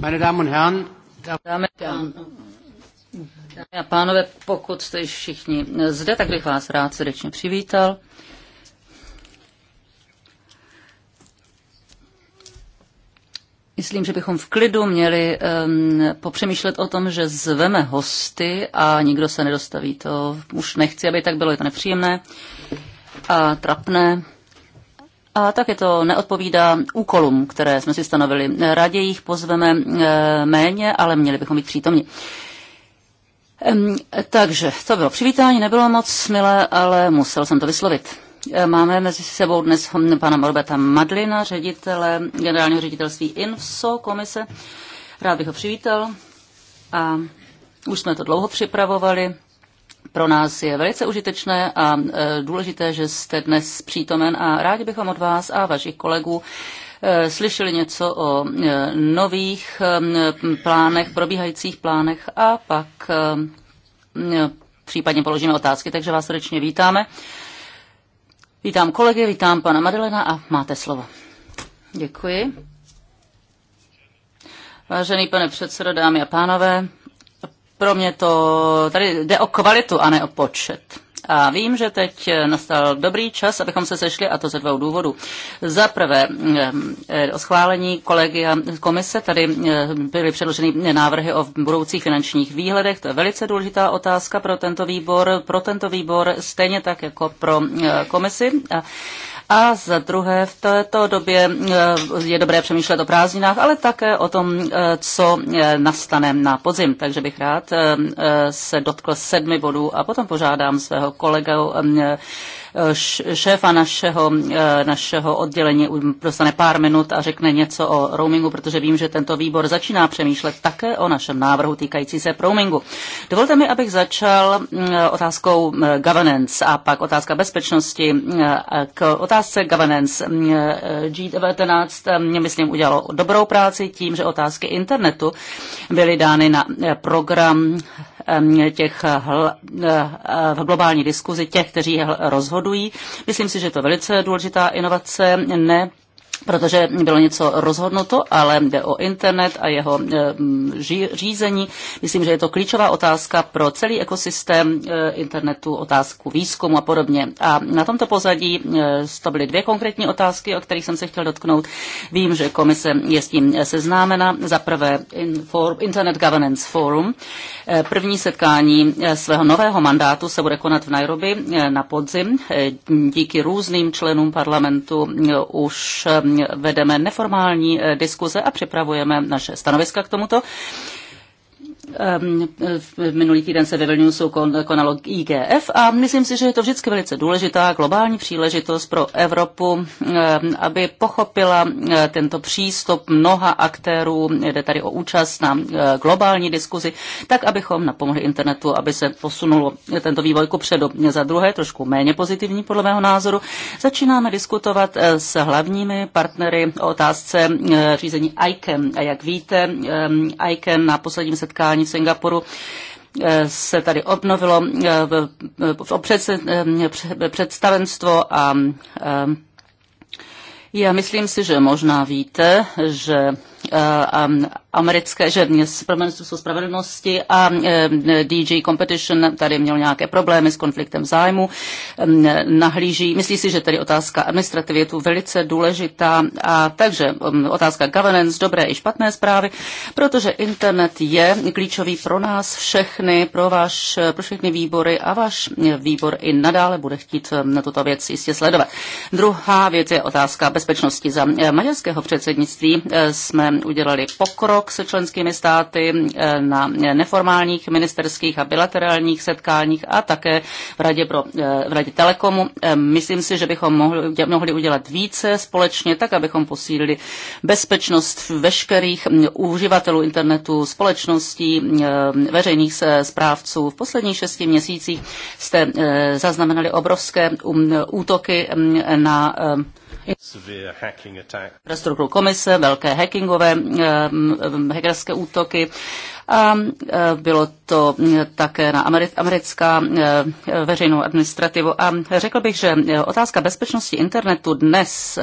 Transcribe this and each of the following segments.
Meine Damen und Herren, Dámy a pánové, pokud jste všichni zde, tak bych vás rád srdečně přivítal. Myslím, že bychom v klidu měli um, popřemýšlet o tom, že zveme hosty a nikdo se nedostaví. To už nechci, aby tak bylo, je to nepříjemné a trapné. A také to neodpovídá úkolům, které jsme si stanovili. Raději jich pozveme eh, méně, ale měli bychom být přítomni. Takže to bylo přivítání, nebylo moc milé, ale musel jsem to vyslovit. Eh, máme mezi sebou dnes hm, pana Morbeta Madlina, ředitele generálního ředitelství INFSO komise. Rád bych ho přivítal a už jsme to dlouho připravovali pro nás je velice užitečné a e, důležité, že jste dnes přítomen a rádi bychom od vás a vašich kolegů e, slyšeli něco o e, nových plánech, probíhajících plánech a pak případně položíme otázky, takže vás srdečně vítáme. Vítám kolegy, vítám pana Madelena a máte slovo. Děkuji. Vážený pane předsedo, dámy a pánové, pro mě to, tady jde o kvalitu a ne o počet. A vím, že teď nastal dobrý čas, abychom se sešli, a to ze dvou důvodů. Za prvé, eh, o schválení kolegy a komise, tady eh, byly předloženy návrhy o budoucích finančních výhledech, to je velice důležitá otázka pro tento výbor, pro tento výbor stejně tak jako pro eh, komisi. A a za druhé, v této době eh, je dobré přemýšlet o prázdninách, ale také o tom, eh, co eh, nastane na podzim. Takže bych rád se dotkl sedmi bodů a potom požádám svého kolegu Eh, šéfa našeho, eh, našeho oddělení dostane pár minut a řekne něco o roamingu, protože vím, že tento výbor začíná přemýšlet také o našem návrhu týkající se roamingu. Dovolte mi, abych začal eh, otázkou governance a pak otázka bezpečnosti. K otázce governance G19, myslím, udělalo dobrou práci tím, že otázky internetu byly dány na program těch hl, eh, v globální diskuzi těch, kteří rozhodují. Myslím si, že je to velice důležitá inovace. Ne protože bylo něco rozhodnuto, ale jde o internet a jeho eh, řízení. Myslím, že je to klíčová otázka pro celý ekosystém eh, internetu, otázku výzkumu a podobně. A na tomto pozadí eh, to byly dvě konkrétní otázky, o kterých jsem se chtěl dotknout. Vím, že komise je s tím seznámena. Za prvé Internet Governance Forum. První setkání svého nového mandátu se bude konat v Nairobi na podzim. Díky různým členům parlamentu už vedeme neformální eh, diskuze a připravujeme naše stanoviska k tomuto. Ehm, minulý týden se ve Vilniusu konalo IGF a myslím si, že je to vždycky velice důležitá globální příležitost pro Evropu, ehm, aby pochopila eh, tento přístup mnoha aktérů, jde tady o účast na eh, globální diskuzi, tak abychom napomohli internetu, aby se posunulo tento vývoj předu. Za druhé, trošku méně pozitivní podle mého názoru, začínáme diskutovat eh, s hlavními partnery o otázce řízení ICANN. A jak víte, ehm, ICANN na posledním setkání setkání v Singapuru eh, se tady obnovilo eh, v eh, představenstvo a já myslím si, že možná víte, že Eh, americké, že ministerstvo spravedlnosti a eh, DJ Competition tady měl nějaké problémy s konfliktem zájmu, nahlíží, myslí si, že tady otázka administrativy je tu velice důležitá, a takže otázka governance, dobré i špatné zprávy, protože internet je klíčový pro nás všechny, pro, vaš pro všechny výbory a váš výbor i nadále bude chtít na tuto věc jistě sledovat. Druhá věc je otázka bezpečnosti. Za eh, maďarského předsednictví jsme udělali pokrok se členskými státy eh, na neformálních ministerských a bilaterálních setkáních a také v Radě, pro, eh, v radě Telekomu. Eh, myslím si, že bychom mohli, mohli udělat více společně, tak abychom posílili bezpečnost veškerých uživatelů internetu, společností, veřejných správců. V posledních šesti měsících jste zaznamenali obrovské um, útoky na infrastrukturu komise, velké hackingové takové eh, hackerské útoky a eh, bylo to eh, také na americká veřejnou administrativu. A řekl bych, že otázka bezpečnosti internetu dnes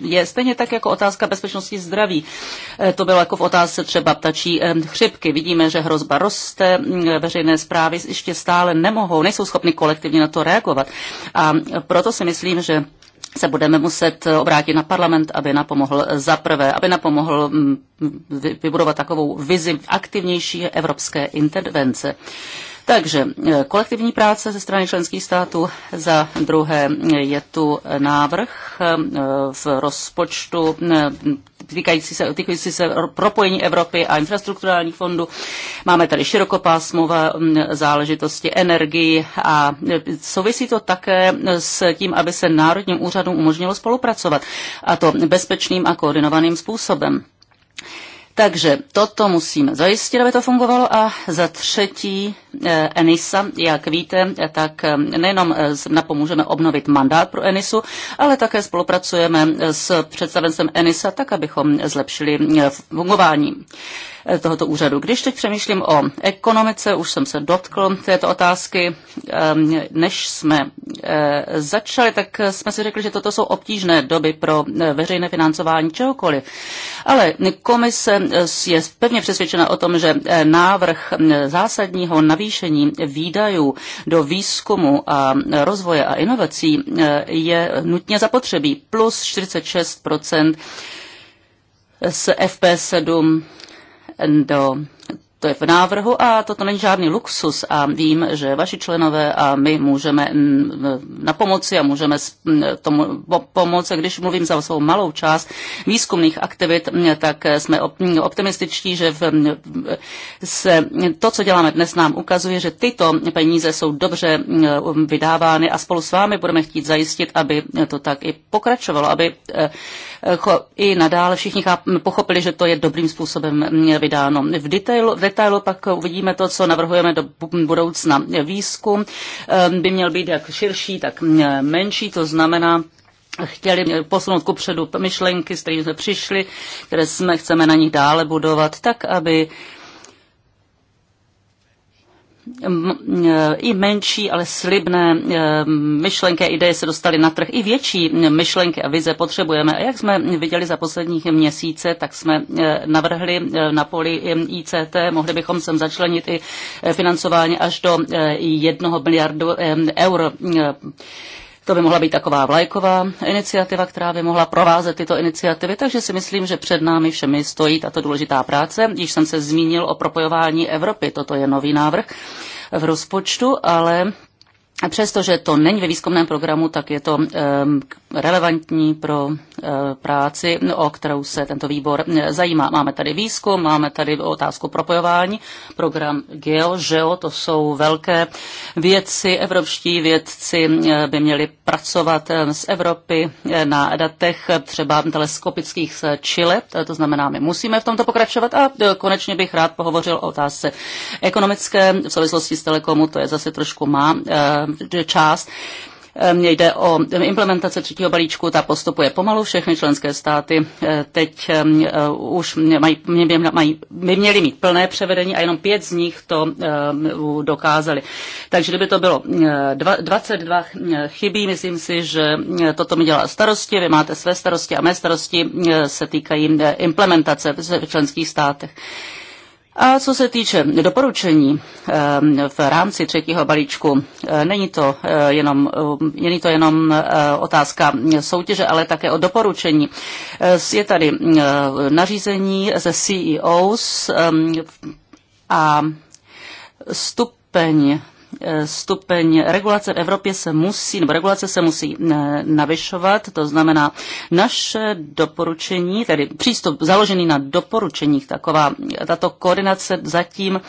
je stejně tak jako otázka bezpečnosti zdraví. To bylo jako v otázce třeba ptačí chřipky. Vidíme, že hrozba roste, veřejné zprávy ještě stále nemohou, nejsou schopny kolektivně na to reagovat. A proto si myslím, že se budeme muset obrátit na parlament, aby napomohl za prvé, aby napomohl mm, vybudovat takovou vizi aktivnější evropské intervence. Takže eh, kolektivní práce ze strany členských států, za druhé je tu návrh eh, v rozpočtu eh, týkající se, týkající se propojení Evropy a infrastrukturálních fondů. Máme tady širokopásmové mm, záležitosti, energii a e, souvisí to také s tím, aby se národním úřadům umožnilo spolupracovat a to bezpečným a koordinovaným způsobem. Takže toto musíme zajistit, aby to fungovalo. A za třetí Eh, ENISA. Jak víte, tak eh, nejenom eh, napomůžeme obnovit mandát pro ENISu, ale také spolupracujeme s představenstvem ENISA, tak abychom zlepšili fungování tohoto úřadu. Když teď přemýšlím o ekonomice, už jsem se dotkl této otázky, ehm, než jsme začali, tak jsme si řekli, že toto jsou obtížné doby pro veřejné financování čehokoliv. Ale komise je pevně přesvědčena o tom, že návrh zásadního navýšení navýšení výdajů do výzkumu a rozvoje a inovací eh, je nutně zapotřebí plus 46 z FP7 do to je v návrhu a toto není žádný luxus a vím, že vaši členové a my můžeme mm, na pomoci a můžeme mm, tomu pomoci, když mluvím za svou malou část výzkumných aktivit, mm, tak jsme optimističtí, že v, se, to, co děláme dnes, nám ukazuje, že tyto peníze jsou dobře vydávány a spolu s vámi budeme chtít zajistit, aby to tak i pokračovalo, aby eh, i nadále všichni pochopili, že to je dobrým způsobem mm, vydáno. V detailu, v detailu pak uvidíme to, co navrhujeme do budoucna. Výzkum ehm, by měl být jak širší, tak mm, menší, to znamená, chtěli posunout kupředu myšlenky, s kterými jsme přišli, které jsme, chceme na nich dále budovat, tak aby i menší, ale slibné e, myšlenky a ideje se dostaly na trh. I větší myšlenky a vize potřebujeme. A jak jsme viděli za posledních měsíce, tak jsme e, navrhli e, na poli ICT, mohli bychom sem začlenit i financování až do jednoho miliardu eur to by mohla být taková vlajková iniciativa, která by mohla provázet tyto iniciativy, takže si myslím, že před námi všemi stojí tato důležitá práce. Již jsem se zmínil o propojování Evropy, toto je nový návrh v rozpočtu, ale a přestože to není ve výzkumném programu, tak je to relevantní pro práci, o kterou se tento výbor zajímá. Máme tady výzkum, máme tady otázku propojování, program GEO, ŽEO, to jsou velké věci. Evropští vědci by měli pracovat z Evropy na datech třeba teleskopických z Chile, to znamená, my musíme v tomto pokračovat a e, konečně bych rád pohovořil o otázce ekonomické v souvislosti s telekomu, to je zase trošku má Eh, část. Mně eh, jde o implementace třetího balíčku, ta postupuje pomalu, všechny členské státy eh, teď už mají, mají, by měly mít plné převedení a jenom pět z nich to dokázali. Takže kdyby to bylo 22 chybí, myslím si, že toto mi dělá starosti, vy máte své starosti a mé starosti se týkají implementace v členských státech. A co se týče doporučení ehm, v rámci třetího balíčku, eh, eh, eh, není to jenom, není to jenom otázka soutěže, ale také o doporučení. Je tady nařízení ze CEOs ehm, a stupeň Eh, stupeň regulace v Evropě se musí, nebo regulace se musí eh, navyšovat, to znamená naše doporučení, tedy přístup založený na doporučeních, taková tato koordinace zatím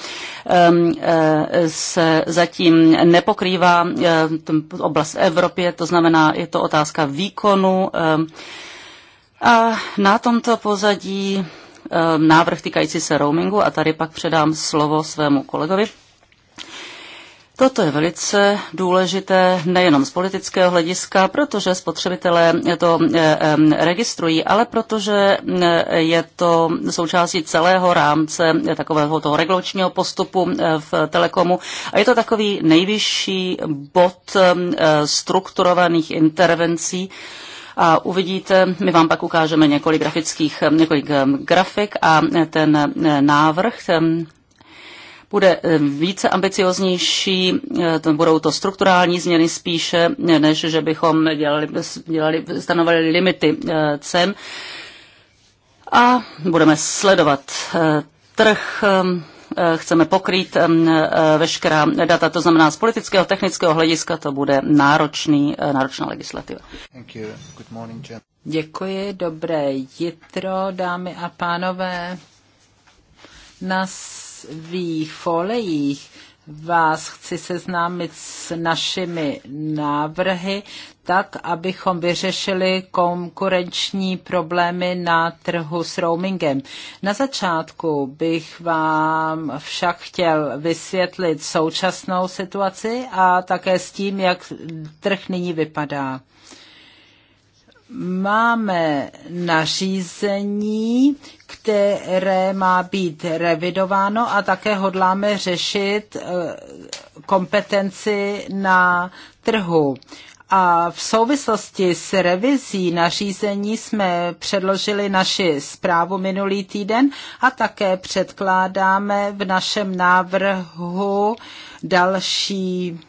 eh, se zatím nepokrývá oblast Evropě, to znamená, je to otázka výkonu a na tomto pozadí návrh týkající se roamingu a tady pak předám slovo svému kolegovi. Toto je velice důležité nejenom z politického hlediska, protože spotřebitelé to eh, eh, registrují, ale protože eh, je to součástí celého rámce takového toho regulačního postupu v Telekomu a je to takový nejvyšší bod strukturovaných intervencí, a uvidíte, my vám pak ukážeme několik grafických, několik grafik a ten návrh, ten bude eh, více ambicioznější, eh, budou to strukturální změny spíše, než že bychom dělali, dělali, stanovali limity eh, cen. A budeme sledovat trh, chceme pokrýt veškerá data, to znamená z politického, technického hlediska to bude náročný, náročná legislativa. Morning, Děkuji, dobré jitro, dámy a pánové. Nás svých folejích vás chci seznámit s našimi návrhy, tak abychom vyřešili konkurenční problémy na trhu s roamingem. Na začátku bych vám však chtěl vysvětlit současnou situaci a také s tím, jak trh nyní vypadá. Máme nařízení, které má být revidováno a také hodláme řešit eh, kompetenci na trhu. A v souvislosti s revizí nařízení jsme předložili naši zprávu minulý týden a také předkládáme v našem návrhu další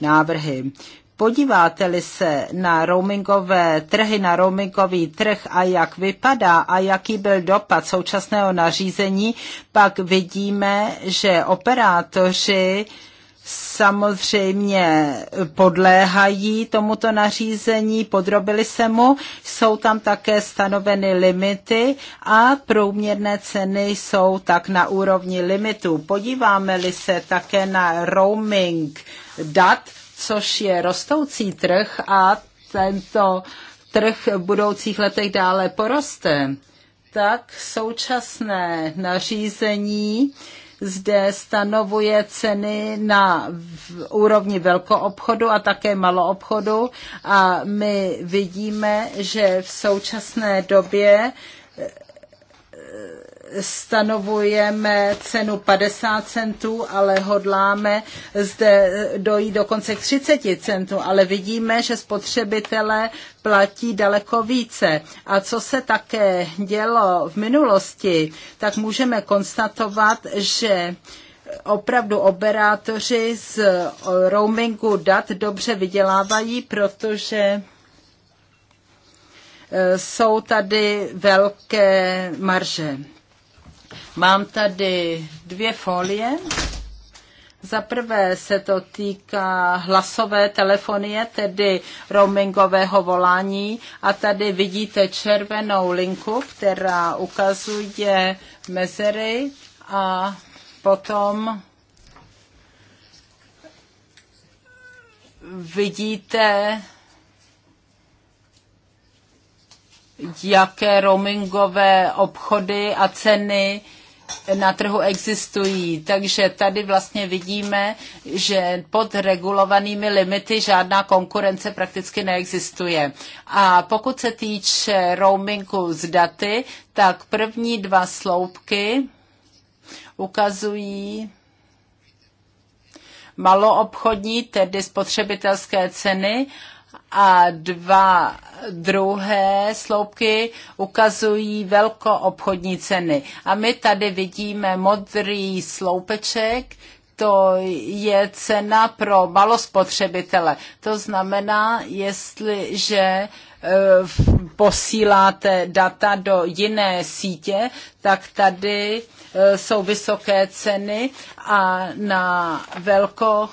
návrhy. Podíváte-li se na roamingové trhy, na roamingový trh a jak vypadá a jaký byl dopad současného nařízení, pak vidíme, že operátoři samozřejmě podléhají tomuto nařízení, podrobili se mu, jsou tam také stanoveny limity a průměrné ceny jsou tak na úrovni limitů. Podíváme-li se také na roaming dat, což je rostoucí trh a tento trh v budoucích letech dále poroste, tak současné nařízení zde stanovuje ceny na úrovni velkoobchodu a také maloobchodu a my vidíme, že v současné době stanovujeme cenu 50 centů, ale hodláme zde dojít dokonce k 30 centů, ale vidíme, že spotřebitelé platí daleko více. A co se také dělo v minulosti, tak můžeme konstatovat, že opravdu operátoři z roamingu dat dobře vydělávají, protože e, jsou tady velké marže. Mám tady dvě folie. Za prvé se to týká hlasové telefonie, tedy roamingového volání. A tady vidíte červenou linku, která ukazuje mezery a potom vidíte jaké roamingové obchody a ceny na trhu existují. Takže tady vlastně vidíme, že pod regulovanými limity žádná konkurence prakticky neexistuje. A pokud se týče roamingu z daty, tak první dva sloupky ukazují maloobchodní, tedy spotřebitelské ceny a dva druhé sloupky ukazují velkoobchodní ceny. A my tady vidíme modrý sloupeček, to je cena pro malospotřebitele. To znamená, jestliže e, posíláte data do jiné sítě, tak tady e, jsou vysoké ceny a na velko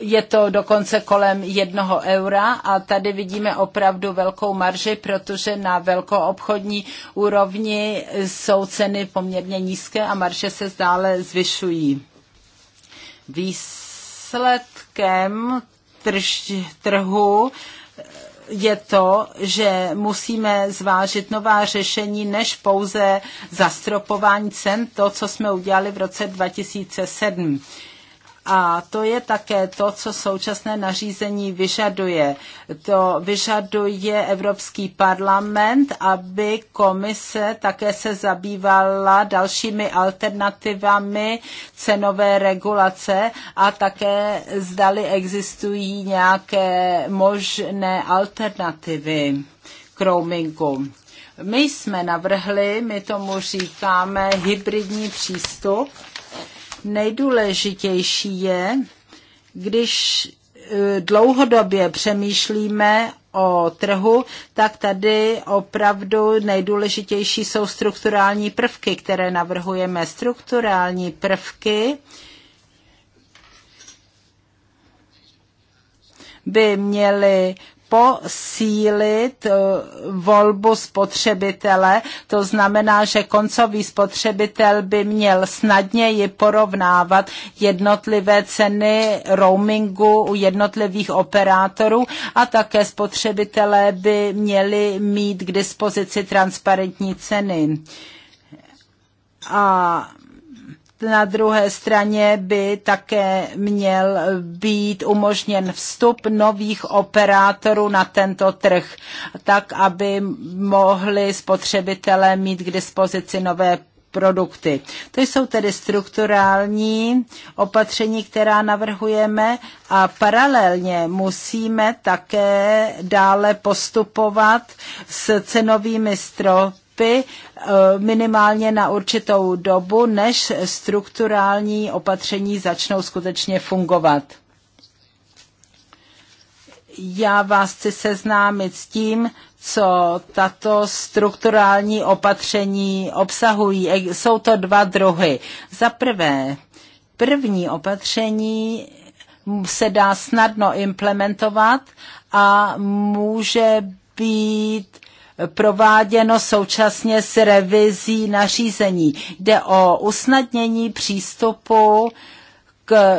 je to dokonce kolem jednoho eura a tady vidíme opravdu velkou marži, protože na velkoobchodní úrovni jsou ceny poměrně nízké a marže se stále zvyšují. Výsledkem trž, trhu je to, že musíme zvážit nová řešení než pouze zastropování cen, to, co jsme udělali v roce 2007 a to je také to, co současné nařízení vyžaduje. To vyžaduje Evropský parlament, aby komise také se zabývala dalšími alternativami cenové regulace a také zdali existují nějaké možné alternativy k roamingu. My jsme navrhli, my tomu říkáme hybridní přístup, Nejdůležitější je, když eh, dlouhodobě přemýšlíme o trhu, tak tady opravdu nejdůležitější jsou strukturální prvky, které navrhujeme. Strukturální prvky by měly posílit eh, volbu spotřebitele. To znamená, že koncový spotřebitel by měl snadněji porovnávat jednotlivé ceny roamingu u jednotlivých operátorů a také spotřebitelé by měli mít k dispozici transparentní ceny. A na druhé straně by také měl být umožněn vstup nových operátorů na tento trh, tak aby mohli spotřebitelé mít k dispozici nové produkty. To jsou tedy strukturální opatření, která navrhujeme a paralelně musíme také dále postupovat s cenovými stropy stropy eh, minimálně na určitou dobu, než strukturální opatření začnou skutečně fungovat. Já vás chci seznámit s tím, co tato strukturální opatření obsahují. Jsou to dva druhy. Za prvé, první opatření se dá snadno implementovat a může být prováděno současně s revizí nařízení. Jde o usnadnění přístupu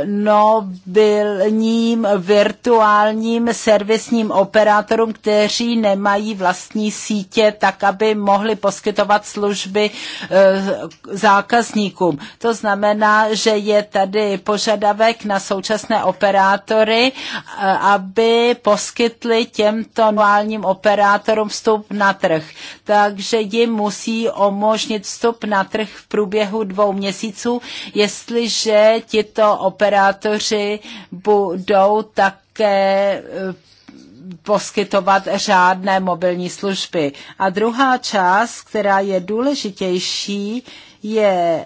nobilním virtuálním servisním operátorům, kteří nemají vlastní sítě, tak aby mohli poskytovat služby eh, zákazníkům. To znamená, že je tady požadavek na současné operátory, eh, aby poskytli těmto nobilním operátorům vstup na trh. Takže jim musí umožnit vstup na trh v průběhu dvou měsíců, jestliže tito operátoři budou také eh, poskytovat řádné mobilní služby. A druhá část, která je důležitější, je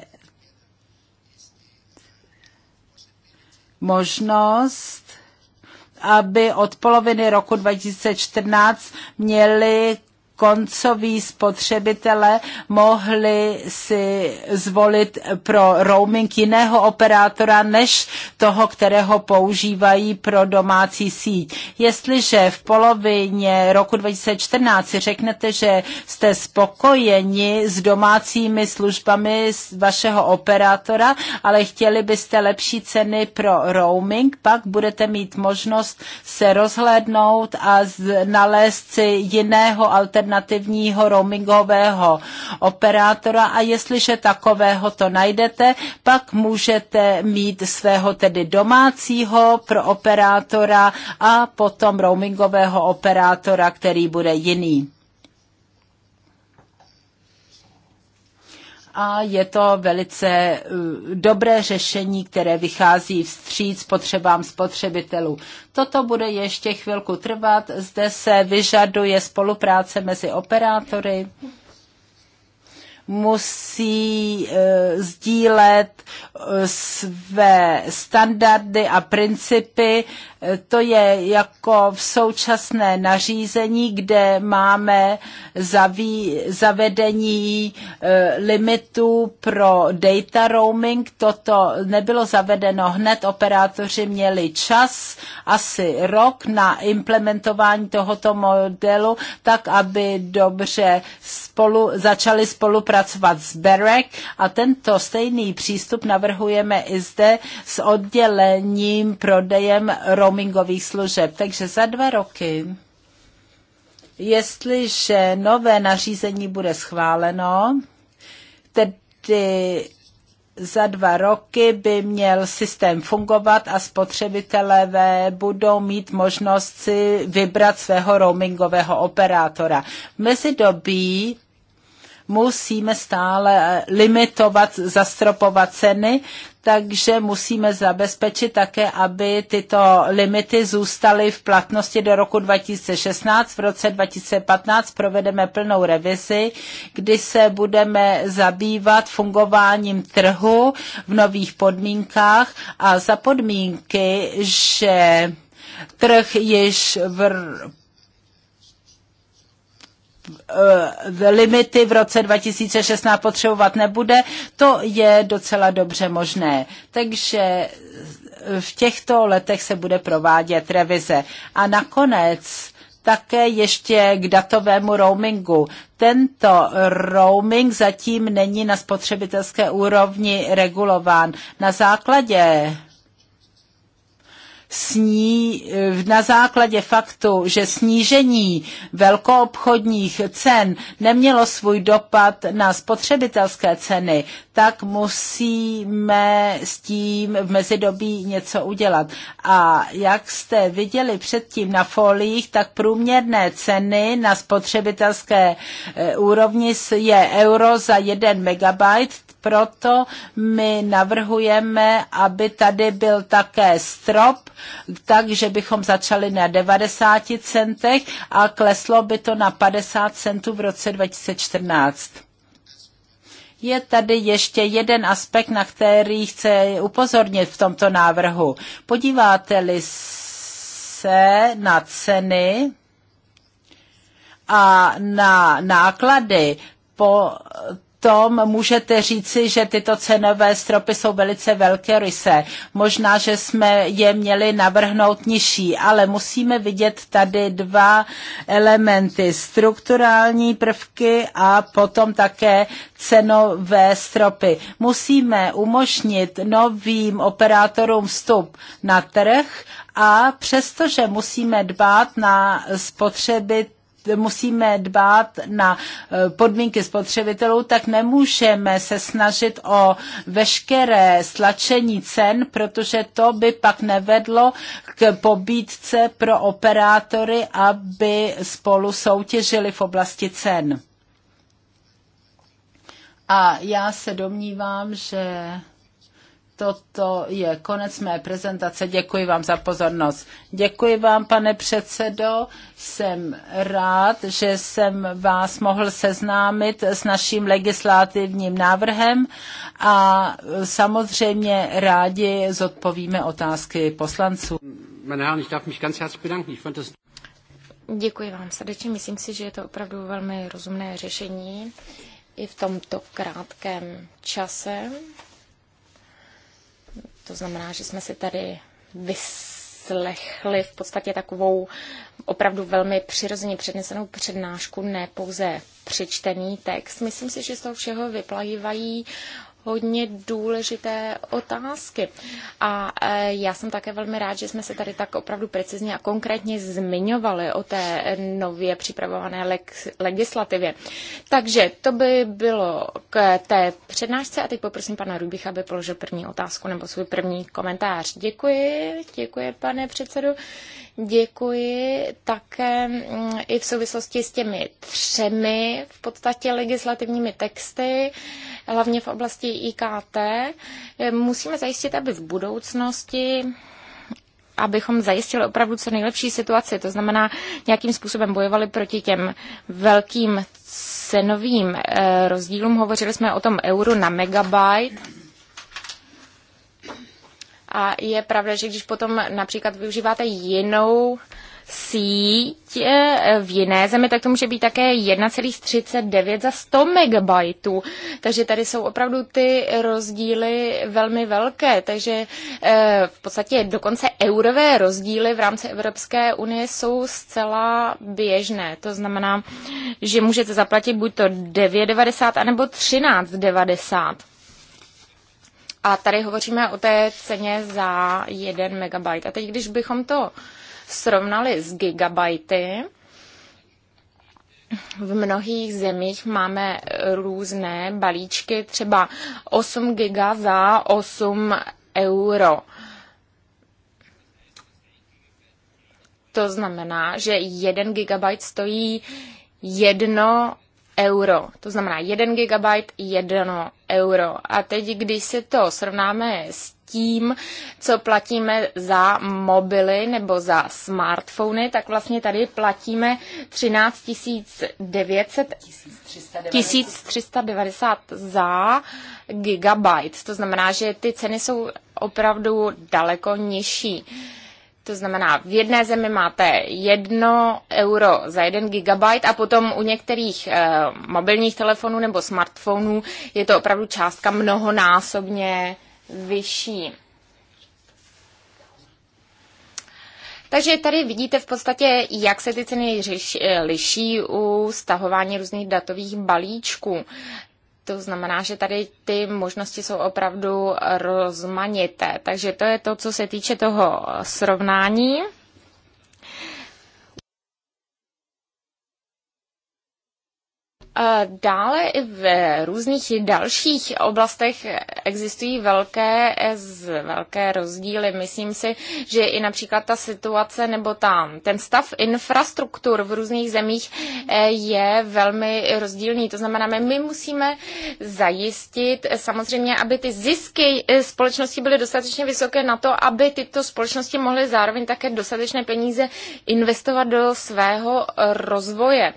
možnost aby od poloviny roku 2014 měli koncoví spotřebitele mohli si zvolit pro roaming jiného operátora než toho, kterého používají pro domácí síť. Jestliže v polovině roku 2014 si řeknete, že jste spokojeni s domácími službami vašeho operátora, ale chtěli byste lepší ceny pro roaming, pak budete mít možnost se rozhlédnout a nalézt si jiného alternativního alternativního roamingového operátora a jestliže takového to najdete, pak můžete mít svého tedy domácího pro operátora a potom roamingového operátora, který bude jiný. a je to velice eh, dobré řešení, které vychází vstříc potřebám spotřebitelů. Toto bude ještě chvilku trvat. Zde se vyžaduje spolupráce mezi operátory musí e, sdílet e, své standardy a principy to je jako v současné nařízení, kde máme zaví, zavedení eh, limitů pro data roaming. Toto nebylo zavedeno hned, operátoři měli čas, asi rok na implementování tohoto modelu, tak aby dobře spolu, začali spolupracovat s BEREC a tento stejný přístup navrhujeme i zde s oddělením prodejem roaming roamingových služeb. Takže za dva roky, jestliže nové nařízení bude schváleno, tedy za dva roky by měl systém fungovat a spotřebitelé budou mít možnost si vybrat svého roamingového operátora. Mezi dobí musíme stále limitovat, zastropovat ceny, takže musíme zabezpečit také, aby tyto limity zůstaly v platnosti do roku 2016. V roce 2015 provedeme plnou revizi, kdy se budeme zabývat fungováním trhu v nových podmínkách a za podmínky, že trh již v Eh, limity v roce 2016 potřebovat nebude, to je docela dobře možné. Takže v těchto letech se bude provádět revize. A nakonec také ještě k datovému roamingu. Tento roaming zatím není na spotřebitelské úrovni regulován. Na základě sní, eh, na základě faktu, že snížení velkoobchodních cen nemělo svůj dopad na spotřebitelské ceny, tak musíme s tím v mezidobí něco udělat. A jak jste viděli předtím na foliích, tak průměrné ceny na spotřebitelské eh, úrovni je euro za 1 megabyte, proto my navrhujeme, aby tady byl také strop, takže bychom začali na 90 centech a kleslo by to na 50 centů v roce 2014. Je tady ještě jeden aspekt, na který chce upozornit v tomto návrhu. Podíváte-li se na ceny a na náklady, po, tom můžete říci, že tyto cenové stropy jsou velice velké ryse. Možná, že jsme je měli navrhnout nižší, ale musíme vidět tady dva elementy. Strukturální prvky a potom také cenové stropy. Musíme umožnit novým operátorům vstup na trh a přestože musíme dbát na spotřebit musíme dbát na eh, podmínky spotřebitelů, tak nemůžeme se snažit o veškeré stlačení cen, protože to by pak nevedlo k pobídce pro operátory, aby spolu soutěžili v oblasti cen. A já se domnívám, že Toto je konec mé prezentace. Děkuji vám za pozornost. Děkuji vám, pane předsedo. Jsem rád, že jsem vás mohl seznámit s naším legislativním návrhem a samozřejmě rádi zodpovíme otázky poslanců. Děkuji vám srdečně. Myslím si, že je to opravdu velmi rozumné řešení i v tomto krátkém čase. To znamená, že jsme si tady vyslechli v podstatě takovou opravdu velmi přirozeně přednesenou přednášku, ne pouze přečtený text. Myslím si, že z toho všeho vyplývají hodně důležité otázky. A e, já jsem také velmi rád, že jsme se tady tak opravdu precizně a konkrétně zmiňovali o té nově připravované legislativě. Takže to by bylo k té přednášce a teď poprosím pana Rubich, aby položil první otázku nebo svůj první komentář. Děkuji, děkuji pane předsedu. Děkuji také mm, i v souvislosti s těmi třemi v podstatě legislativními texty, hlavně v oblasti IKT. Musíme zajistit, aby v budoucnosti abychom zajistili opravdu co nejlepší situaci, to znamená nějakým způsobem bojovali proti těm velkým cenovým eh, rozdílům. Hovořili jsme o tom euru na megabyte a je pravda, že když potom například využíváte jinou síť eh, v jiné zemi, tak to může být také 1,39 za 100 megabajtů. Takže tady jsou opravdu ty rozdíly velmi velké. Takže eh, v podstatě dokonce eurové rozdíly v rámci Evropské unie jsou zcela běžné. To znamená, že můžete zaplatit buď to 9,90 anebo 13,90. A tady hovoříme o té ceně za 1 megabyte. A teď, když bychom to srovnali s gigabajty, v mnohých zemích máme různé balíčky, třeba 8 giga za 8 euro. To znamená, že 1 gigabyte stojí 1 euro. To znamená 1 GB, 1 euro. A teď, když si to srovnáme s tím, co platíme za mobily nebo za smartfony, tak vlastně tady platíme 13 900, 1390 za gigabyte. To znamená, že ty ceny jsou opravdu daleko nižší. Uh, to znamená, v jedné zemi máte jedno euro za jeden gigabyte a potom u některých e, mobilních telefonů nebo smartphonů je to opravdu částka mnohonásobně vyšší. Takže tady vidíte v podstatě, jak se ty ceny eh, liší u stahování různých datových balíčků. To znamená, že tady ty možnosti jsou opravdu rozmanité. Takže to je to, co se týče toho srovnání. Dále i v různých dalších oblastech existují velké, velké rozdíly. Myslím si, že i například ta situace nebo tam ten stav infrastruktur v různých zemích eh, je velmi rozdílný. To znamená, my musíme zajistit eh, samozřejmě, aby ty zisky eh, společnosti byly dostatečně vysoké na to, aby tyto společnosti mohly zároveň také dostatečné peníze investovat do svého rozvoje.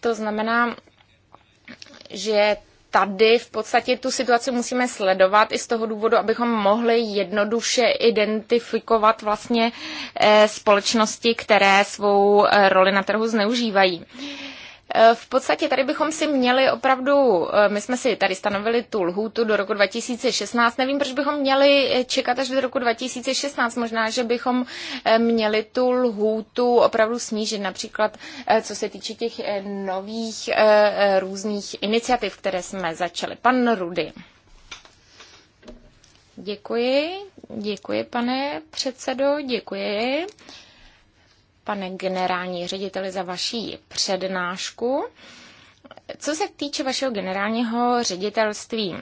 To znamená, že tady v podstatě tu situaci musíme sledovat i z toho důvodu, abychom mohli jednoduše identifikovat vlastně eh, společnosti, které svou eh, roli na trhu zneužívají. Eh, v podstatě tady bychom si měli opravdu, eh, my jsme si tady stanovili tu lhůtu do roku 2016, nevím, proč bychom měli eh, čekat až do roku 2016, možná, že bychom měli tu lhůtu opravdu snížit, například co se týče těch nových různých iniciativ, které jsme začali. Pan Rudy. Děkuji, děkuji pane předsedo, děkuji pane generální řediteli, za vaší přednášku. Co se týče vašeho generálního ředitelství,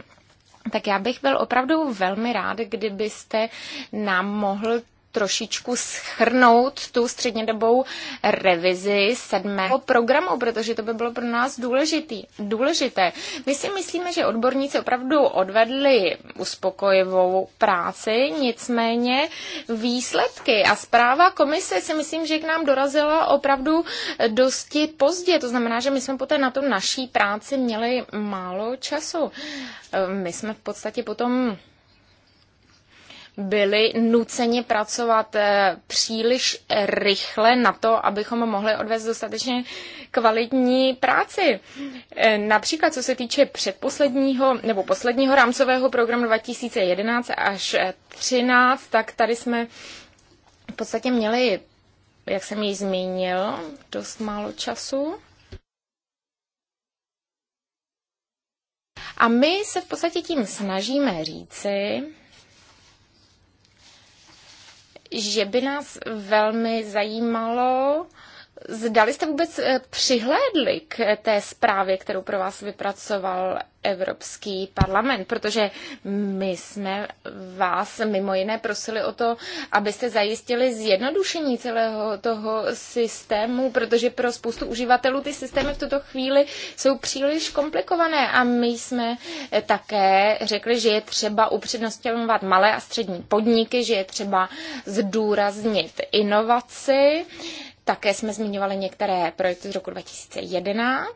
tak já bych byl opravdu velmi rád, kdybyste nám mohl trošičku schrnout tu střednědobou revizi sedmého programu, protože to by bylo pro nás důležitý, důležité. My si myslíme, že odborníci opravdu odvedli uspokojivou práci, nicméně výsledky a zpráva komise si myslím, že k nám dorazila opravdu dosti pozdě. To znamená, že my jsme poté na tu naší práci měli málo času. My jsme v podstatě potom byli nuceni pracovat eh, příliš rychle na to, abychom mohli odvést dostatečně kvalitní práci. Eh, například co se týče předposledního nebo posledního rámcového programu 2011 až 2013, tak tady jsme v podstatě měli, jak jsem ji zmínil, dost málo času. A my se v podstatě tím snažíme říci, že by nás velmi zajímalo, zdali jste vůbec eh, přihlédli k eh, té zprávě, kterou pro vás vypracoval Evropský parlament, protože my jsme vás mimo jiné prosili o to, abyste zajistili zjednodušení celého toho systému, protože pro spoustu uživatelů ty systémy v tuto chvíli jsou příliš komplikované a my jsme eh, také řekli, že je třeba upřednostňovat malé a střední podniky, že je třeba zdůraznit inovaci, také jsme zmiňovali některé projekty z roku 2011.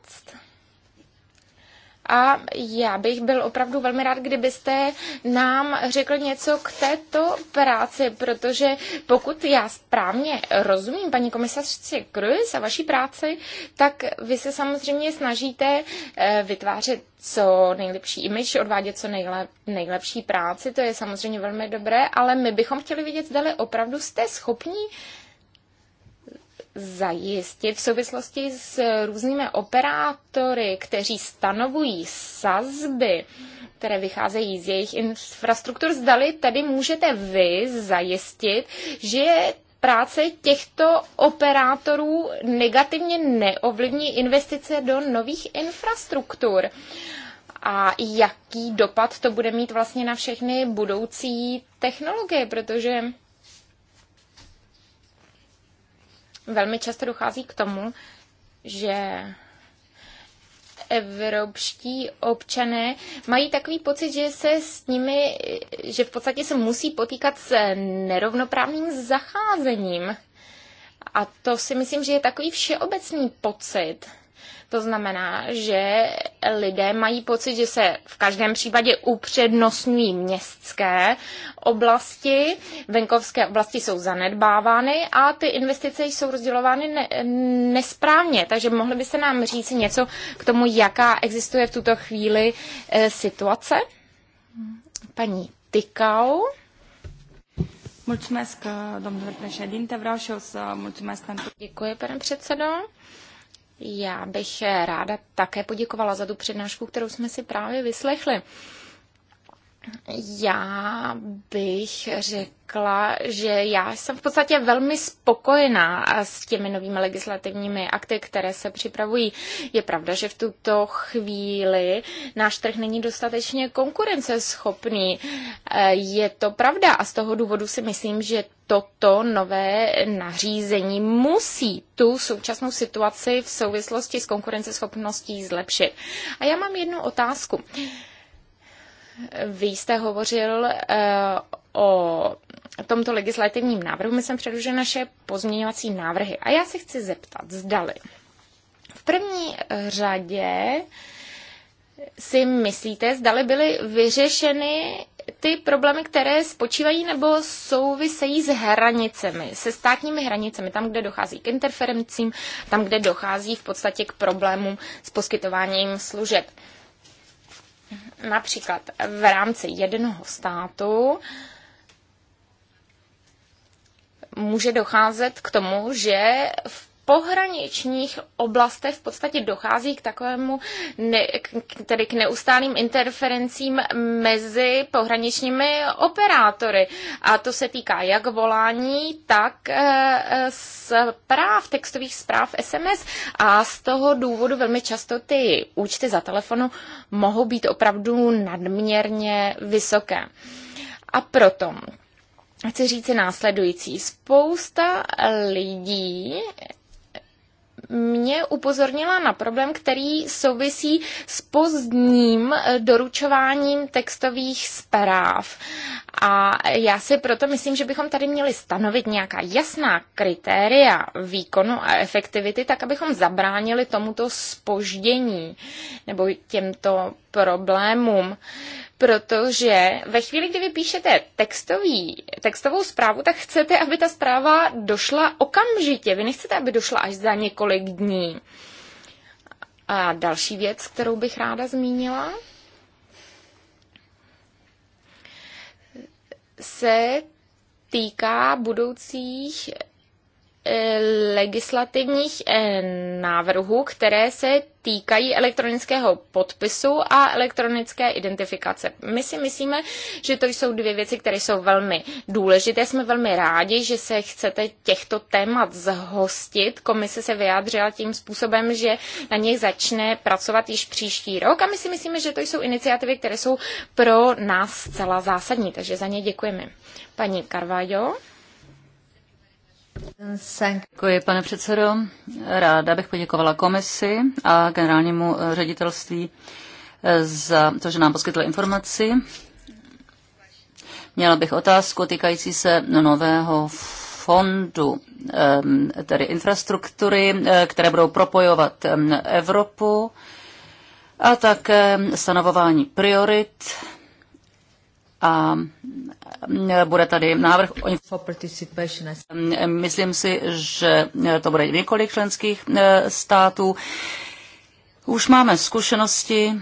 A já bych byl opravdu velmi rád, kdybyste nám řekl něco k této práci, protože pokud já správně rozumím paní komisařci Cruz a vaší práci, tak vy se samozřejmě snažíte eh, vytvářet co nejlepší image, odvádět co nejlep, nejlepší práci, to je samozřejmě velmi dobré, ale my bychom chtěli vidět, zda opravdu jste schopní zajistit v souvislosti s různými operátory, kteří stanovují sazby, které vycházejí z jejich infrastruktur, zdali tedy můžete vy zajistit, že práce těchto operátorů negativně neovlivní investice do nových infrastruktur a jaký dopad to bude mít vlastně na všechny budoucí technologie, protože velmi často dochází k tomu, že evropští občané mají takový pocit, že se s nimi, že v podstatě se musí potýkat s nerovnoprávným zacházením. A to si myslím, že je takový všeobecný pocit. To znamená, že lidé mají pocit, že se v každém případě upřednostňují městské oblasti, venkovské oblasti jsou zanedbávány a ty investice jsou rozdělovány ne- nesprávně. Takže mohli byste nám říct něco k tomu, jaká existuje v tuto chvíli e, situace? Paní Tykau. Mulțumesc, domnule președinte. Vreau și eu să mulțumesc pentru... Děkuji, pane předsedo. Já bych ráda také poděkovala za tu přednášku, kterou jsme si právě vyslechli já bych řekla, že já jsem v podstatě velmi spokojená s těmi novými legislativními akty, které se připravují. Je pravda, že v tuto chvíli náš trh není dostatečně konkurenceschopný. Eh, je to pravda a z toho důvodu si myslím, že toto nové nařízení musí tu současnou situaci v souvislosti s konkurenceschopností zlepšit. A já mám jednu otázku. Vy jste hovořil eh, o tomto legislativním návrhu. My jsme předložili naše pozměňovací návrhy. A já se chci zeptat, zdali. V první řadě si myslíte, zdali byly vyřešeny ty problémy, které spočívají nebo souvisejí s hranicemi, se státními hranicemi, tam, kde dochází k interferencím, tam, kde dochází v podstatě k problémům s poskytováním služeb například v rámci jednoho státu může docházet k tomu, že v pohraničních oblastech v podstatě dochází k takovému, ne, k, tedy k neustálým interferencím mezi pohraničními operátory. A to se týká jak volání, tak eh, zpráv, textových zpráv SMS. A z toho důvodu velmi často ty účty za telefonu mohou být opravdu nadměrně vysoké. A proto chci říct následující. Spousta lidí mě upozornila na problém, který souvisí s pozdním doručováním textových zpráv. A já si proto myslím, že bychom tady měli stanovit nějaká jasná kritéria výkonu a efektivity, tak abychom zabránili tomuto spoždění nebo těmto problémům protože ve chvíli, kdy vy píšete textový, textovou zprávu, tak chcete, aby ta zpráva došla okamžitě. Vy nechcete, aby došla až za několik dní. A další věc, kterou bych ráda zmínila, se týká budoucích Eh, legislativních eh, návrhů, které se týkají elektronického podpisu a elektronické identifikace. My si myslíme, že to jsou dvě věci, které jsou velmi důležité. Jsme velmi rádi, že se chcete těchto témat zhostit. Komise se vyjádřila tím způsobem, že na nich začne pracovat již příští rok a my si myslíme, že to jsou iniciativy, které jsou pro nás zcela zásadní, takže za ně děkujeme. Paní Carvajo. Děkuji, pane předsedo. Ráda bych poděkovala komisi a generálnímu eh, ředitelství eh, za to, že nám poskytli informaci. Měla bych otázku týkající se nového fondu, eh, tedy infrastruktury, které budou propojovat Evropu a také stanovování priorit a bude tady návrh. Myslím si, že to bude několik členských e, států. Už máme zkušenosti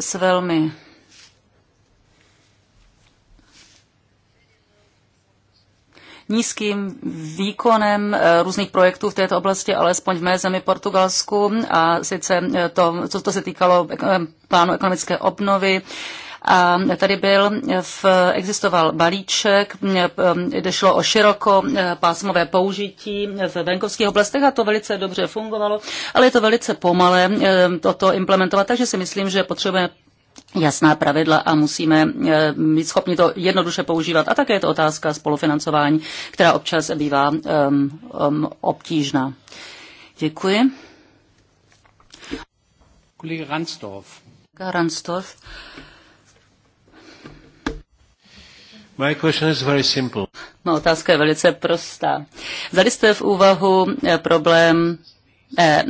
s velmi nízkým výkonem e, různých projektů v této oblasti, alespoň v mé zemi Portugalsku, a sice e, to, co to se týkalo plánu ekonomické obnovy, a tady byl, v, existoval balíček, šlo o široko pásmové použití v venkovských oblastech a to velice dobře fungovalo, ale je to velice pomalé toto implementovat, takže si myslím, že potřebujeme jasná pravidla a musíme být schopni to jednoduše používat. A také je to otázka spolufinancování, která občas bývá um, um, obtížná. Děkuji. Kolega Ransdorf. Ransdorf. My question is very simple. No, otázka je velice prostá. Vzali jste v úvahu eh, problém eh,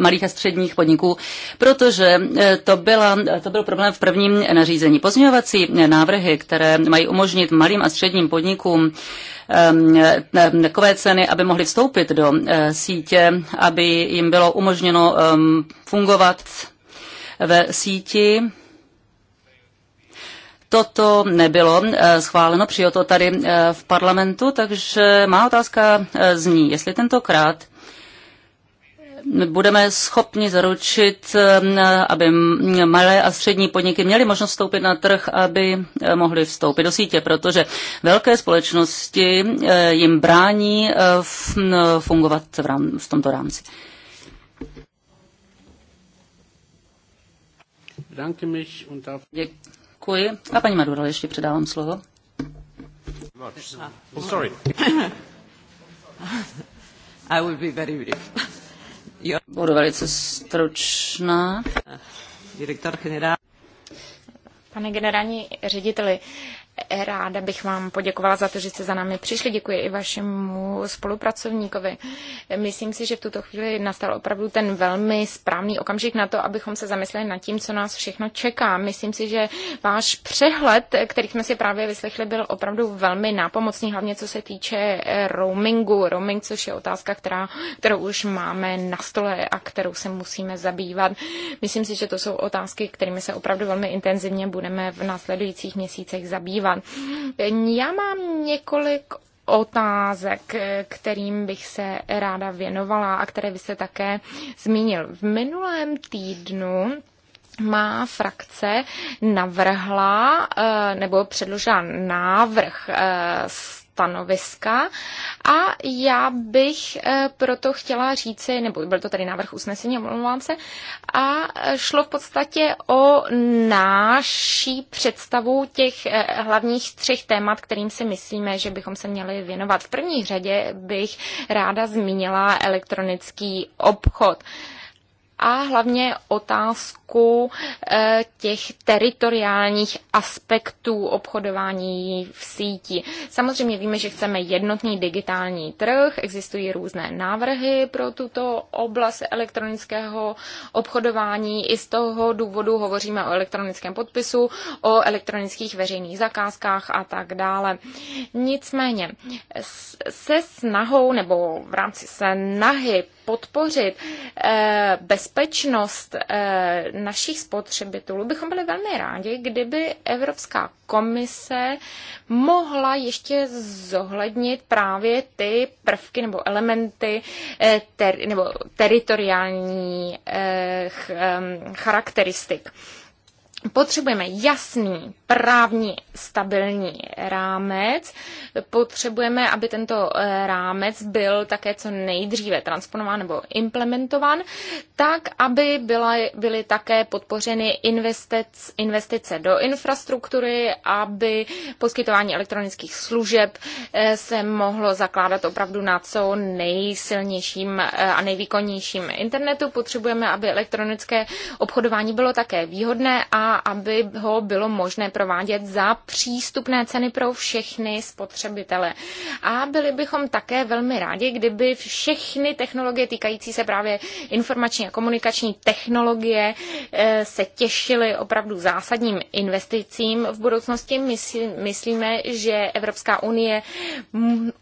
malých a středních podniků, protože eh, to, byla, to byl problém v prvním nařízení. Pozměňovací návrhy, které mají umožnit malým a středním podnikům ehm, ehm, takové ceny, aby mohly vstoupit do sítě, aby jim bylo umožněno ehm, fungovat ve síti, Toto nebylo eh, schváleno, to tady eh, v parlamentu, takže má otázka eh, zní, jestli tentokrát budeme schopni zaručit, aby malé a střední podniky měly možnost vstoupit na trh, aby mohly vstoupit do sítě, protože velké společnosti jim brání fungovat v, v tomto rámci. Děkuji. Děkuji. A paní Madura, ještě předávám slovo. Oh, sorry. I will be very brief. Budu velice stručná. Eh, Direktor generál. Pane generální řediteli, Ráda bych vám poděkovala za to, že jste za námi přišli. Děkuji i vašemu spolupracovníkovi. Myslím si, že v tuto chvíli nastal opravdu ten velmi správný okamžik na to, abychom se zamysleli nad tím, co nás všechno čeká. Myslím si, že váš přehled, který jsme si právě vyslechli, byl opravdu velmi nápomocný, hlavně co se týče roamingu. Roaming, což je otázka, která, kterou už máme na stole a kterou se musíme zabývat. Myslím si, že to jsou otázky, kterými se opravdu velmi intenzivně budeme v následujících měsících zabývat financován. Já mám několik otázek, kterým bych se ráda věnovala a které by se také zmínil. V minulém týdnu má frakce navrhla eh, nebo předložila návrh eh, stanoviska a já bych eh, proto chtěla říci, nebo byl to tady návrh usnesení, omlouvám se, a eh, šlo v podstatě o náší představu těch eh, hlavních třech témat, kterým si myslíme, že bychom se měli věnovat. V první řadě bych ráda zmínila elektronický obchod a hlavně otázku eh, těch teritoriálních aspektů obchodování v síti. Samozřejmě víme, že chceme jednotný digitální trh, existují různé návrhy pro tuto oblast elektronického obchodování. I z toho důvodu hovoříme o elektronickém podpisu, o elektronických veřejných zakázkách a tak dále. Nicméně se snahou nebo v rámci snahy podpořit eh, bezpečnost eh, našich spotřebitelů, bychom byli velmi rádi, kdyby Evropská komise mohla ještě zohlednit právě ty prvky nebo elementy eh, ter, nebo teritoriálních charakteristik. Potřebujeme jasný, právní, stabilní rámec. Potřebujeme, aby tento eh, rámec byl také co nejdříve transponován nebo implementován, tak, aby byla, byly také podpořeny investic, investice do infrastruktury, aby poskytování elektronických služeb eh, se mohlo zakládat opravdu na co nejsilnějším eh, a nejvýkonnějším internetu. Potřebujeme, aby elektronické obchodování bylo také výhodné a aby ho bylo možné provádět za přístupné ceny pro všechny spotřebitele. A byli bychom také velmi rádi, kdyby všechny technologie týkající se právě informační a komunikační technologie eh, se těšily opravdu zásadním investicím v budoucnosti. Myslíme, že Evropská unie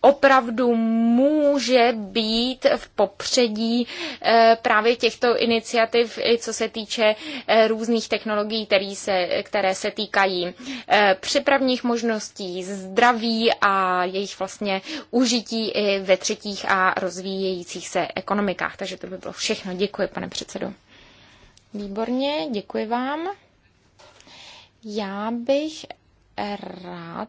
opravdu může být v popředí eh, právě těchto iniciativ, co se týče eh, různých technologií, který se, které se týkají eh, přepravních možností, zdraví a jejich vlastně užití i ve třetích a rozvíjejících se ekonomikách. Takže to by bylo všechno. Děkuji, pane předsedo. Výborně, děkuji vám. Já bych rád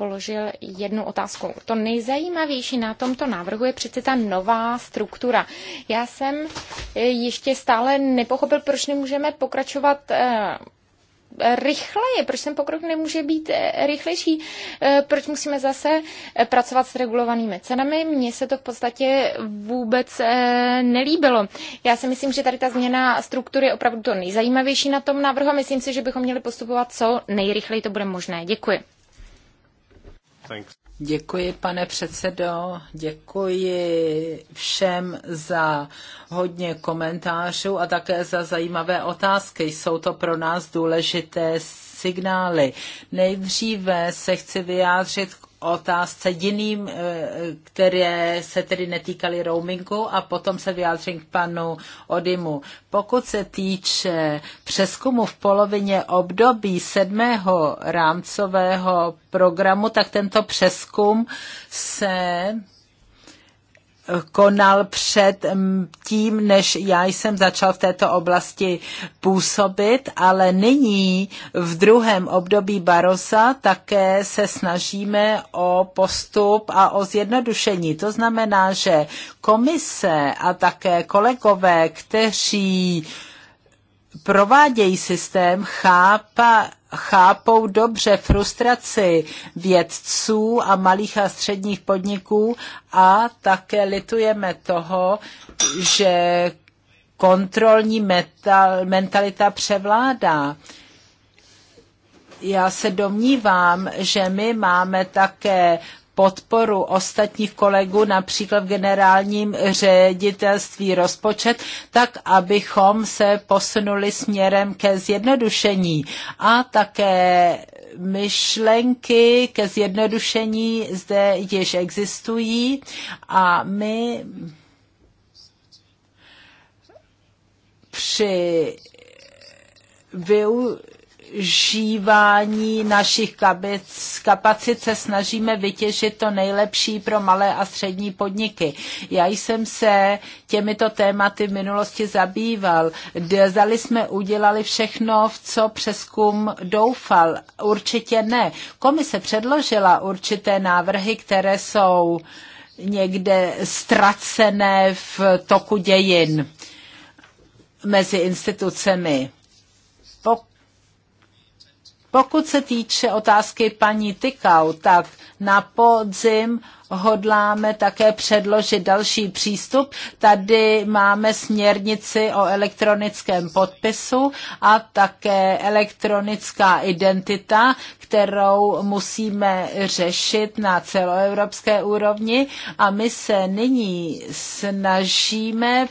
položil jednu otázku. To nejzajímavější na tomto návrhu je přece ta nová struktura. Já jsem eh, ještě stále nepochopil, proč nemůžeme pokračovat eh, rychleji, proč ten pokrok nemůže být eh, rychlejší, proč musíme zase pracovat s regulovanými cenami. Mně se to v podstatě vůbec nelíbilo. Já si myslím, že tady ta změna struktury je opravdu to nejzajímavější na tom návrhu a myslím si, že bychom měli postupovat co nejrychleji to bude možné. Děkuji. Thanks. Děkuji, pane předsedo, děkuji všem za hodně komentářů a také za zajímavé otázky. Jsou to pro nás důležité signály. Nejdříve se chci vyjádřit k otázce jiným, eh, které se tedy netýkaly roamingu a potom se vyjádřím k panu Odimu. Pokud se týče přeskumu v polovině období sedmého rámcového programu, tak tento přeskum se konal před mm, tím, než já jsem začal v této oblasti působit, ale nyní v druhém období Barosa také se snažíme o postup a o zjednodušení. To znamená, že komise a také kolegové, kteří provádějí systém, chápa, chápou dobře frustraci vědců a malých a středních podniků a také litujeme toho, že kontrolní metal, mentalita převládá. Já se domnívám, že my máme také podporu ostatních kolegů, například v generálním ředitelství rozpočet, tak abychom se posunuli směrem ke zjednodušení a také myšlenky ke zjednodušení zde již existují a my při využití využívání našich kapacit se snažíme vytěžit to nejlepší pro malé a střední podniky. Já jsem se těmito tématy v minulosti zabýval. Zdali jsme udělali všechno, v co přeskum doufal. Určitě ne. Komise předložila určité návrhy, které jsou někde ztracené v toku dějin mezi institucemi. Pokud pokud se týče otázky paní Tykau, tak na podzim hodláme také předložit další přístup. Tady máme směrnici o elektronickém podpisu a také elektronická identita, kterou musíme řešit na celoevropské úrovni a my se nyní snažíme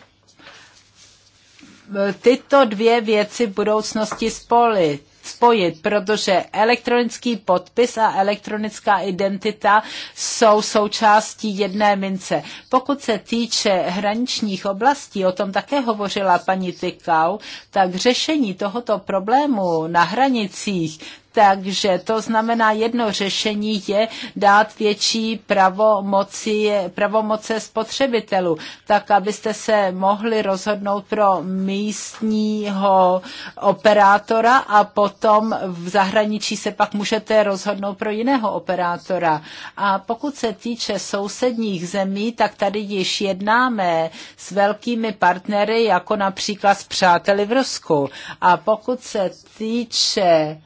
tyto dvě věci v budoucnosti spolit spojit, protože elektronický podpis a elektronická identita jsou součástí jedné mince. Pokud se týče hraničních oblastí, o tom také hovořila paní Tykau, tak řešení tohoto problému na hranicích takže to znamená, jedno řešení je dát větší pravomoci, pravomoce spotřebitelů, tak abyste se mohli rozhodnout pro místního operátora a potom v zahraničí se pak můžete rozhodnout pro jiného operátora. A pokud se týče sousedních zemí, tak tady již jednáme s velkými partnery, jako například s přáteli v Rusku. A pokud se týče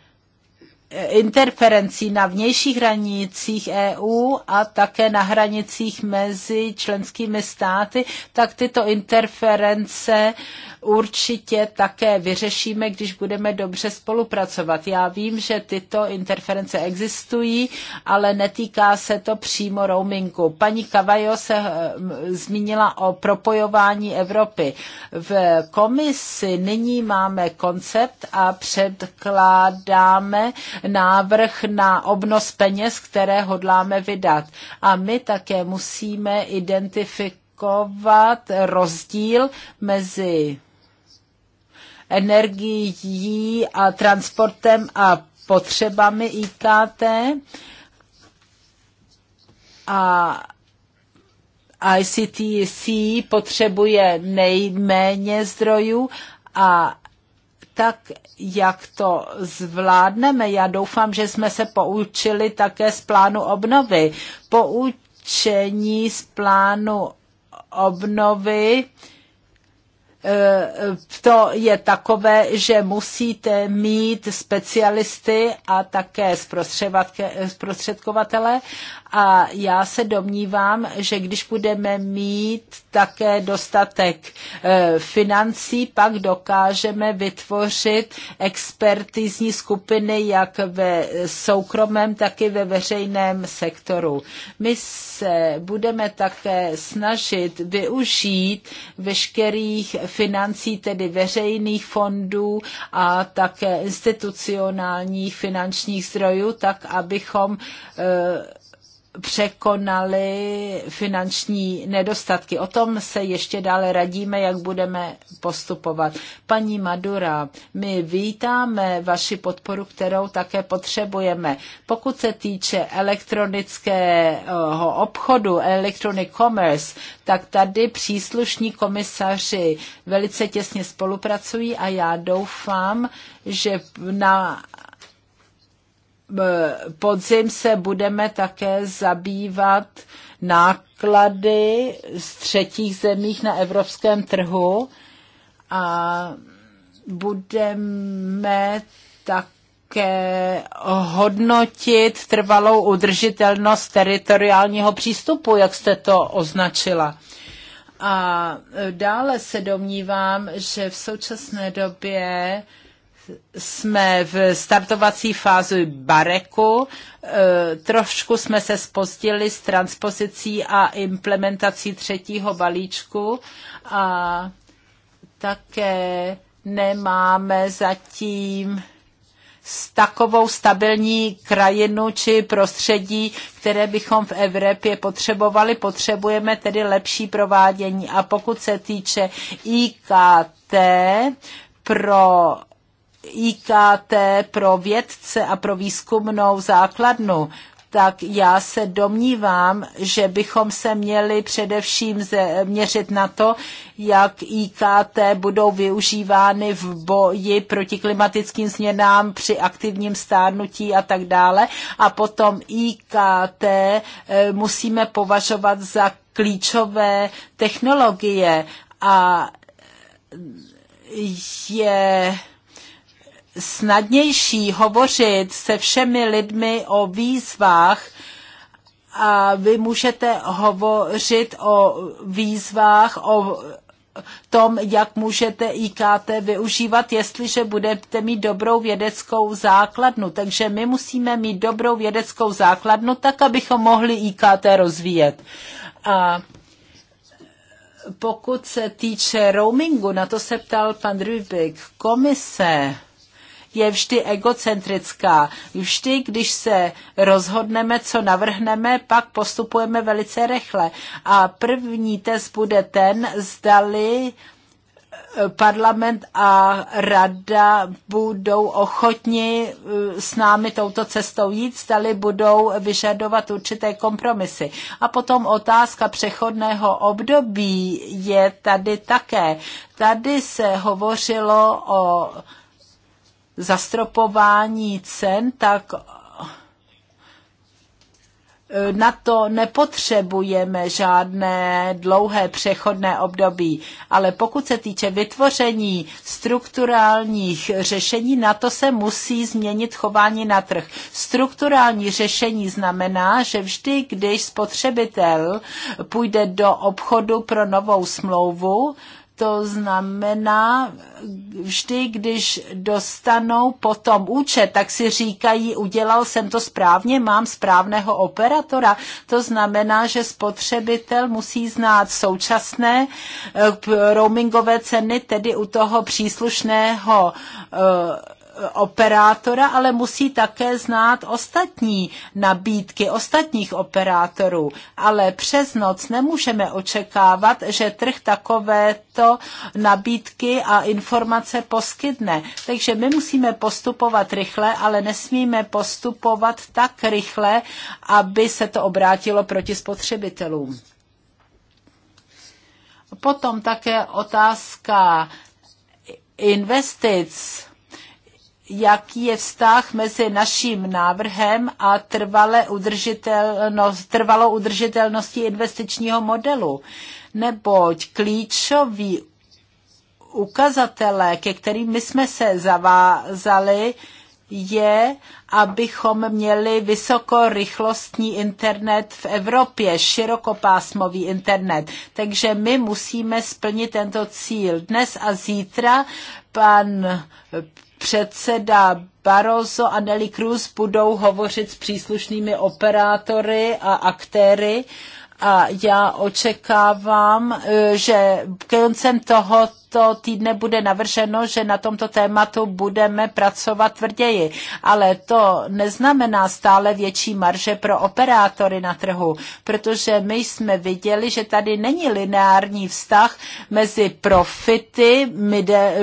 interferencí na vnějších hranicích EU a také na hranicích mezi členskými státy, tak tyto interference určitě také vyřešíme, když budeme dobře spolupracovat. Já vím, že tyto interference existují, ale netýká se to přímo roamingu. Paní Kavajo se eh, zmínila o propojování Evropy. V komisi nyní máme koncept a předkládáme návrh na obnos peněz, které hodláme vydat. A my také musíme identifikovat rozdíl mezi energií a transportem a potřebami IKT. A ICTC potřebuje nejméně zdrojů a tak jak to zvládneme, já doufám, že jsme se poučili také z plánu obnovy. Poučení z plánu obnovy to je takové, že musíte mít specialisty a také zprostředkovatele a já se domnívám, že když budeme mít také dostatek eh, financí, pak dokážeme vytvořit expertizní skupiny jak ve soukromém, tak i ve veřejném sektoru. My se budeme také snažit využít veškerých financí, tedy veřejných fondů a také institucionálních finančních zdrojů, tak abychom eh, překonali finanční nedostatky. O tom se ještě dále radíme, jak budeme postupovat. Paní Madura, my vítáme vaši podporu, kterou také potřebujeme. Pokud se týče elektronického obchodu, electronic commerce, tak tady příslušní komisaři velice těsně spolupracují a já doufám, že na podzim se budeme také zabývat náklady z třetích zemích na evropském trhu a budeme také hodnotit trvalou udržitelnost teritoriálního přístupu, jak jste to označila. A dále se domnívám, že v současné době jsme v startovací fázi Bareku. E, trošku jsme se spozdili s transpozicí a implementací třetího balíčku a také nemáme zatím s takovou stabilní krajinu či prostředí, které bychom v Evropě potřebovali. Potřebujeme tedy lepší provádění. A pokud se týče IKT pro IKT pro vědce a pro výzkumnou základnu, tak já se domnívám, že bychom se měli především měřit na to, jak IKT budou využívány v boji proti klimatickým změnám při aktivním stárnutí a tak dále. A potom IKT eh, musíme považovat za klíčové technologie a je snadnější hovořit se všemi lidmi o výzvách, a vy můžete hovořit o výzvách, o tom, jak můžete IKT využívat, jestliže budete mít dobrou vědeckou základnu. Takže my musíme mít dobrou vědeckou základnu, tak abychom mohli IKT rozvíjet. A pokud se týče roamingu, na to se ptal pan Rybik, komise je vždy egocentrická. Vždy, když se rozhodneme, co navrhneme, pak postupujeme velice rychle. A první test bude ten, zdali eh, parlament a rada budou ochotni eh, s námi touto cestou jít, zdali budou vyžadovat určité kompromisy. A potom otázka přechodného období je tady také. Tady se hovořilo o zastropování cen, tak eh, na to nepotřebujeme žádné dlouhé přechodné období, ale pokud se týče vytvoření strukturálních řešení, na to se musí změnit chování na trh. Strukturální řešení znamená, že vždy, když spotřebitel půjde do obchodu pro novou smlouvu, to znamená, vždy, když dostanou potom účet, tak si říkají, udělal jsem to správně, mám správného operatora. To znamená, že spotřebitel musí znát současné eh, roamingové ceny, tedy u toho příslušného eh, operátora, ale musí také znát ostatní nabídky ostatních operátorů. Ale přes noc nemůžeme očekávat, že trh takovéto nabídky a informace poskytne. Takže my musíme postupovat rychle, ale nesmíme postupovat tak rychle, aby se to obrátilo proti spotřebitelům. Potom také otázka investic jaký je vztah mezi naším návrhem a trvale udržitelnost, trvalou udržitelností investičního modelu, neboť klíčový ukazatele, ke kterým my jsme se zavázali, je, abychom měli vysokorychlostní internet v Evropě, širokopásmový internet. Takže my musíme splnit tento cíl. Dnes a zítra pan předseda Barroso a Nelly Cruz budou hovořit s příslušnými operátory a aktéry a já očekávám, eh, že koncem tohoto tohoto týdne bude navrženo, že na tomto tématu budeme pracovat tvrději. Ale to neznamená stále větší marže pro operátory na trhu, protože my jsme viděli, že tady není lineární vztah mezi profity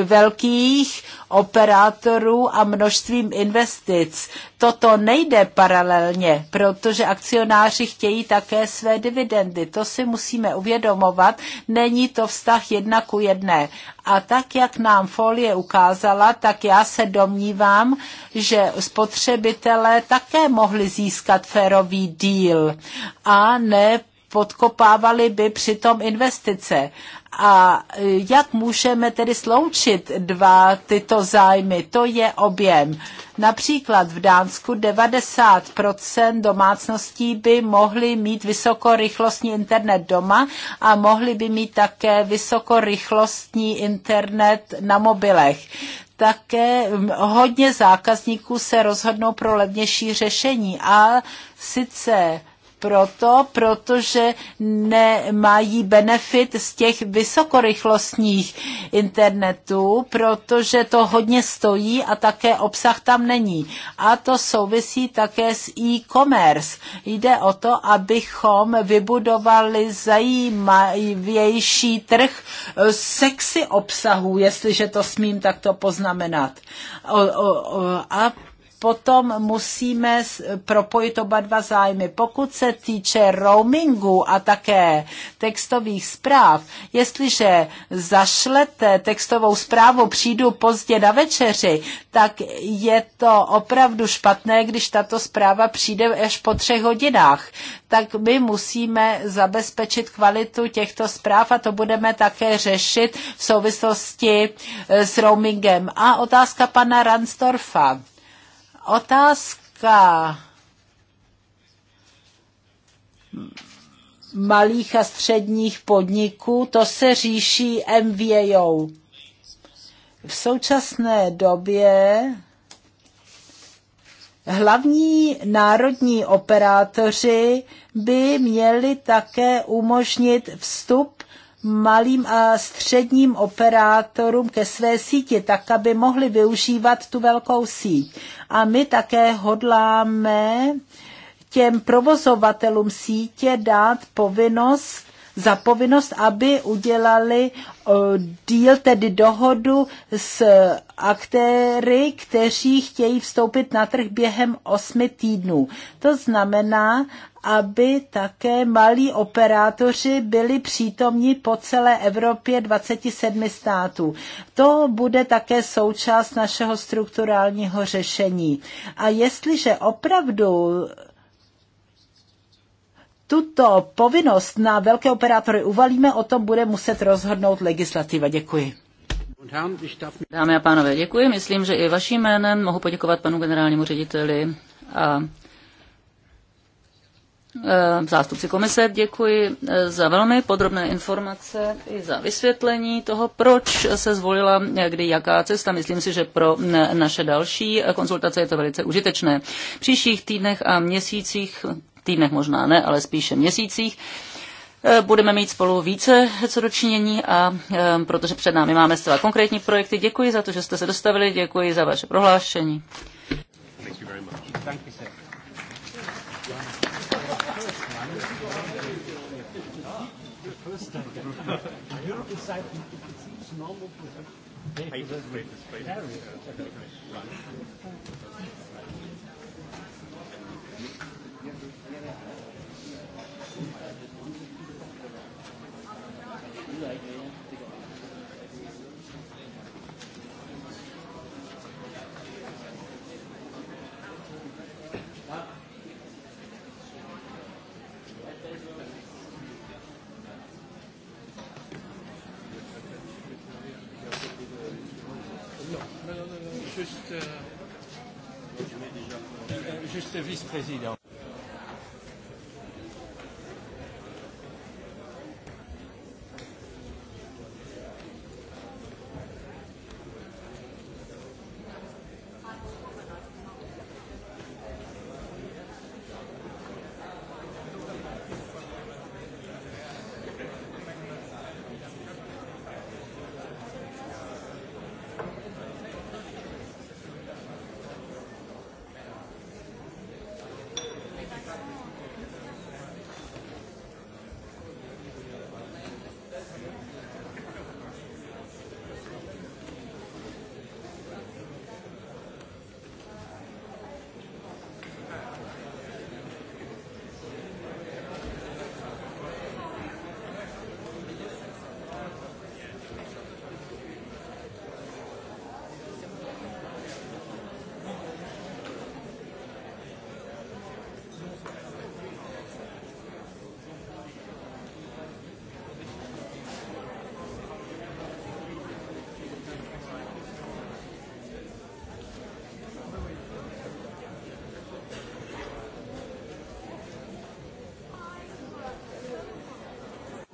velkých operátorů a množstvím investic. Toto nejde paralelně, protože akcionáři chtějí také své dividendy. To si musíme uvědomovat. Není to vztah jedna ku jedné. A tak, jak nám folie ukázala, tak já se domnívám, že spotřebitelé také mohli získat férový díl a ne podkopávaly by přitom investice. A e, jak můžeme tedy sloučit dva tyto zájmy? To je objem. Například v Dánsku 90% domácností by mohly mít vysokorychlostní internet doma a mohly by mít také vysokorychlostní internet na mobilech také hodně zákazníků se rozhodnou pro levnější řešení a sice proto, protože nemají benefit z těch vysokorychlostních internetů, protože to hodně stojí a také obsah tam není. A to souvisí také s e-commerce. Jde o to, abychom vybudovali zajímavější trh sexy obsahu, jestliže to smím takto poznamenat. A potom musíme propojit oba dva zájmy. Pokud se týče roamingu a také textových zpráv, jestliže zašlete textovou zprávu, přijdu pozdě na večeři, tak je to opravdu špatné, když tato zpráva přijde až po třech hodinách. Tak my musíme zabezpečit kvalitu těchto zpráv a to budeme také řešit v souvislosti eh, s roamingem. A otázka pana Ransdorfa. Otázka malých a středních podniků, to se říší MVAO. V současné době Hlavní národní operátoři by měli také umožnit vstup malým a středním operátorům ke své síti, tak aby mohli využívat tu velkou síť. A my také hodláme těm provozovatelům sítě dát povinnost za povinnost, aby udělali eh, díl, tedy dohodu s aktéry, kteří chtějí vstoupit na trh během osmi týdnů. To znamená, aby také malí operátoři byli přítomní po celé Evropě 27 států. To bude také součást našeho strukturálního řešení. A jestliže opravdu tuto povinnost na velké operátory uvalíme, o tom bude muset rozhodnout legislativa. Děkuji. Dámy a pánové, děkuji. Myslím, že i vaším jménem mohu poděkovat panu generálnímu řediteli a e, zástupci komise. Děkuji e, za velmi podrobné informace i za vysvětlení toho, proč se zvolila e, kdy jaká cesta. Myslím si, že pro naše další konzultace je to velice užitečné. V příštích týdnech a měsících týdnech možná ne, ale spíše měsících, eh, Budeme mít spolu více co dočinění a eh, protože před námi máme zcela konkrétní projekty, děkuji za to, že jste se dostavili, děkuji za vaše prohlášení. Thank you. Président.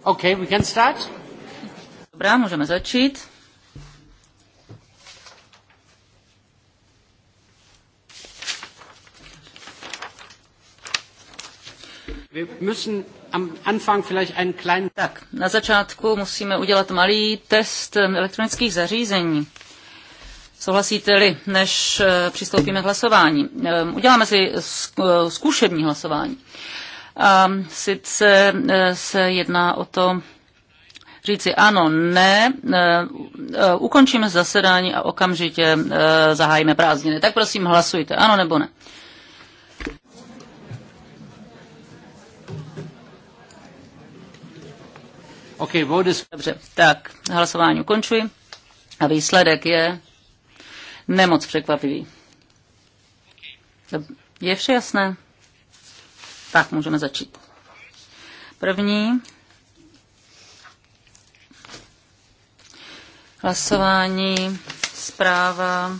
Okay, we can start. Dobrá, můžeme začít. Wir müssen am Anfang vielleicht einen kleinen... Tak, na začátku musíme udělat malý test eh, elektronických zařízení. Souhlasíte-li, než eh, přistoupíme k hlasování? Ehm, uděláme si eh, zkušební hlasování. A sice e, se jedná o to, říci ano, ne, e, e, ukončíme zasedání a okamžitě zahájíme prázdniny. Tak prosím hlasujte, ano nebo ne. Okay, vote is... Dobře, tak hlasování ukončuji a výsledek je nemoc překvapivý. Je vše jasné? Tak můžeme začít. První hlasování, zpráva.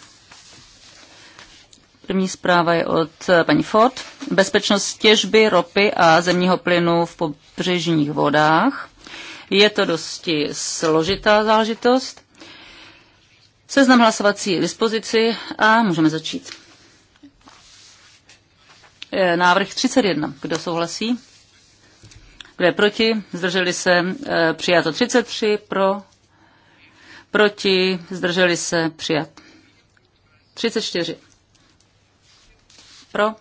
První zpráva je od eh, paní Ford. Bezpečnost těžby ropy a zemního plynu v pobřežních vodách. Je to dosti složitá záležitost. Seznam hlasovací dispozici a můžeme začít. Eh, návrh 31. Kdo souhlasí? Kdo je proti? Zdrželi se. Eh, přijato 33. Pro. Proti. Zdrželi se. Přijat. 34. Pro.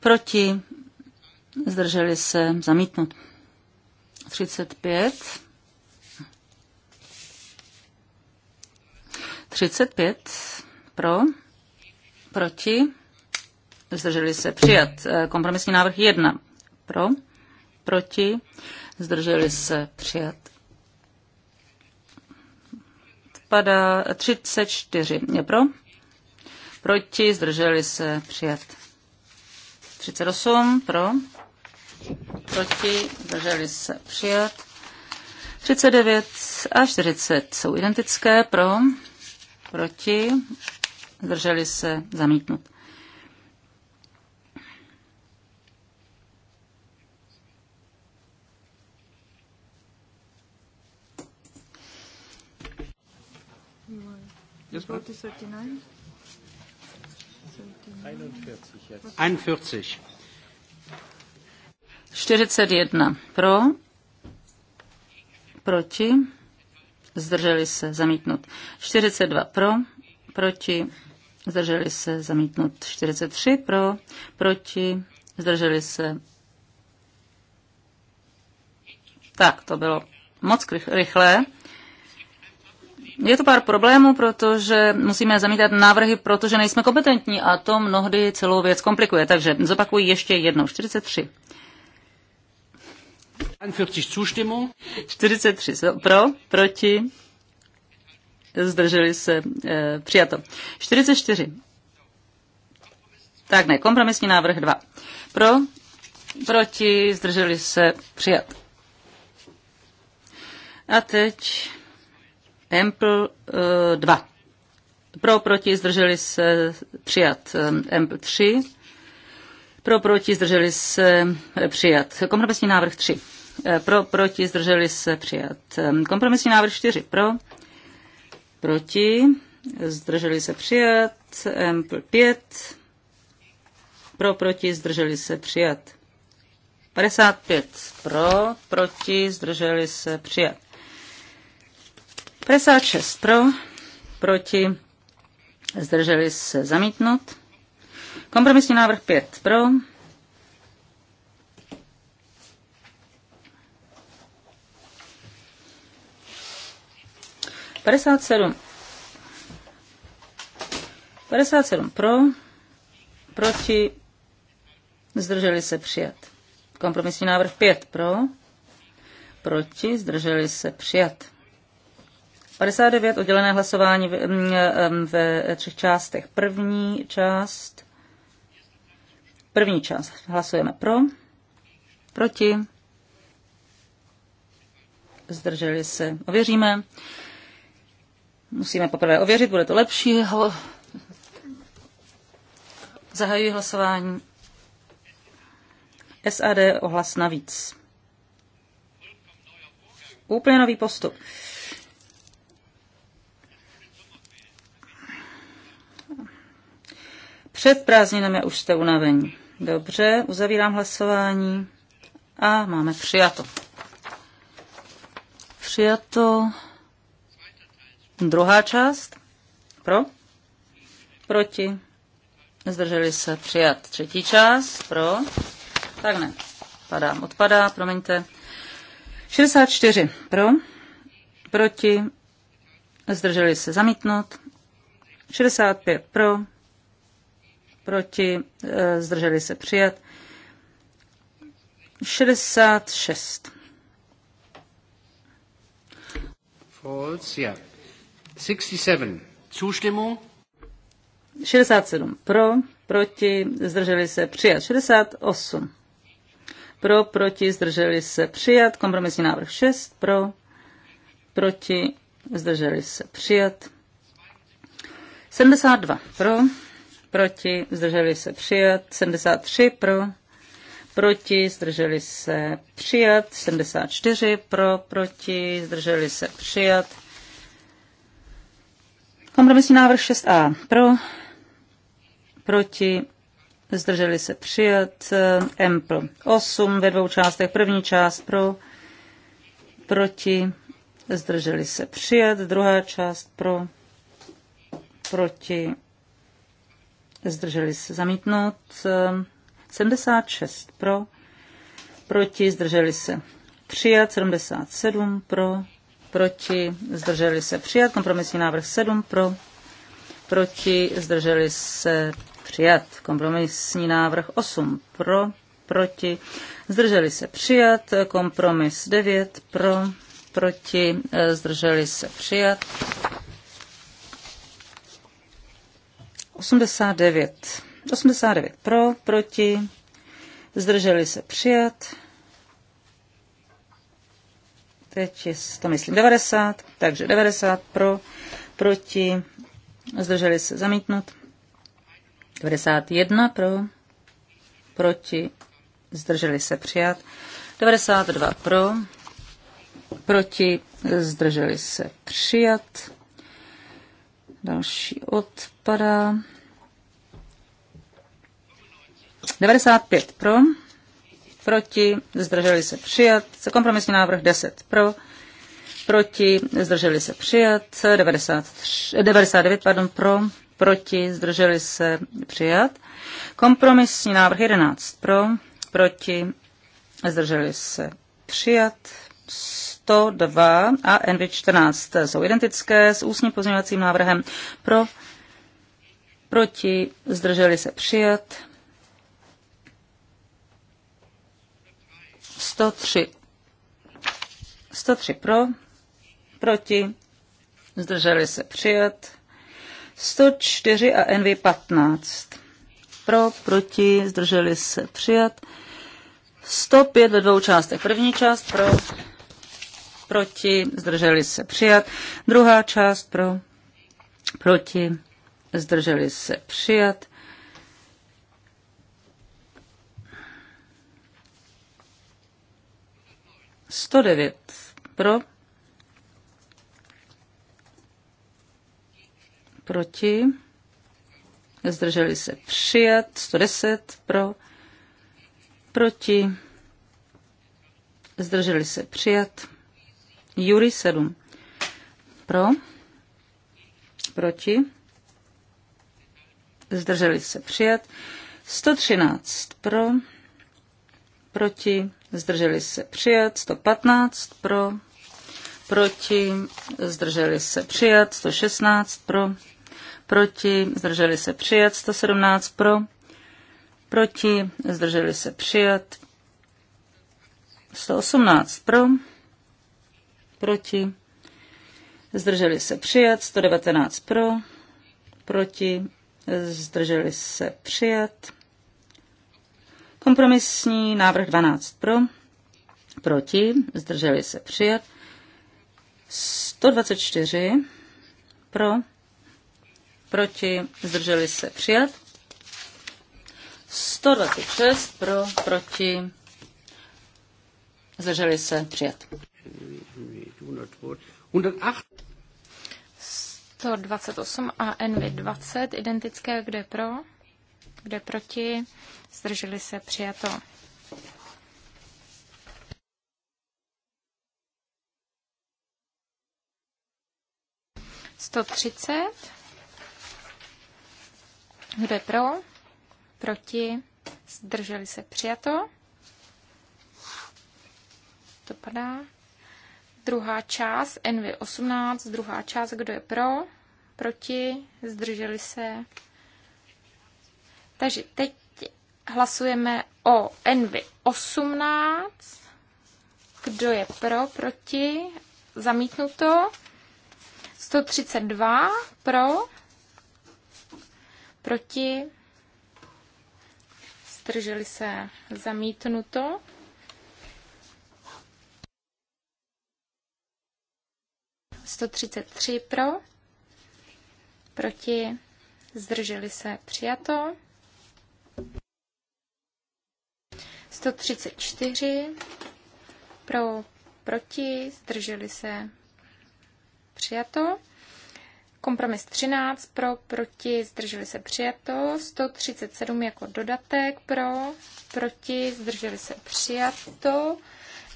Proti. Zdrželi se. Zamítnut. 35. 35. Pro. Proti zdrželi se přijat. Eh, kompromisní návrh 1 pro, proti, zdrželi se přijat. Padá 34 je pro, proti, zdrželi se přijat. 38 pro, proti, zdrželi se přijat. 39 a 40 jsou identické pro, proti, zdrželi se zamítnut Yes, 41. 41 pro, proti, zdrželi se, zamítnut. 42 pro, proti, zdrželi se, zamítnut. 43 pro, proti, zdrželi se. Tak, to bylo moc rychlé. Je to pár problémů, protože musíme zamítat návrhy, protože nejsme kompetentní a to mnohdy celou věc komplikuje. Takže zopakuji ještě jednou. 43. 43 pro, proti, zdrželi se, e, přijato. 44. Tak ne, kompromisní návrh 2. Pro, proti, zdrželi se, přijat. A teď Ample 2. Eh, eh, eh, pro, proti, zdrželi se přijat. Ample 3. Pro, proti, zdrželi se přijat. Kompromisní návrh 3. Pro, proti, zdrželi se přijat. Kompromisní návrh 4. Pro, proti, zdrželi se přijat. Ample 5. Pro, proti, zdrželi se přijat. 55 pro, proti, zdrželi se přijat. 56 pro, proti, zdrželi se zamítnout. Kompromisní návrh 5 pro, Padesát sedm. Padesát sedm pro, proti, zdrželi se přijat. Kompromisní návrh pět pro, proti, zdrželi se přijat. 59 oddělené hlasování mm, ve, třech částech. První část. První část. Hlasujeme pro. Proti. Zdrželi se. Ověříme. Musíme poprvé ověřit, bude to lepší. Zahajuji hlasování. SAD ohlas navíc. Úplně nový postup. Před prázdninami už jste unavení. Dobře, uzavírám hlasování a máme přijato. Přijato. Druhá část. Pro? Proti? Zdrželi se přijat. Třetí část. Pro? Tak ne. Padám. Odpadá, promiňte. 64. Pro? Proti? Zdrželi se zamítnout. 65. Pro? proti, e, zdrželi se přijat. 66. False, yeah. 67. Zustimmung? 67 pro, proti, zdrželi se přijat. 68 pro, proti, zdrželi se přijat. Kompromisní návrh 6 pro, proti, zdrželi se přijat. 72 pro, proti, zdrželi se přijat, 73 pro, proti, zdrželi se přijat, 74 pro, proti, zdrželi se přijat. Kompromisní návrh 6a pro, proti, zdrželi se přijat, M pro 8 ve dvou částech, první část pro, proti, zdrželi se přijat, druhá část pro, proti, zdrželi se zamítnout, 76 pro, proti, zdrželi se přijat, 77 pro, proti, zdrželi se přijat, kompromisní návrh 7 pro, proti, zdrželi se přijat, kompromisní návrh 8 pro, proti, zdrželi se přijat, kompromis 9 pro, proti, zdrželi se přijat, 89. 89 pro, proti, zdrželi se přijat. Teď je to myslím 90, takže 90 pro, proti, zdrželi se zamítnout. 91 pro, proti, zdrželi se přijat. 92 pro, proti, zdrželi se přijat. Další odpadá. 95 pro, proti, zdrželi se přijat. Kompromisní návrh 10 pro, proti, zdrželi se přijat. 93, 99 eh, pardon, pro, proti, zdrželi se přijat. Kompromisní návrh 11 pro, proti, zdrželi se přijat. 102 a NV14 jsou identické s ústním pozměňovacím návrhem pro, proti, zdrželi se přijat. 103. 103 pro, proti, zdrželi se přijat. 104 a NV15 pro, proti, zdrželi se přijat. 105 ve dvou částech. První část pro, proti, zdrželi se přijat. Druhá část pro, proti, zdrželi se přijat. Sto devět pro, proti, zdrželi se přijat, deset pro, proti, zdrželi se přijat. Jury 7. Pro? Proti? Zdrželi se přijat. 113 pro, proti, zdrželi se přijat. 115 pro, proti, zdrželi se přijat. 116 pro, proti, zdrželi se přijat. 117 pro, proti, zdrželi se přijat. 118 pro, proti, zdrželi se přijat, 119 pro, proti, zdrželi se přijat. Kompromisní návrh 12 pro, proti, zdrželi se přijat. 124 pro, proti, zdrželi se přijat. 126 pro, proti, zdrželi se přijat. 128 a NV20 identické, kde pro, kde proti, zdrželi se přijato. Sto třicet. Kdo je pro? Proti? Zdrželi se přijato. To padá. Druhá část, NV18, druhá část, kdo je pro, proti, zdrželi se. Takže teď hlasujeme o NV18. Kdo je pro, proti, zamítnuto. 132 pro, proti, zdrželi se zamítnuto. 133 pro, proti, zdrželi se, přijato. 134 pro, proti, zdrželi se, přijato. Kompromis 13 pro, proti, zdrželi se přijato. 137 jako dodatek pro, proti, zdrželi se přijato.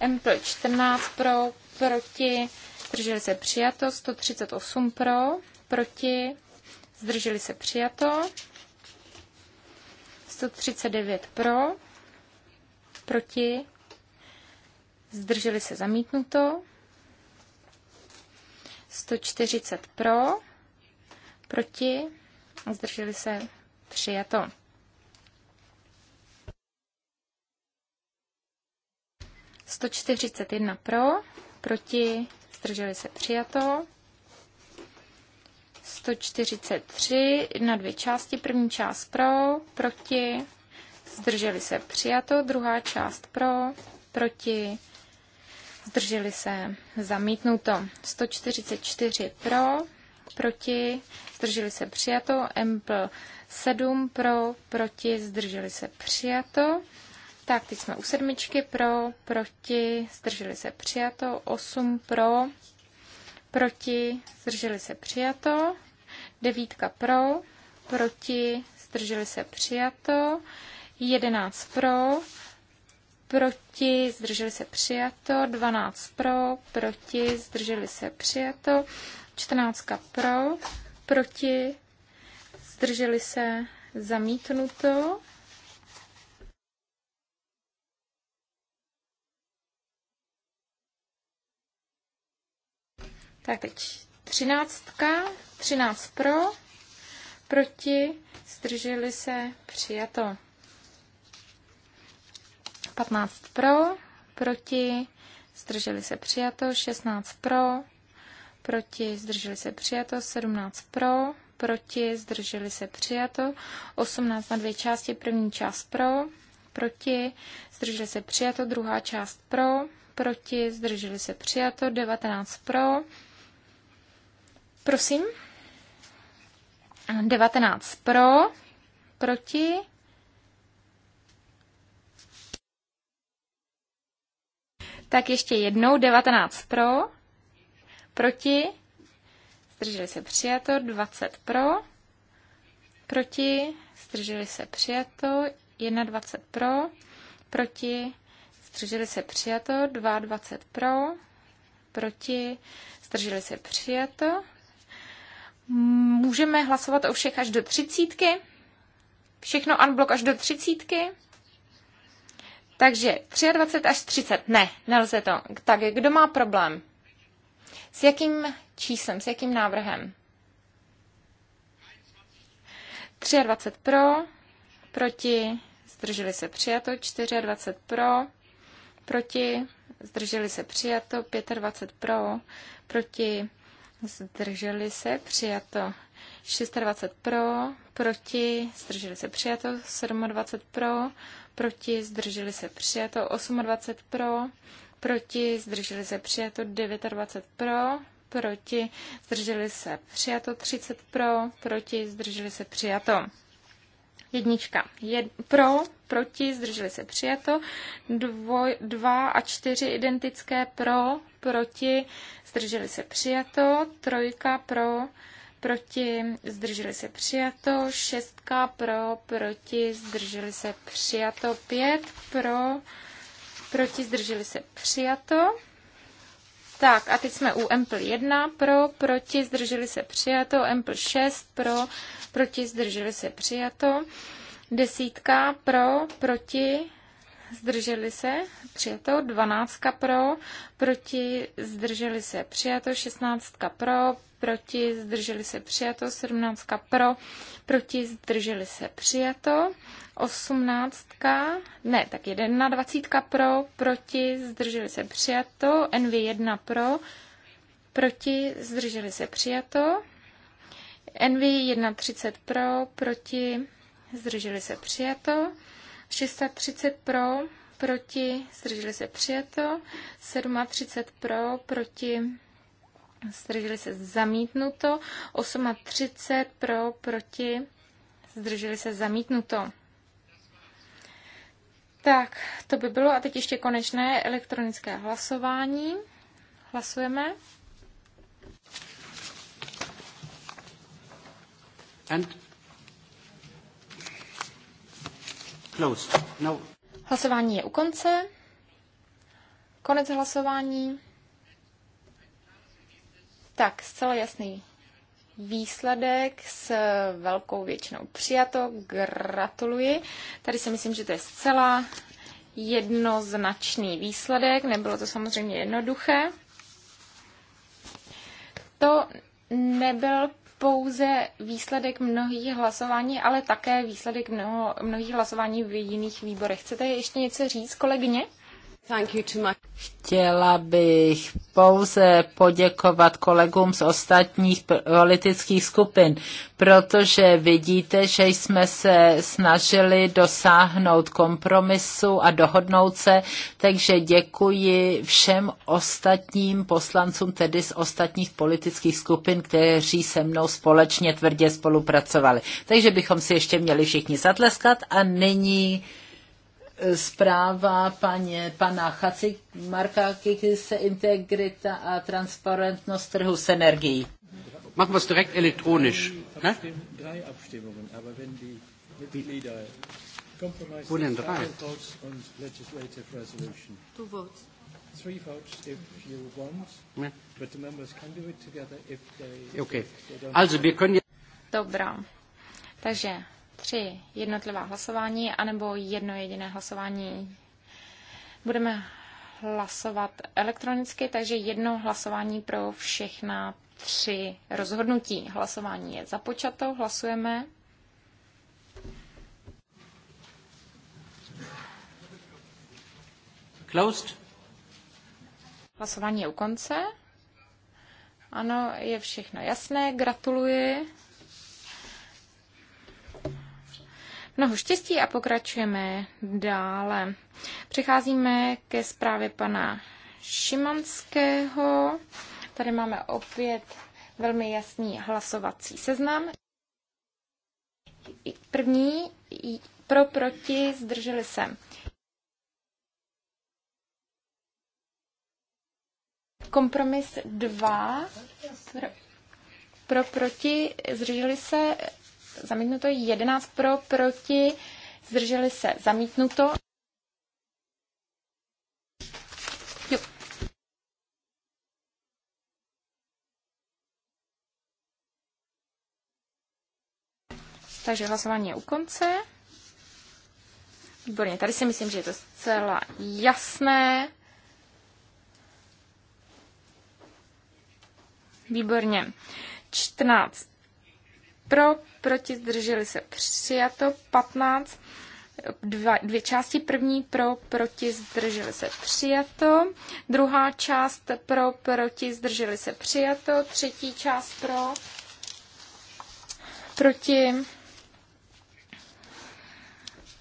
M 14 pro, proti, zdrželi se přijato, 138 pro, proti, zdrželi se přijato, 139 pro, proti, zdrželi se zamítnuto, 140 pro, proti, zdrželi se přijato. Sto čtyřicet jedna pro, proti, zdrželi se přijato. 143 na dvě části. První část pro, proti, zdrželi se přijato. Druhá část pro, proti, zdrželi se zamítnuto. 144 pro, proti, zdrželi se přijato. Empl 7 pro, proti, zdrželi se přijato. Tak, teď jsme u sedmičky pro, proti, zdrželi se přijato, osm pro, proti, zdrželi se přijato, devítka pro, proti, zdrželi se přijato, jedenáct pro, proti, zdrželi se přijato, dvanáct pro, proti, zdrželi se přijato, čtrnáctka pro, proti, zdrželi se zamítnuto, Tak teď třináctka, třináct pro, proti, zdrželi se, přijato. Patnáct pro, proti, zdrželi se, přijato. Šestnáct pro, proti, zdrželi se, přijato. Sedmnáct pro, proti, zdrželi se, přijato. Osmnáct na dvě části, první část pro, proti, zdrželi se, přijato. Druhá část pro, proti, zdrželi se, přijato. Devatenáct pro, Prosím. 19 pro, proti. Tak ještě jednou, 19 pro, proti, zdrželi se přijato, 20 pro, proti, zdrželi se přijato, 21 pro, proti, zdrželi se přijato, 22 pro, proti, zdrželi se přijato, Můžeme hlasovat o všech až do třicítky. Všechno unblock až do třicítky. Takže 23 až 30. Ne, nelze to. Tak kdo má problém? S jakým číslem, s jakým návrhem? 23 pro, proti, zdrželi se přijato, 24 pro, proti, zdrželi se přijato, 25 pro, proti, zdrželi se, přijato. 26 pro, proti, zdrželi se, přijato. 27 pro, proti, zdrželi se, přijato. 28 pro, proti, zdrželi se, přijato. 29 pro, proti, zdrželi se, přijato. 30 pro, proti, zdrželi se, přijato. Jednička Jed, pro, proti, zdrželi se přijato. Dvoj, dva a čtyři identické pro, proti, zdrželi se přijato. Trojka pro, proti, zdrželi se přijato. Šestka pro, proti, zdrželi se přijato. Pět pro, proti, zdrželi se přijato. Tak a teď jsme u Ample 1 pro, proti, zdrželi se přijato, Ample 6 pro, proti, zdrželi se přijato, desítka pro, proti, zdrželi se, přijato, 12 pro, proti, zdrželi se, přijato, 16 pro, proti, zdrželi se, přijato, 17 pro, proti, zdrželi se, přijato, 18, ne, tak 1 20 pro, proti, zdrželi se, přijato, NV 1 pro, proti, zdrželi se, přijato, NV 1 30 pro, proti, zdrželi se, přijato, 330 pro, proti, zdrželi se přijato, 37 pro, proti, zdrželi se zamítnuto, 38 pro, proti, zdrželi se zamítnuto. Tak, to by bylo a teď ještě konečné elektronické hlasování. Hlasujeme. And Closed. No. Hlasování je u konce. Konec hlasování. Tak, zcela jasný výsledek s velkou většinou přijato. Gratuluji. Tady si myslím, že to je zcela jednoznačný výsledek. Nebylo to samozřejmě jednoduché. To nebyl pouze výsledek mnohých hlasování, ale také výsledek mnoho, mnohých hlasování v jiných výborech. Chcete ještě něco říct, kolegyně? Chtěla bych pouze poděkovat kolegům z ostatních politických skupin, protože vidíte, že jsme se snažili dosáhnout kompromisu a dohodnout se, takže děkuji všem ostatním poslancům, tedy z ostatních politických skupin, kteří se mnou společně tvrdě spolupracovali. Takže bychom si ještě měli všichni zatleskat a nyní zpráva paně, pana Chaci Marka se integrita a transparentnost trhu s energií. Machen wir es direkt elektronisch. Ne? Drei Abstimmungen, aber wenn die Mitglieder Two votes. Three votes if you want, ne? but the members can do it together if they... Okay. they also, wir können... Dobrá. Takže tři jednotlivá hlasování anebo jedno jediné hlasování. Budeme hlasovat elektronicky, takže jedno hlasování pro všechna tři rozhodnutí. Hlasování je započato, hlasujeme. Closed. Hlasování je u konce. Ano, je všechno jasné, gratuluji. Mnoho štěstí a pokračujeme dále. Přecházíme ke zprávě pana Šimanského. Tady máme opět velmi jasný hlasovací seznam. První pro, proti, zdrželi se. Kompromis 2. Pro, pro proti, zdrželi se, zamítnuto, 11 pro, proti, zdrželi se, zamítnuto. Takže hlasování je u konce. Výborně, tady si myslím, že je to zcela jasné. Výborně. 14 pro, proti, zdrželi se přijato, 15, dva, dvě části, první pro, proti, zdrželi se přijato, druhá část pro, proti, zdrželi se přijato, třetí část pro, proti,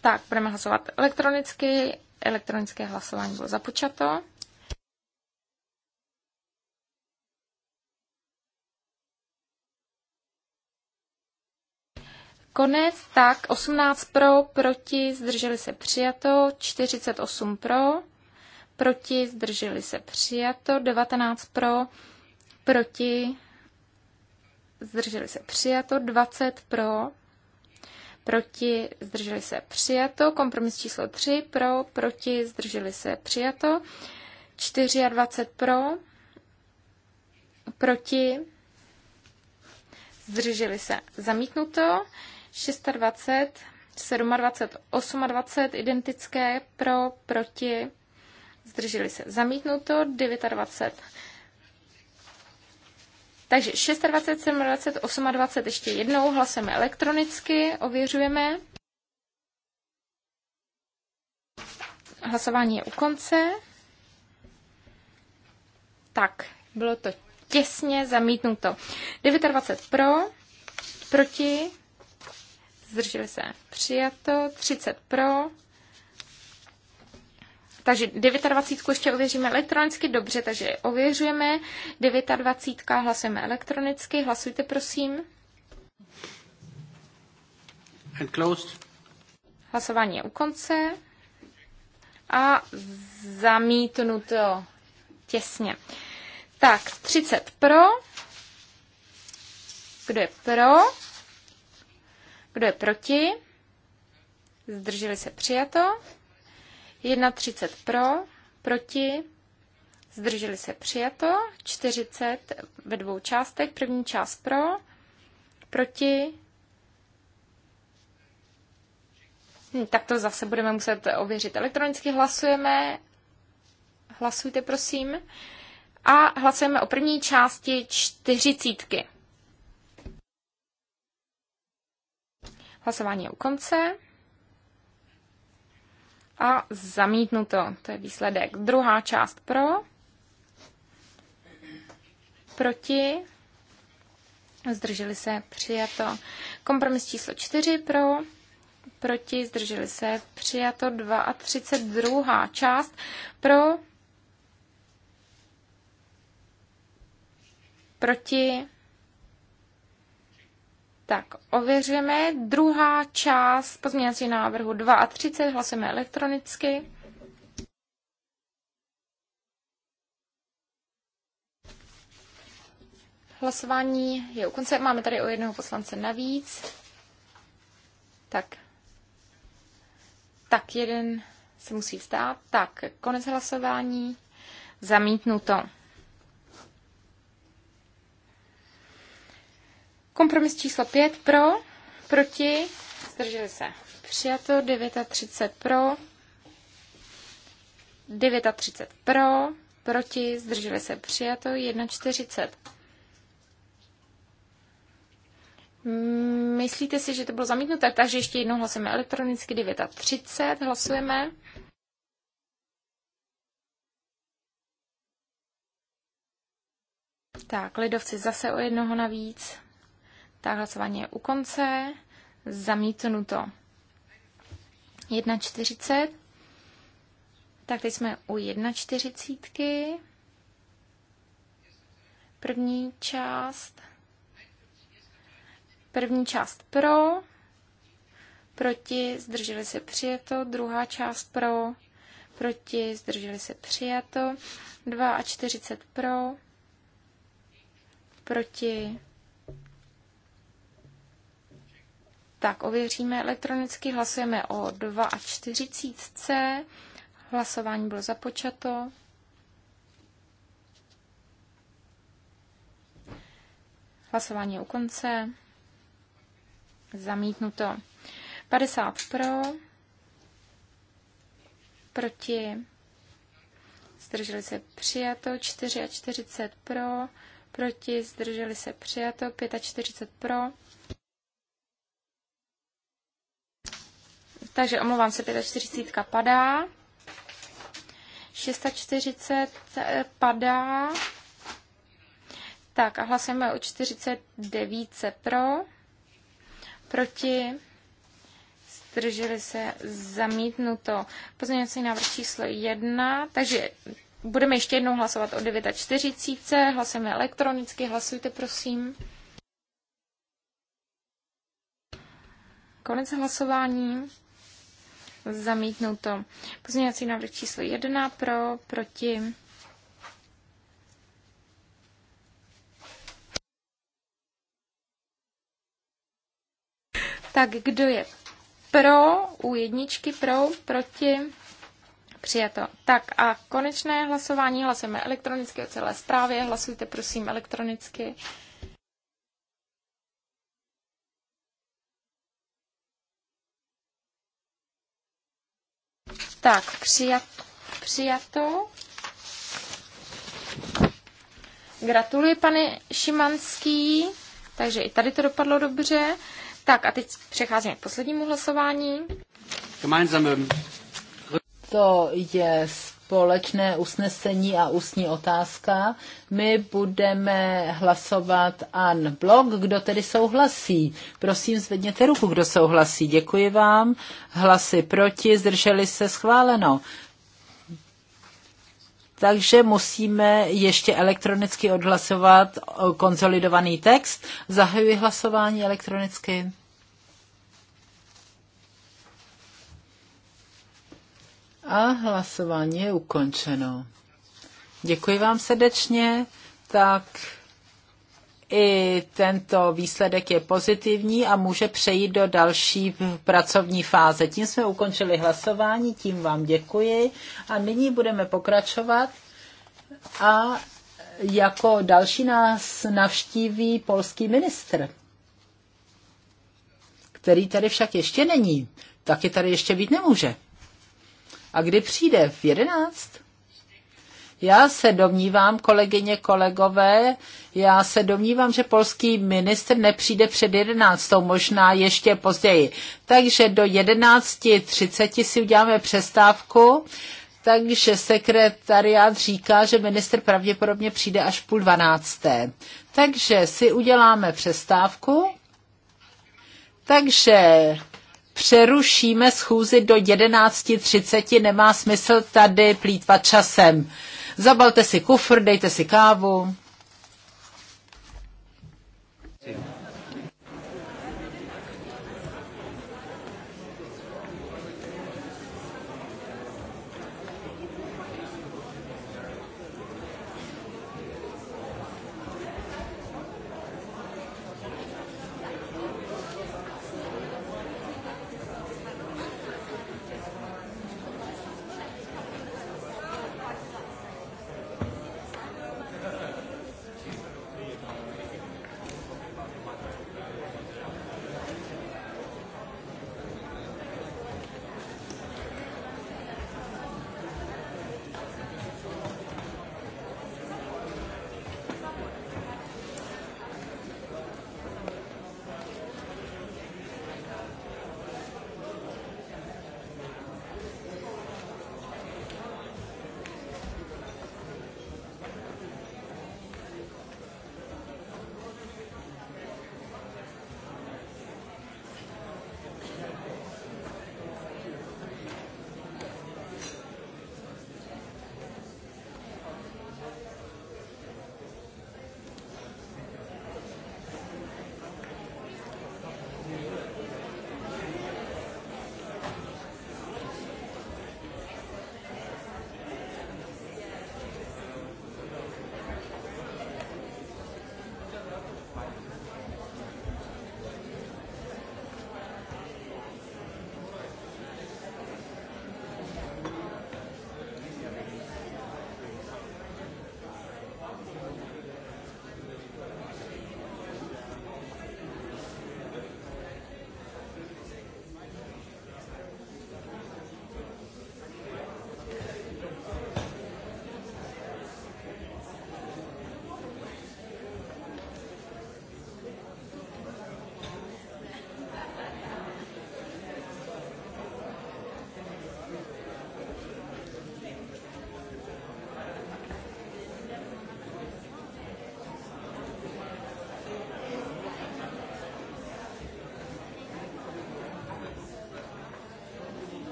tak, budeme hlasovat elektronicky. Elektronické hlasování bylo započato. konec, tak 18 pro, proti, zdrželi se přijato, 48 pro, proti, zdrželi se přijato, 19 pro, proti, zdrželi se přijato, 20 pro, proti, zdrželi se přijato, kompromis číslo 3 pro, proti, zdrželi se přijato, 24 pro, proti, zdrželi se zamítnuto, 26, 27, 28 identické pro, proti, zdrželi se zamítnuto, 29. Takže 26, 27, 28 20 ještě jednou hlasujeme elektronicky, ověřujeme. Hlasování je u konce. Tak, bylo to těsně zamítnuto. 29 pro, proti, zdrželi se, přijato, 30 pro. Takže 29 ještě ověříme elektronicky, dobře, takže ověřujeme. 29 hlasujeme elektronicky, hlasujte prosím. And closed. Hlasování je u konce. A zamítnuto těsně. Tak, 30 pro. Kdo je pro? Kdo je proti? Zdrželi se přijato. 31 pro, proti, zdrželi se přijato. 40 ve dvou částech, první část pro, proti. Hm, tak to zase budeme muset ověřit. Elektronicky hlasujeme. Hlasujte, prosím. A hlasujeme o první části čtyřicítky. Hlasování je u konce. A zamítnuto. To je výsledek. Druhá část pro. Proti. Zdrželi se. Přijato. Kompromis číslo 4 pro. Proti. Zdrželi se. Přijato. 32. část pro. Proti tak, ověřujeme druhá část pozměňovací návrhu 2 a 30, hlasujeme elektronicky. Hlasování je u konce. Máme tady o jednoho poslance navíc. Tak. Tak, jeden se musí vzdát. Tak, konec hlasování. Zamítnuto. Kompromis číslo 5 pro, proti, zdrželi se. Přijato 39 pro, 39 pro, proti, zdrželi se. Přijato 41. Myslíte si, že to bylo zamítnuté? Takže ještě jednou hlasujeme elektronicky 39. Hlasujeme. Tak, lidovci zase o jednoho navíc. Tak hlasování je u konce. Zamítnuto. 1,40. Tak teď jsme u 1,40. První část. První část pro. Proti zdrželi se přijeto. Druhá část pro. Proti zdrželi se přijato. 2,40 a pro. Proti Tak ověříme elektronicky, hlasujeme o 42C. Hlasování bylo započato. Hlasování je u konce. Zamítnuto. 50 pro. Proti. Zdrželi se přijato. 44 pro. Proti. Zdrželi se přijato. 45 pro Takže omlouvám se, 45 padá. 640 eh, padá. Tak a hlasujeme o 49 pro, proti, zdrželi se zamítnuto. Pozměňovací návrh číslo 1, takže budeme ještě jednou hlasovat o 49, hlasujeme elektronicky, hlasujte prosím. Konec hlasování. Zamítnuto. Pozměňovací návrh číslo 1 pro, proti. Tak kdo je pro, u jedničky pro, proti, přijato. Tak a konečné hlasování hlasujeme elektronicky o celé zprávě. Hlasujte prosím elektronicky. Tak, přijat, přijato. Gratuluji, pane Šimanský. Takže i tady to dopadlo dobře. Tak a teď přecházíme k poslednímu hlasování. To je společné usnesení a ústní otázka. My budeme hlasovat an blok. Kdo tedy souhlasí? Prosím, zvedněte ruku, kdo souhlasí. Děkuji vám. Hlasy proti, zdrželi se schváleno. Takže musíme ještě elektronicky odhlasovat konsolidovaný text. Zahajuji hlasování elektronicky. A hlasování je ukončeno. Děkuji vám srdečně. Tak i tento výsledek je pozitivní a může přejít do další pracovní fáze. Tím jsme ukončili hlasování, tím vám děkuji a nyní budeme pokračovat a jako další nás navštíví polský ministr, který tady však ještě není, taky tady ještě být nemůže. A kdy přijde? V jedenáct? Já se domnívám, kolegyně, kolegové, já se domnívám, že polský ministr nepřijde před jedenáctou, možná ještě později. Takže do 11.30 si uděláme přestávku, takže sekretariát říká, že minister pravděpodobně přijde až půl dvanácté. Takže si uděláme přestávku. Takže přerušíme schůzi do 11.30, nemá smysl tady plítvat časem. Zabalte si kufr, dejte si kávu.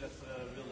to just uh, real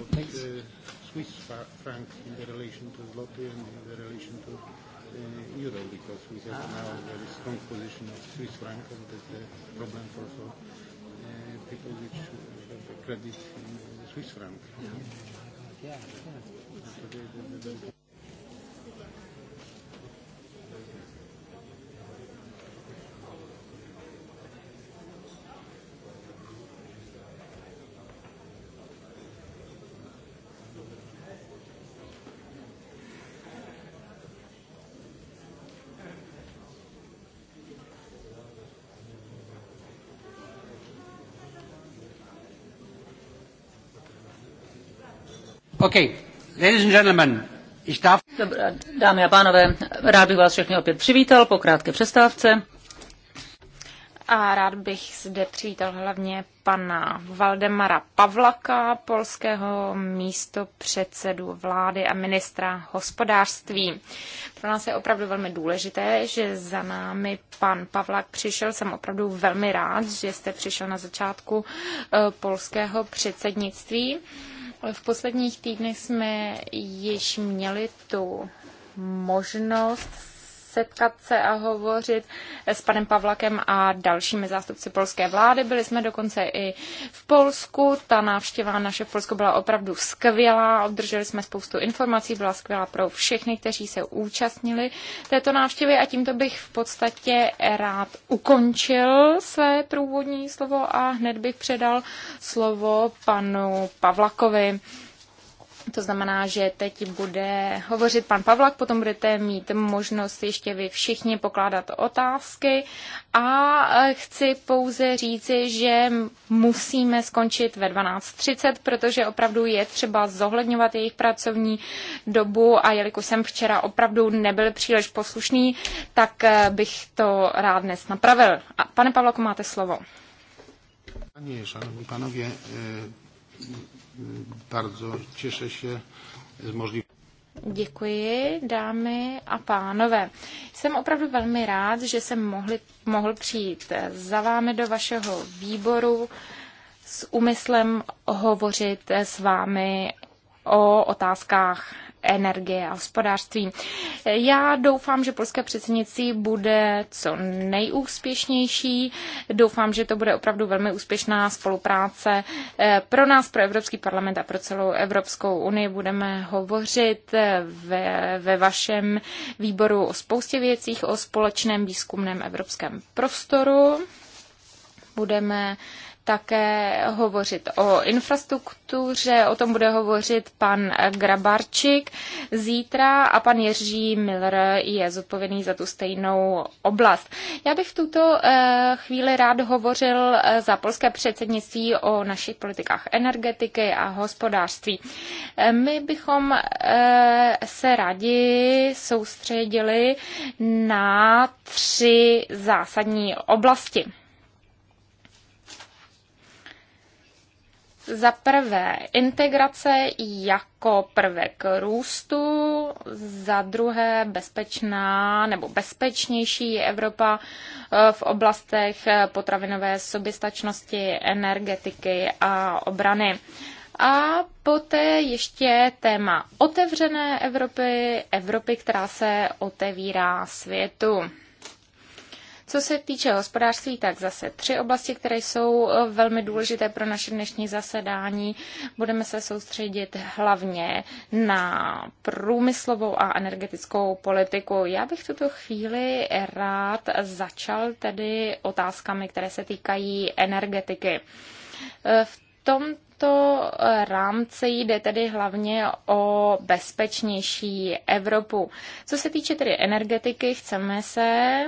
about the Swiss franc in the relation to zloty and in the relation to uh, euro, because we have now a very strong position of Swiss franc, and that's a problem for, uh, people which have credit in Swiss franc. Yeah. Yeah. yeah. dámy a pánové, rád bych vás všechny opět přivítal po krátké přestávce. A rád bych zde přivítal hlavně pana Valdemara Pavlaka, polského místo předsedu vlády a ministra hospodářství. Pro nás je opravdu velmi důležité, že za námi pan Pavlak přišel. Jsem opravdu velmi rád, že jste přišel na začátku eh, polského předsednictví. V posledních týdnech jsme již měli tu možnost setkat se a hovořit s panem Pavlakem a dalšími zástupci polské vlády. Byli jsme dokonce i v Polsku. Ta návštěva naše v Polsku byla opravdu skvělá. Obdrželi jsme spoustu informací, byla skvělá pro všechny, kteří se účastnili této návštěvy a tímto bych v podstatě rád ukončil své průvodní slovo a hned bych předal slovo panu Pavlakovi. To znamená, že teď bude hovořit pan Pavlak, potom budete mít možnost ještě vy všichni pokládat otázky a e, chci pouze říci, že musíme skončit ve 12.30, protože opravdu je třeba zohledňovat jejich pracovní dobu a jelikož jsem včera opravdu nebyl příliš poslušný, tak e, bych to rád dnes napravil. A pane Pavlaku, máte slovo. Pani, szanowni panowie, e, bardzo cieszę się z możliwości. Děkuji, dámy a pánové. Jsem opravdu velmi rád, že jsem mohli, mohl přijít za vámi do vašeho výboru s úmyslem hovořit s vámi o otázkách energie a hospodářství. Já doufám, že polské předsednictví bude co nejúspěšnější. Doufám, že to bude opravdu velmi úspěšná spolupráce eh, pro nás, pro Evropský parlament a pro celou Evropskou unii. Budeme hovořit eh, ve, ve vašem výboru o spoustě věcích, o společném výzkumném evropském prostoru. Budeme také hovořit o infrastruktuře, o tom bude hovořit pan Grabarčik zítra a pan Jiří Miller je zodpovědný za tu stejnou oblast. Já bych v tuto eh, chvíli rád hovořil eh, za polské předsednictví o našich politikách energetiky a hospodářství. Eh, my bychom se rádi soustředili na tři zásadní oblasti. Za prvé, integrace jako prvek růstu, za druhé, bezpečná nebo bezpečnější Evropa eh, v oblastech eh, potravinové soběstačnosti, energetiky a obrany. A poté ještě téma otevřené Evropy, Evropy, která se otevírá světu. Co se týče hospodářství, tak zase tři oblasti, které jsou eh, velmi důležité pro naše dnešní zasedání. Budeme se soustředit hlavně na průmyslovou a energetickou politiku. Já bych tuto chvíli rád začal tedy otázkami, které se týkají energetiky. Eh, v tomto rámci jde tedy hlavně o bezpečnější Evropu. Co se týče tedy energetiky, chceme se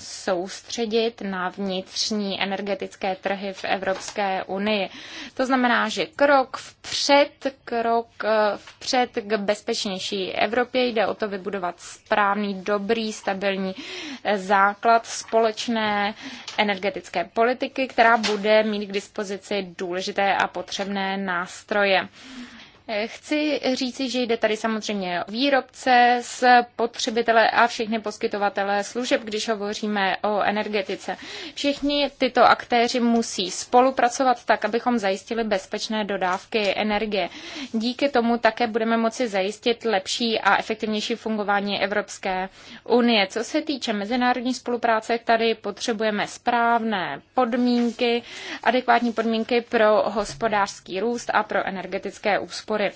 soustředit na vnitřní energetické trhy v Evropské unii. To znamená, že krok vpřed, krok eh, vpřed k bezpečnější Evropě jde o to vybudovat správný, dobrý, stabilní eh, základ společné energetické politiky, která bude mít k dispozici důležité a potřebné nástroje. Chci říci, že jde tady samozřejmě o výrobce, spotřebitele a všechny poskytovatele služeb, když hovoříme o energetice. Všichni tyto aktéři musí spolupracovat tak, abychom zajistili bezpečné dodávky energie. Díky tomu také budeme moci zajistit lepší a efektivnější fungování Evropské unie. Co se týče mezinárodní spolupráce, tady potřebujeme správné podmínky, adekvátní podmínky pro hospodářský růst a pro energetické úspory podpory.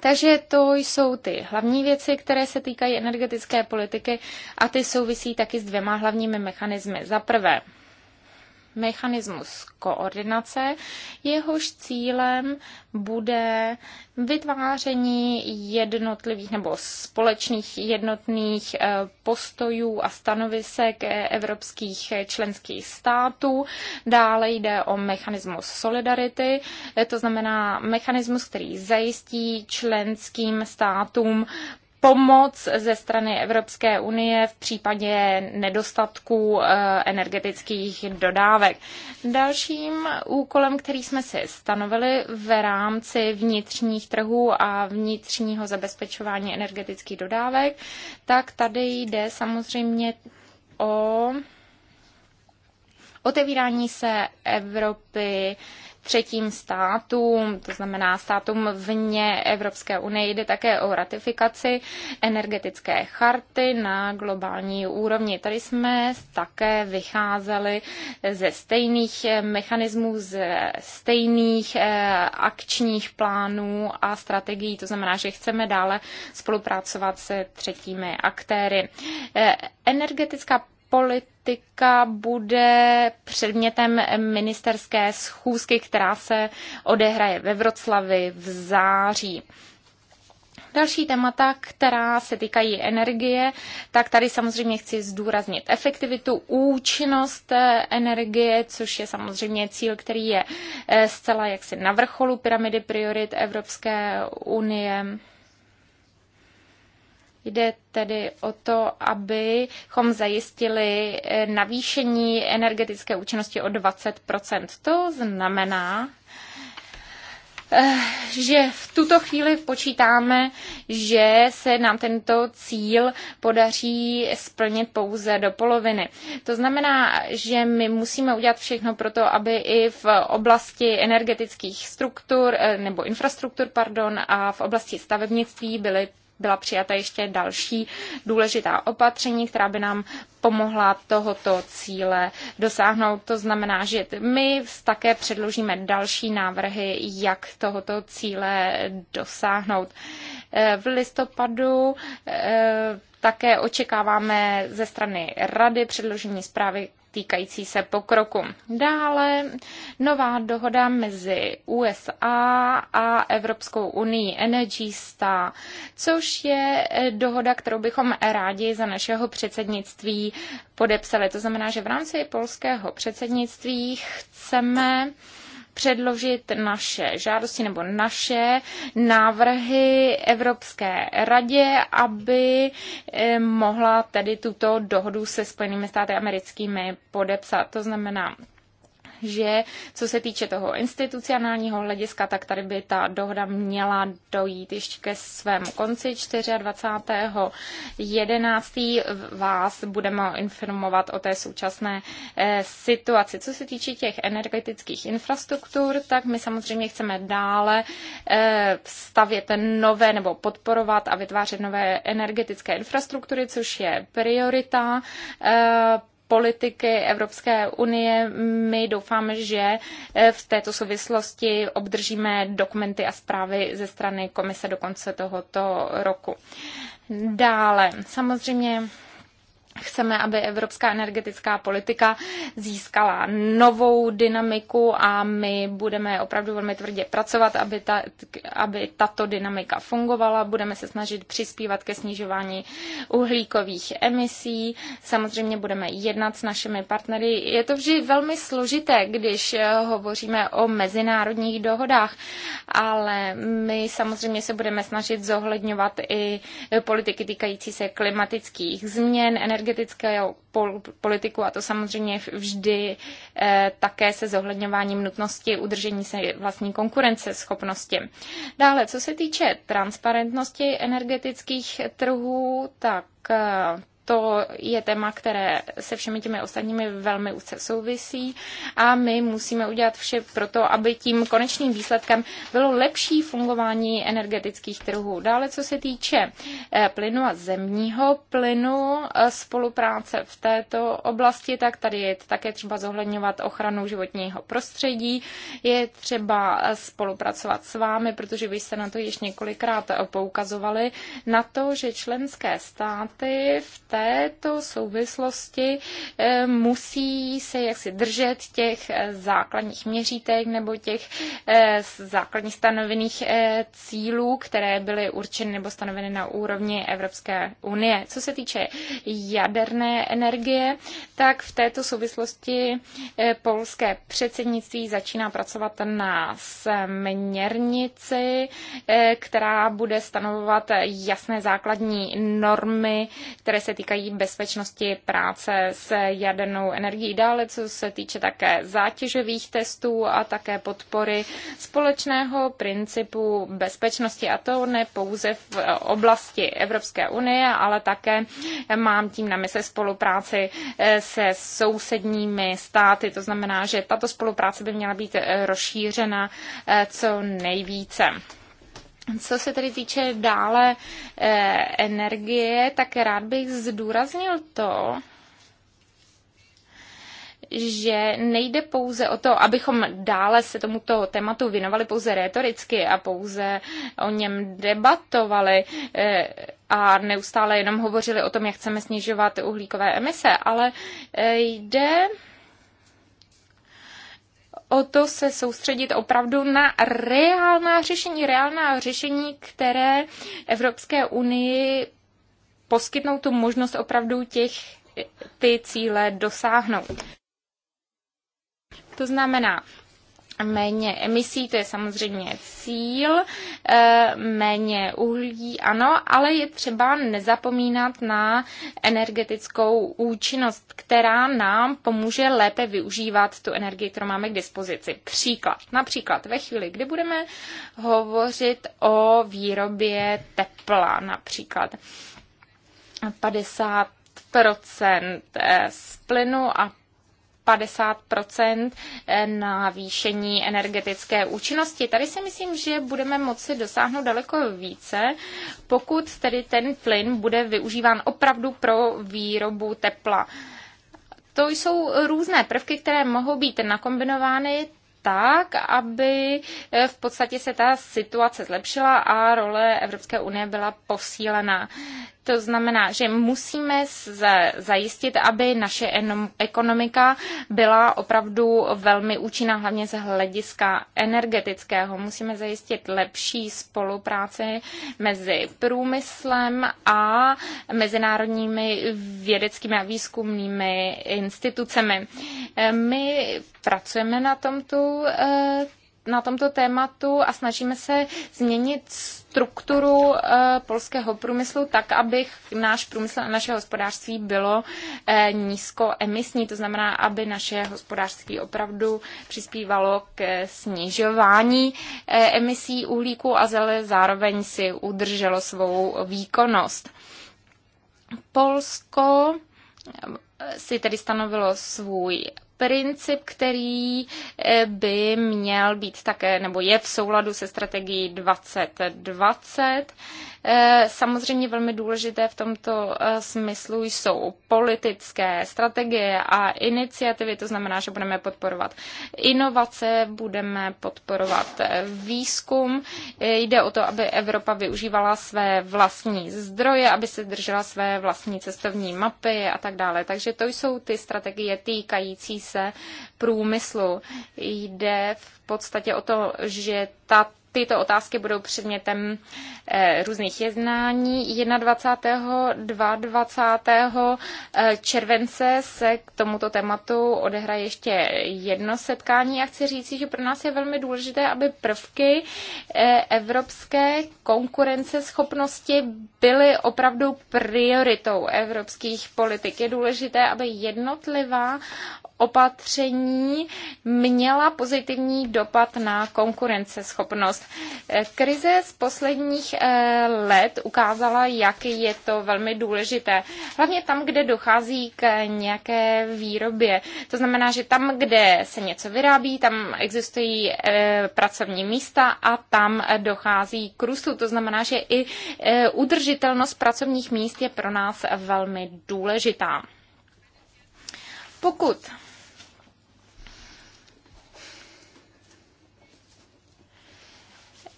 Takže to jsou ty hlavní věci, které se týkají energetické politiky a ty souvisí taky s dvěma hlavními mechanismy. Za prvé, mechanismus koordinace, jehož cílem bude vytváření jednotlivých nebo společných jednotných eh, postojů a stanovisek eh, evropských eh, členských států. Dále jde o mechanismus solidarity, to znamená mechanismus, který zajistí členským státům pomoc ze strany Evropské unie v případě nedostatku eh, energetických dodávek. Dalším úkolem, který jsme si stanovili v rámci vnitřních trhů a vnitřního zabezpečování energetických dodávek, tak tady jde samozřejmě o otevírání se Evropy třetím státům, to znamená státům vně Evropské unie. Jde také o ratifikaci energetické charty na globální úrovni. Tady jsme také vycházeli ze stejných mechanismů, ze stejných eh, akčních plánů a strategií. To znamená, že chceme dále spolupracovat se třetími aktéry. Eh, energetická politika bude předmětem ministerské schůzky, která se odehraje ve Vroclavi v září. Další témata, která se týkají energie, tak tady samozřejmě chci zdůraznit efektivitu, účinnost eh, energie, což je samozřejmě cíl, který je eh, zcela jaksi na vrcholu pyramidy priorit Evropské unie. Jde tedy o to, abychom zajistili eh, navýšení energetické účinnosti o 20 To znamená, eh, že v tuto chvíli počítáme, že se nám tento cíl podaří splnit pouze do poloviny. To znamená, že my musíme udělat všechno pro to, aby i v oblasti energetických struktur eh, nebo infrastruktur, pardon, a v oblasti stavebnictví byly byla přijata ještě další důležitá opatření, která by nám pomohla tohoto cíle dosáhnout. To znamená, že my také předložíme další návrhy, jak tohoto cíle dosáhnout. Eh, v listopadu eh, také očekáváme ze strany Rady předložení zprávy týkající se pokroku. Dále nová dohoda mezi USA a Evropskou unii Energy Star, což je eh, dohoda, kterou bychom rádi za našeho předsednictví podepsali. To znamená, že v rámci polského předsednictví chceme předložit naše žádosti nebo naše návrhy Evropské radě, aby eh, mohla tedy tuto dohodu se Spojenými státy americkými podepsat. To znamená, že co se týče toho institucionálního hlediska, tak tady by ta dohoda měla dojít ještě ke svému konci 24.11. Vás budeme informovat o té současné eh, situaci. Co se týče těch energetických infrastruktur, tak my samozřejmě chceme dále eh, stavět nové nebo podporovat a vytvářet nové energetické infrastruktury, což je priorita eh, politiky Evropské unie. My doufáme, že eh, v této souvislosti obdržíme dokumenty a zprávy ze strany komise do konce tohoto roku. Dále, samozřejmě Chceme, aby evropská energetická politika získala novou dynamiku a my budeme opravdu velmi tvrdě pracovat, aby, ta, aby tato dynamika fungovala. Budeme se snažit přispívat ke snižování uhlíkových emisí. Samozřejmě budeme jednat s našimi partnery. Je to vždy velmi složité, když eh, hovoříme o mezinárodních dohodách, ale my samozřejmě se budeme snažit zohledňovat i politiky týkající se klimatických změn, energetických energetickou politiku a to samozřejmě vždy eh, také se zohledňováním nutnosti udržení se vlastní schopnosti. Dále, co se týče transparentnosti energetických trhů, tak eh, to je téma, které se všemi těmi ostatními velmi úzce souvisí a my musíme udělat vše pro to, aby tím konečným výsledkem bylo lepší fungování energetických trhů. Dále, co se týče eh, plynu a zemního plynu, eh, spolupráce v této oblasti, tak tady je také třeba zohledňovat ochranu životního prostředí, je třeba eh, spolupracovat s vámi, protože vy jste na to již několikrát poukazovali, na to, že členské státy v té této souvislosti eh, musí se jaksi držet těch eh, základních měřítek nebo těch eh, základních stanovených cílů, které byly určeny nebo stanoveny na úrovni Evropské unie. Co se týče jaderné energie, tak v této souvislosti polské předsednictví začíná pracovat na směrnici, která bude stanovovat jasné základní normy, které se týkají týkají bezpečnosti práce s jadernou energií. Dále, co se týče také zátěžových testů a také podpory společného principu bezpečnosti, a to ne pouze v oblasti Evropské unie, ale také mám tím na mysli spolupráci eh, se sousedními státy. To znamená, že tato spolupráce by měla být eh, rozšířena eh, co nejvíce. Co se tedy týče dále eh, energie, tak rád bych zdůraznil to, že nejde pouze o to, abychom dále se tomuto tématu věnovali pouze rétoricky a pouze o něm debatovali eh, a neustále jenom hovořili o tom, jak chceme snižovat uhlíkové emise, ale eh, jde o to se soustředit opravdu na reálná řešení, reálná řešení, které Evropské unii poskytnou tu možnost opravdu těch ty cíle dosáhnout. To znamená, méně emisí, to je samozřejmě cíl, eh, méně uhlí, ano, ale je třeba nezapomínat na energetickou účinnost, která nám pomůže lépe využívat tu energii, kterou máme k dispozici. Příklad. Například ve chvíli, kdy budeme hovořit o výrobě tepla, například 50 procent eh, z plynu a 50 na výšení energetické účinnosti. Tady si myslím, že budeme moci dosáhnout daleko více, pokud tedy ten plyn bude využíván opravdu pro výrobu tepla. To jsou různé prvky, které mohou být nakombinovány tak, aby eh, v podstatě se ta situace zlepšila a role Evropské unie byla posílena. To znamená, že musíme zajistit, aby naše ekonomika byla opravdu velmi účinná, hlavně z hlediska energetického. Musíme zajistit lepší spolupráci mezi průmyslem a mezinárodními vědeckými a výzkumnými institucemi. E, my pracujeme na tomto e, na tomto tématu a snažíme se změnit strukturu eh, polského průmyslu tak, aby náš průmysl a naše hospodářství bylo eh, nízkoemisní, to znamená, aby naše hospodářství opravdu přispívalo k snižování eh, emisí uhlíku a zároveň si udrželo svou výkonnost. Polsko si tedy stanovilo svůj princip, který eh, by měl být také, nebo je v souladu se strategií 2020. Eh, samozřejmě velmi důležité v tomto eh, smyslu jsou politické strategie a iniciativy, to znamená, že budeme podporovat inovace, budeme podporovat výzkum. Jde o to, aby Evropa využívala své vlastní zdroje, aby se držela své vlastní cestovní mapy a tak dále. Takže to jsou ty strategie týkající se průmyslu. Jde v podstatě o to, že ta Tyto otázky budou předmětem eh, různých jednání. 21. 22. Eh, července se k tomuto tématu odehraje ještě jedno setkání Já chci říct, že pro nás je velmi důležité, aby prvky eh, evropské konkurenceschopnosti byly opravdu prioritou evropských politik. Je důležité, aby jednotlivá opatření měla pozitivní dopad na konkurenceschopnost. Krize z posledních eh, let ukázala, jak je to velmi důležité. Hlavně tam, kde dochází k nějaké výrobě. To znamená, že tam, kde se něco vyrábí, tam existují eh, pracovní místa a tam dochází k růstu. To znamená, že i eh, udržitelnost pracovních míst je pro nás velmi důležitá. Pokud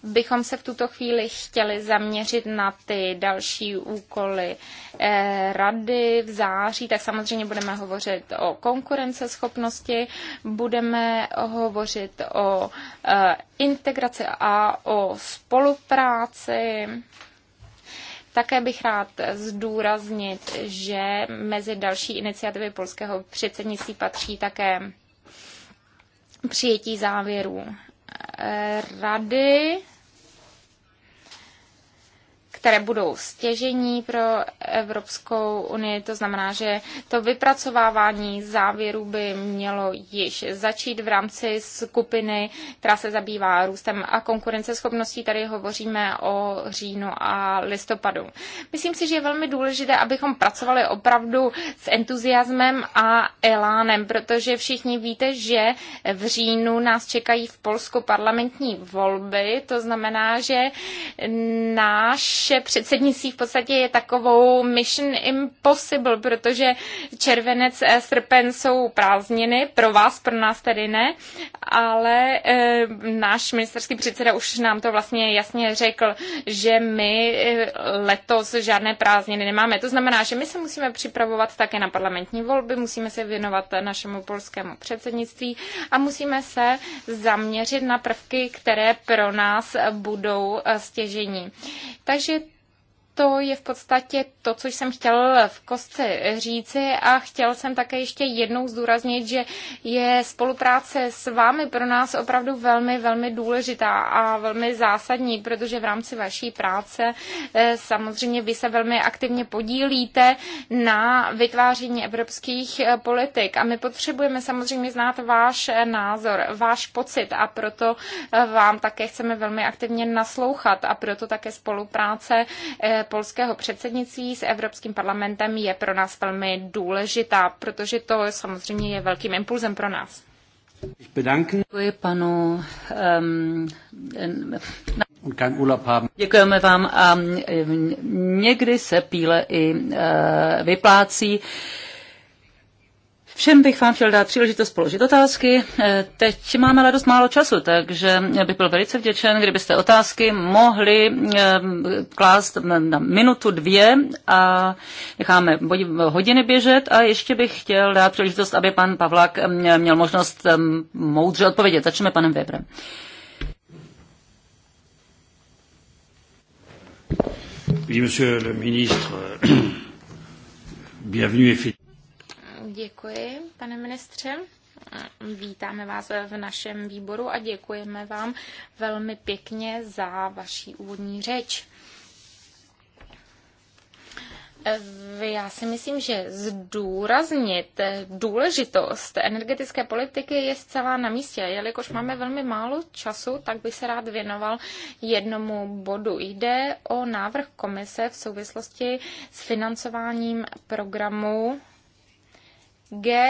bychom se v tuto chvíli chtěli zaměřit na ty další úkoly eh, rady v září, tak samozřejmě budeme hovořit o konkurenceschopnosti, budeme hovořit o eh, integraci a o spolupráci. Také bych rád zdůraznit, že mezi další iniciativy polského předsednictví patří také přijetí závěrů eh, rady které budou stěžení pro Evropskou unii. To znamená, že to vypracovávání závěrů by mělo již začít v rámci skupiny, která se zabývá růstem a konkurenceschopností. Tady hovoříme o říjnu a listopadu. Myslím si, že je velmi důležité, abychom pracovali opravdu s entuziasmem a elánem, protože všichni víte, že v říjnu nás čekají v Polsku parlamentní volby. To znamená, že náš naše předsednictví v podstatě je takovou mission impossible, protože červenec a srpen jsou prázdniny, pro vás, pro nás tedy ne, ale e, náš ministerský předseda už nám to vlastně jasně řekl, že my eh, letos žádné prázdniny nemáme. To znamená, že my se musíme připravovat také na parlamentní volby, musíme se věnovat našemu polskému předsednictví a musíme se zaměřit na prvky, které pro nás budou eh, stěžení. Takže to je v podstatě to, co jsem chtěl v kostce říci a chtěl jsem také ještě jednou zdůraznit, že je spolupráce s vámi pro nás opravdu velmi, velmi důležitá a velmi zásadní, protože v rámci vaší práce eh, samozřejmě vy se velmi aktivně podílíte na vytváření evropských eh, politik a my potřebujeme samozřejmě znát váš eh, názor, váš pocit a proto vám také chceme velmi aktivně naslouchat a proto také spolupráce polského předsednictví s Evropským parlamentem je pro nás velmi důležitá, protože to samozřejmě je velkým impulzem pro nás. Děkuji panu. Um, Děkujeme vám a někdy se píle i uh, vyplácí. Všem bych vám chtěl dát příležitost položit otázky. Eh, teď máme ale dost málo času, takže bych byl velice vděčen, kdybyste otázky mohli eh, klást na minutu, dvě a necháme hodiny běžet a ještě bych chtěl dát příležitost, aby pan Pavlak eh, měl možnost moudře odpovědět. Začneme panem Weberem. Oui, monsieur le ministre, bienvenue effectivement. Děkuji, pane ministře. Vítáme vás v našem výboru a děkujeme vám velmi pěkně za vaší úvodní řeč. Já si myslím, že zdůraznit důležitost energetické politiky je zcela na místě. Jelikož máme velmi málo času, tak bych se rád věnoval jednomu bodu. Jde o návrh komise v souvislosti s financováním programu GMS,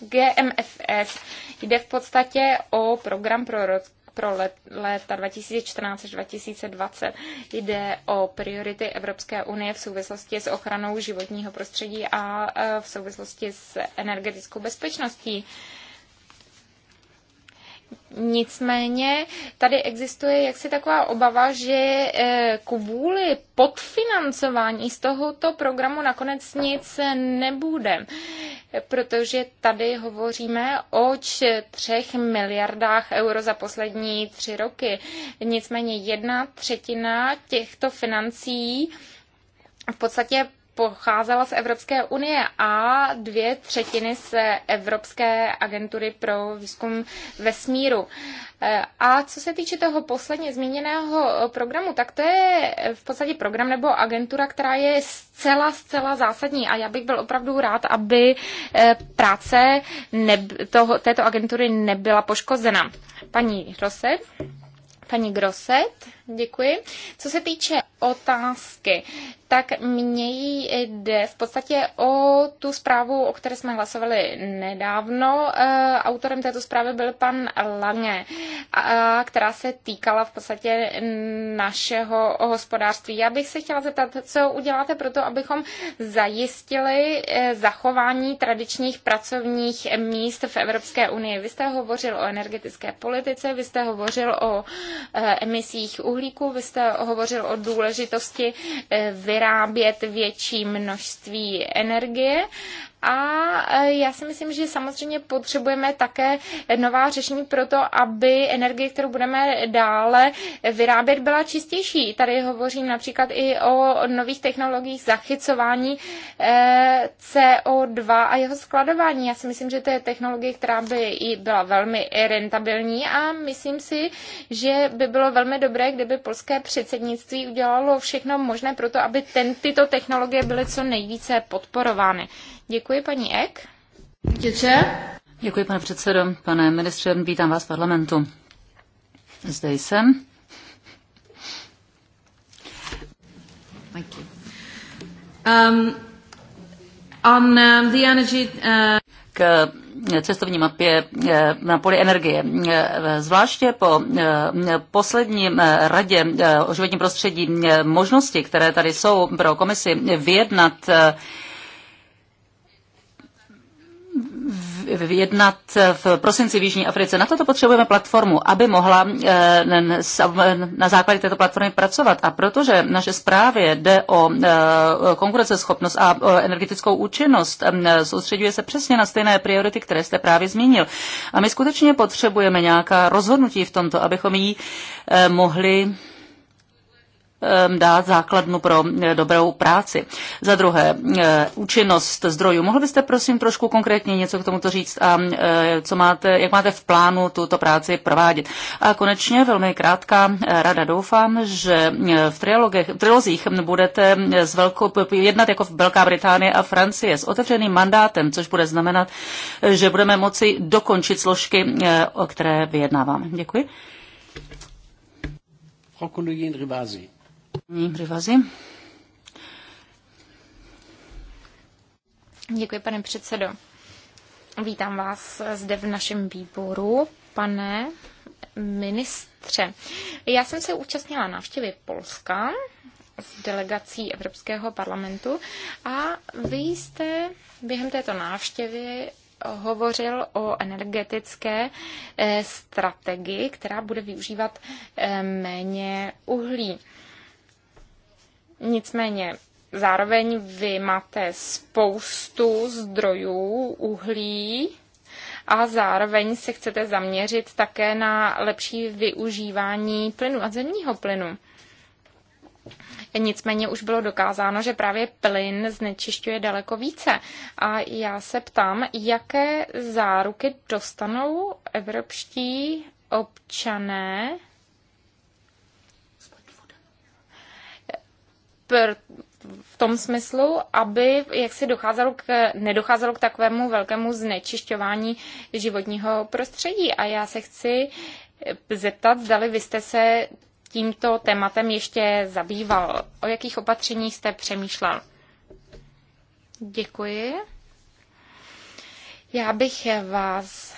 GMFS jde v podstatě o program pro rok pro let, léta 2014 až 2020. Jde o priority Evropské unie v souvislosti s ochranou životního prostředí a e, v souvislosti s energetickou bezpečností. Nicméně tady existuje jaksi taková obava, že eh, kvůli podfinancování z tohoto programu nakonec nic nebude, protože tady hovoříme o třech miliardách euro za poslední tři roky. Nicméně jedna třetina těchto financí v podstatě pocházela z Evropské unie a dvě třetiny z Evropské agentury pro výzkum vesmíru. E, a co se týče toho posledně zmíněného programu, tak to je v podstatě program nebo agentura, která je zcela, zcela zásadní a já bych byl opravdu rád, aby e, práce neb- toho, této agentury nebyla poškozena. Paní Roset, paní Groset, Děkuji. Co se týče otázky, tak mně jde v podstatě o tu zprávu, o které jsme hlasovali nedávno. Eh, autorem této zprávy byl pan Lange, která se týkala v podstatě našeho hospodářství. Já bych se chtěla zeptat, co uděláte pro to, abychom zajistili eh, zachování tradičních pracovních míst v Evropské unii. Vy jste hovořil o energetické politice, vy jste hovořil o eh, emisích uhlí, uhlíku. Vy jste hovořil o důležitosti eh, vyrábět větší množství energie a e, já si myslím, že samozřejmě potřebujeme také nová řešení pro to, aby energie, kterou budeme dále vyrábět, byla čistější. Tady hovořím například i o nových technologiích zachycování e, CO2 a jeho skladování. Já si myslím, že to je technologie, která by i byla velmi rentabilní a myslím si, že by bylo velmi dobré, kdyby polské předsednictví udělalo všechno možné pro to, aby ten, tyto technologie byly co nejvíce podporovány. Děkuji, paní Ek. Děkuji. Děkuji, pane předsedo. Pane ministře, vítám vás v parlamentu. Zde jsem. Thank you. Um, on um, the energy, uh... K cestovní mapě eh, na poli energie. Eh, zvláště po eh, posledním radě o životním prostředí možnosti, které tady jsou pro komisi vyjednat jednat v prosinci v Jižní Africe. Na toto potřebujeme platformu, aby mohla eh, eh, na základě této platformy pracovat. A protože naše zprávě jde o eh, konkurenceschopnost a energetickou účinnost, soustředuje se přesně na stejné priority, které jste právě zmínil. A my skutečně potřebujeme nějaká rozhodnutí v tomto, abychom ji mohli Ehm, dát základnu pro eh, dobrou práci. Za druhé, eh, účinnost zdrojů. Mohl byste prosím trošku konkrétně něco k tomuto říct a eh, co máte, jak máte v plánu tuto práci provádět? A konečně velmi krátká rada. Doufám, že v v trilozích budete z velkou, jednat jako v Velká Británie a Francie s otevřeným mandátem, což bude znamenat, že budeme moci dokončit složky, o které vyjednáváme. Děkuji. Frau Kollegin Rivasi. Privazy. Děkuji, pane předsedo. Vítám vás zde v našem výboru, pane ministře. Já jsem se účastnila návštěvy Polska s delegací Evropského parlamentu a vy jste během této návštěvy hovořil o energetické eh, strategii, která bude využívat eh, méně uhlí. Nicméně zároveň vy máte spoustu zdrojů uhlí a zároveň se chcete zaměřit také na lepší využívání plynu a zemního plynu. Nicméně už bylo dokázáno, že právě plyn znečišťuje daleko více. A já se ptám, jaké záruky dostanou evropští občané v tom smyslu, aby jak si docházelo k, nedocházelo k takovému velkému znečišťování životního prostředí. A já se chci zeptat, zdali vy jste se tímto tématem ještě zabýval. O jakých opatřeních jste přemýšlel? Děkuji. Já bych vás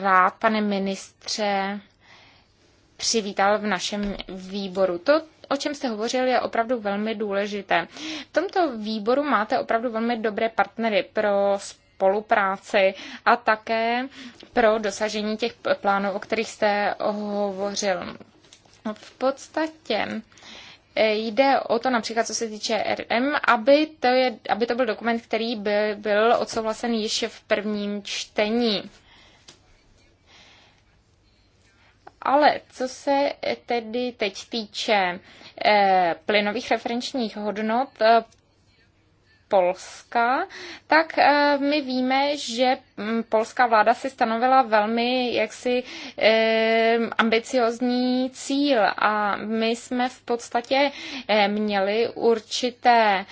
rád, pane ministře, přivítal v našem výboru. To, o čem jste hovořil, je opravdu velmi důležité. V tomto výboru máte opravdu velmi dobré partnery pro spolupráci a také pro dosažení těch plánů, o kterých jste hovořil. V podstatě eh, jde o to například, co se týče RM, aby to, je, aby to byl dokument, který by byl odsouhlasen již v prvním čtení. Ale co se tedy teď týče eh, plynových referenčních hodnot, eh, Polska, tak eh, my víme, že mm, polská vláda si stanovila velmi jaksi ambiciozní cíl a my jsme v podstatě měli určité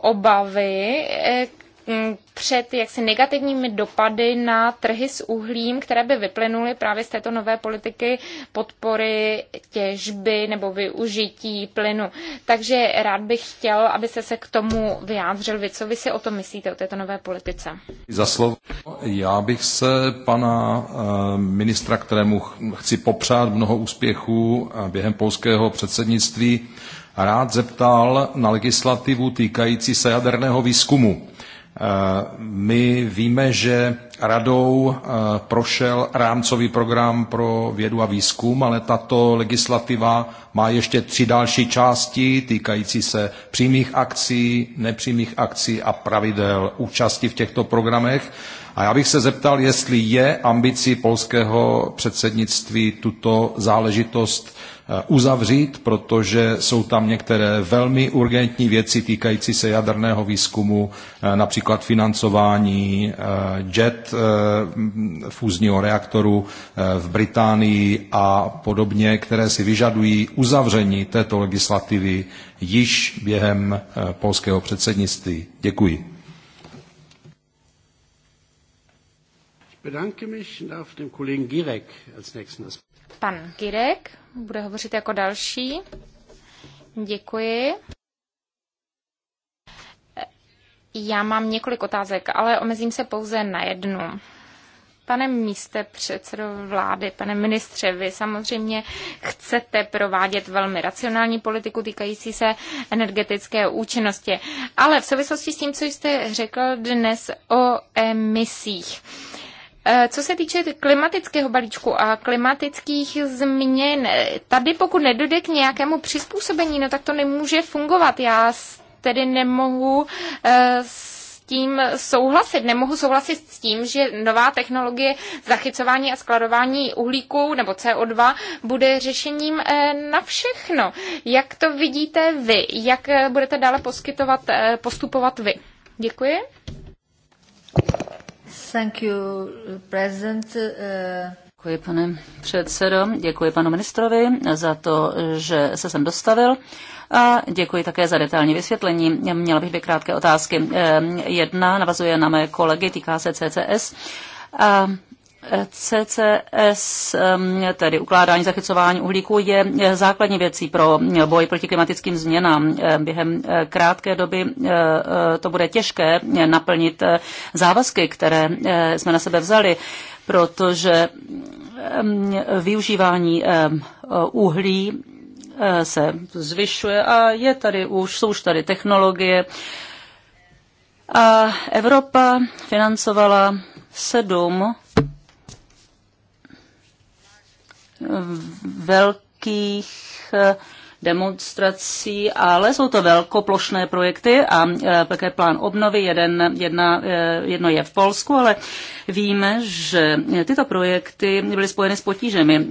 obavy, Mm, před jaksi negativními dopady na trhy s uhlím, které by vyplynuly právě z této nové politiky podpory těžby nebo využití plynu. Takže rád bych chtěl, aby se se k tomu vyjádřil. Vy co vy si o tom myslíte, o této nové politice? Za slovo. Já bych se pana eh, ministra, kterému chci popřát mnoho úspěchů eh, během polského předsednictví, rád zeptal na legislativu týkající se jaderného výzkumu. Eh, my víme, že radou eh, prošel rámcový program pro vědu a výzkum, ale tato legislativa má ještě tři další části týkající se přímých akcí, nepřímých akcí a pravidel účasti v těchto programech. A já bych se zeptal, jestli je ambicí polského předsednictví tuto záležitost eh, uzavřít, protože jsou tam některé velmi urgentní věci týkající se jaderného výzkumu, eh, například financování eh, jet fúzního reaktoru v Británii a podobně, které si vyžadují uzavření této legislativy již během polského předsednictví. Děkuji. bedanke mich darf dem Kollegen Girek als nächsten Pan Girek bude hovořit jako další. Děkuji. Já mám několik otázek, ale omezím se pouze na jednu. Pane míste předsedo vlády, pane ministře, vy samozřejmě chcete provádět velmi racionální politiku týkající se energetické účinnosti. Ale v souvislosti s tím, co jste řekl dnes o emisích, Eh, co se týče klimatického balíčku a klimatických změn, tady pokud nedojde k nějakému přizpůsobení, no tak to nemůže fungovat. Já tedy nemohu eh, s tím souhlasit. Nemohu souhlasit s tím, že nová technologie zachycování a skladování uhlíku nebo CO2 bude řešením eh, na všechno. Jak to vidíte vy? Jak budete dále poskytovat, postupovat vy? Děkuji. Thank you, President. Uh, děkuji, pane předsedo, děkuji panu ministrovi za to, že se sem dostavil a děkuji také za detailní vysvětlení. Měla bych dvě krátké otázky. Eh, jedna navazuje na mé kolegy, týká se CCS. A CCS, um, tedy ukládání, zachycování uhlíku, je základní věcí pro boj proti klimatickým změnám. Eh, během eh, krátké doby eh, to bude těžké naplnit závazky, které jsme na sebe vzali, protože mm, využívání uhlí se zvyšuje a je tady už, jsou už tady technologie. A Evropa financovala sedm velkých demonstrací, ale jsou to velkoplošné projekty a e, také plán obnovy, jeden, jedna, e, jedno je v Polsku, ale víme, že tyto projekty byly spojeny s potížemi. E,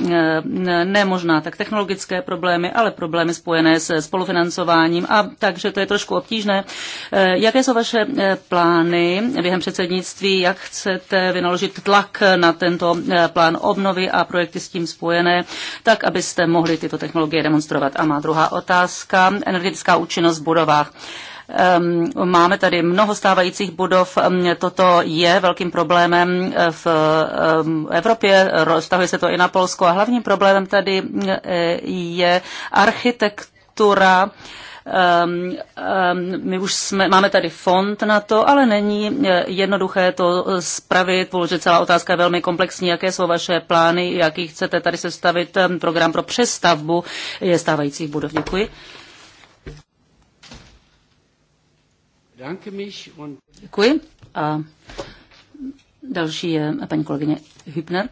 ne možná tak technologické problémy, ale problémy spojené se spolufinancováním a takže to je trošku obtížné. Jaké jsou vaše plány během předsednictví, jak chcete vynaložit tlak na tento plán obnovy a projekty s tím spojené, tak abyste mohli tyto technologie demonstrovat a má. Druhá otázka, energetická účinnost v budovách. Máme tady mnoho stávajících budov. Toto je velkým problémem eh, v Evropě. Roztahuje se to i na Polsku. A hlavním problémem tady eh, je architektura Ehm, ehm, my už jsme, máme tady fond na to, ale není eh, jednoduché to eh, spravit, protože celá otázka je velmi komplexní. Jaké jsou vaše plány, jaký chcete tady sestavit ehm, program pro přestavbu stávajících budov? Děkuji. Děkuji. A další je paní kolegyně Hübner.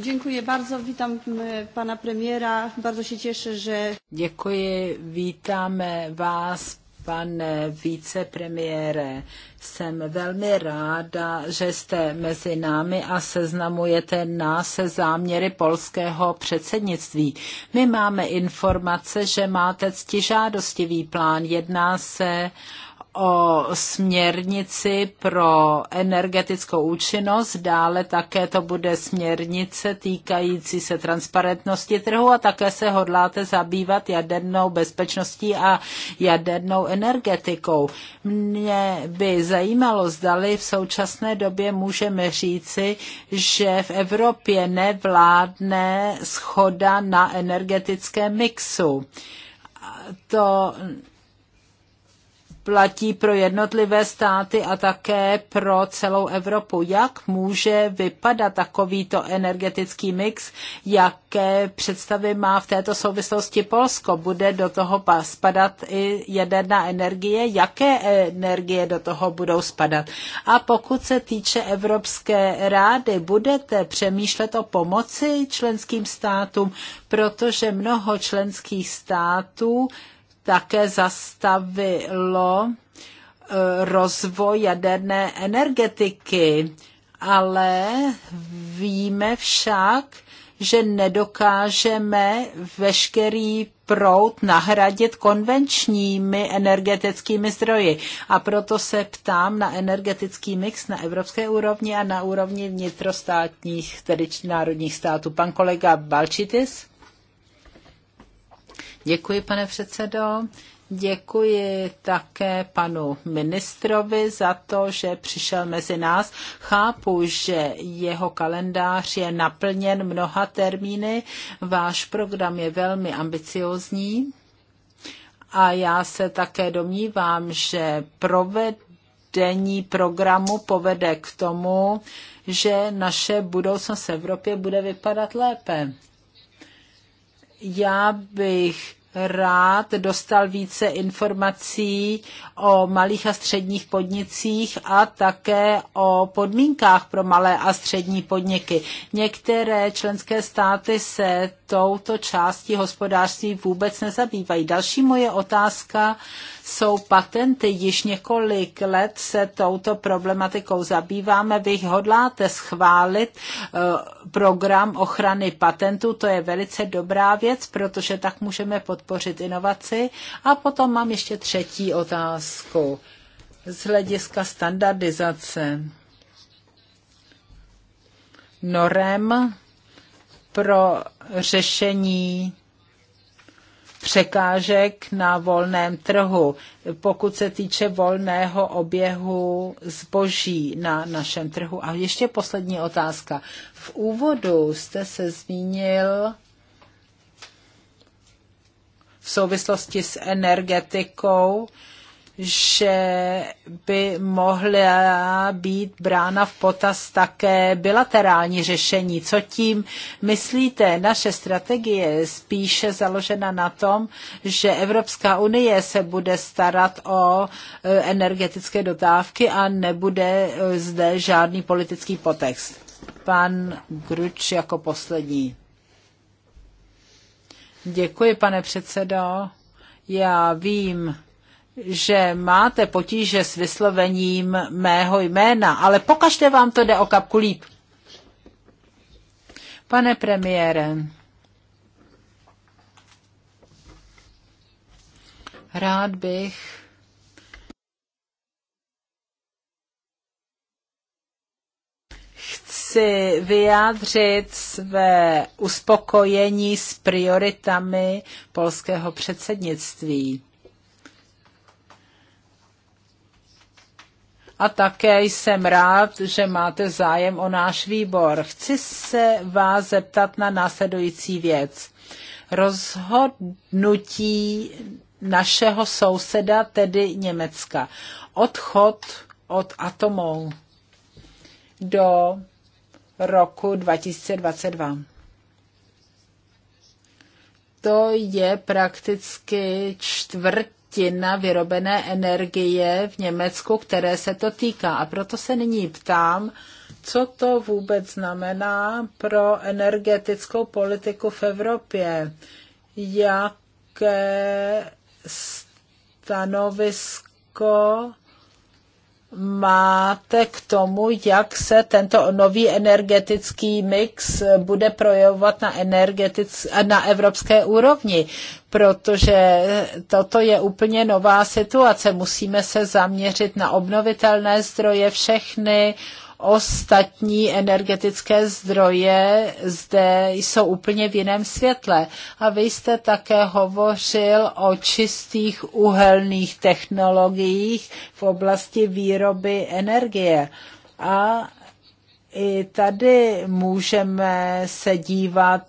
Děkuji bardzo, vítám e, pana premiéra, bardzo se těším, že... Děkuji, vítáme vás, pane vicepremiére. Jsem velmi ráda, že jste mezi námi a seznamujete nás se záměry polského předsednictví. My máme informace, že máte ctižádostivý plán. Jedná se o směrnici pro energetickou účinnost, dále také to bude směrnice týkající se transparentnosti trhu a také se hodláte zabývat jadernou bezpečností a jadernou energetikou. Mě by zajímalo, zdali v současné době můžeme říci, že v Evropě nevládne schoda na energetickém mixu. To platí pro jednotlivé státy a také pro celou Evropu. Jak může vypadat takovýto energetický mix? Jaké představy má v této souvislosti Polsko? Bude do toho spadat i jaderná energie? Jaké energie do toho budou spadat? A pokud se týče Evropské rády, budete přemýšlet o pomoci členským státům, protože mnoho členských států také zastavilo eh, rozvoj jaderné energetiky, ale víme však, že nedokážeme veškerý prout nahradit konvenčními energetickými zdroji. A proto se ptám na energetický mix na evropské úrovni a na úrovni vnitrostátních, tedy národních států. Pan kolega Balčitis? Děkuji, pane předsedo. Děkuji také panu ministrovi za to, že přišel mezi nás. Chápu, že jeho kalendář je naplněn mnoha termíny. Váš program je velmi ambiciozní a já se také domnívám, že provedení programu povede k tomu, že naše budoucnost v Evropě bude vypadat lépe. Já bych rád dostal více informací o malých a středních podnicích a také o podmínkách pro malé a střední podniky. Některé členské státy se touto částí hospodářství vůbec nezabývají. Další moje otázka jsou patenty. Již několik let se touto problematikou zabýváme. Vy hodláte schválit eh, program ochrany patentů. To je velice dobrá věc, protože tak můžeme podpořit inovaci. A potom mám ještě třetí otázku z hlediska standardizace norem pro řešení překážek na volném trhu, pokud se týče volného oběhu zboží na našem trhu. A ještě poslední otázka. V úvodu jste se zmínil v souvislosti s energetikou, že by mohla být brána v potaz také bilaterální řešení. Co tím myslíte? Naše strategie je spíše založena na tom, že Evropská unie se bude starat o eh, energetické dotávky a nebude eh, zde žádný politický potext. Pan Gruč jako poslední. Děkuji, pane předsedo. Já vím, že máte potíže s vyslovením mého jména, ale pokažte vám to jde o kapku líp. Pane premiére, rád bych chci vyjádřit své uspokojení s prioritami polského předsednictví. a také jsem rád, že máte zájem o náš výbor. Chci se vás zeptat na následující věc. Rozhodnutí našeho souseda, tedy Německa. Odchod od atomů do roku 2022. To je prakticky čtvrt třetina vyrobené energie v Německu, které se to týká. A proto se nyní ptám, co to vůbec znamená pro energetickou politiku v Evropě. Jaké stanovisko máte k tomu, jak se tento nový energetický mix bude projevovat na, energetic, na evropské úrovni, protože toto je úplně nová situace. Musíme se zaměřit na obnovitelné zdroje, všechny uh, ostatní energetické zdroje zde jsou úplně v jiném světle. A vy jste také hovořil o čistých uhelných technologiích v oblasti výroby energie. A i tady můžeme se dívat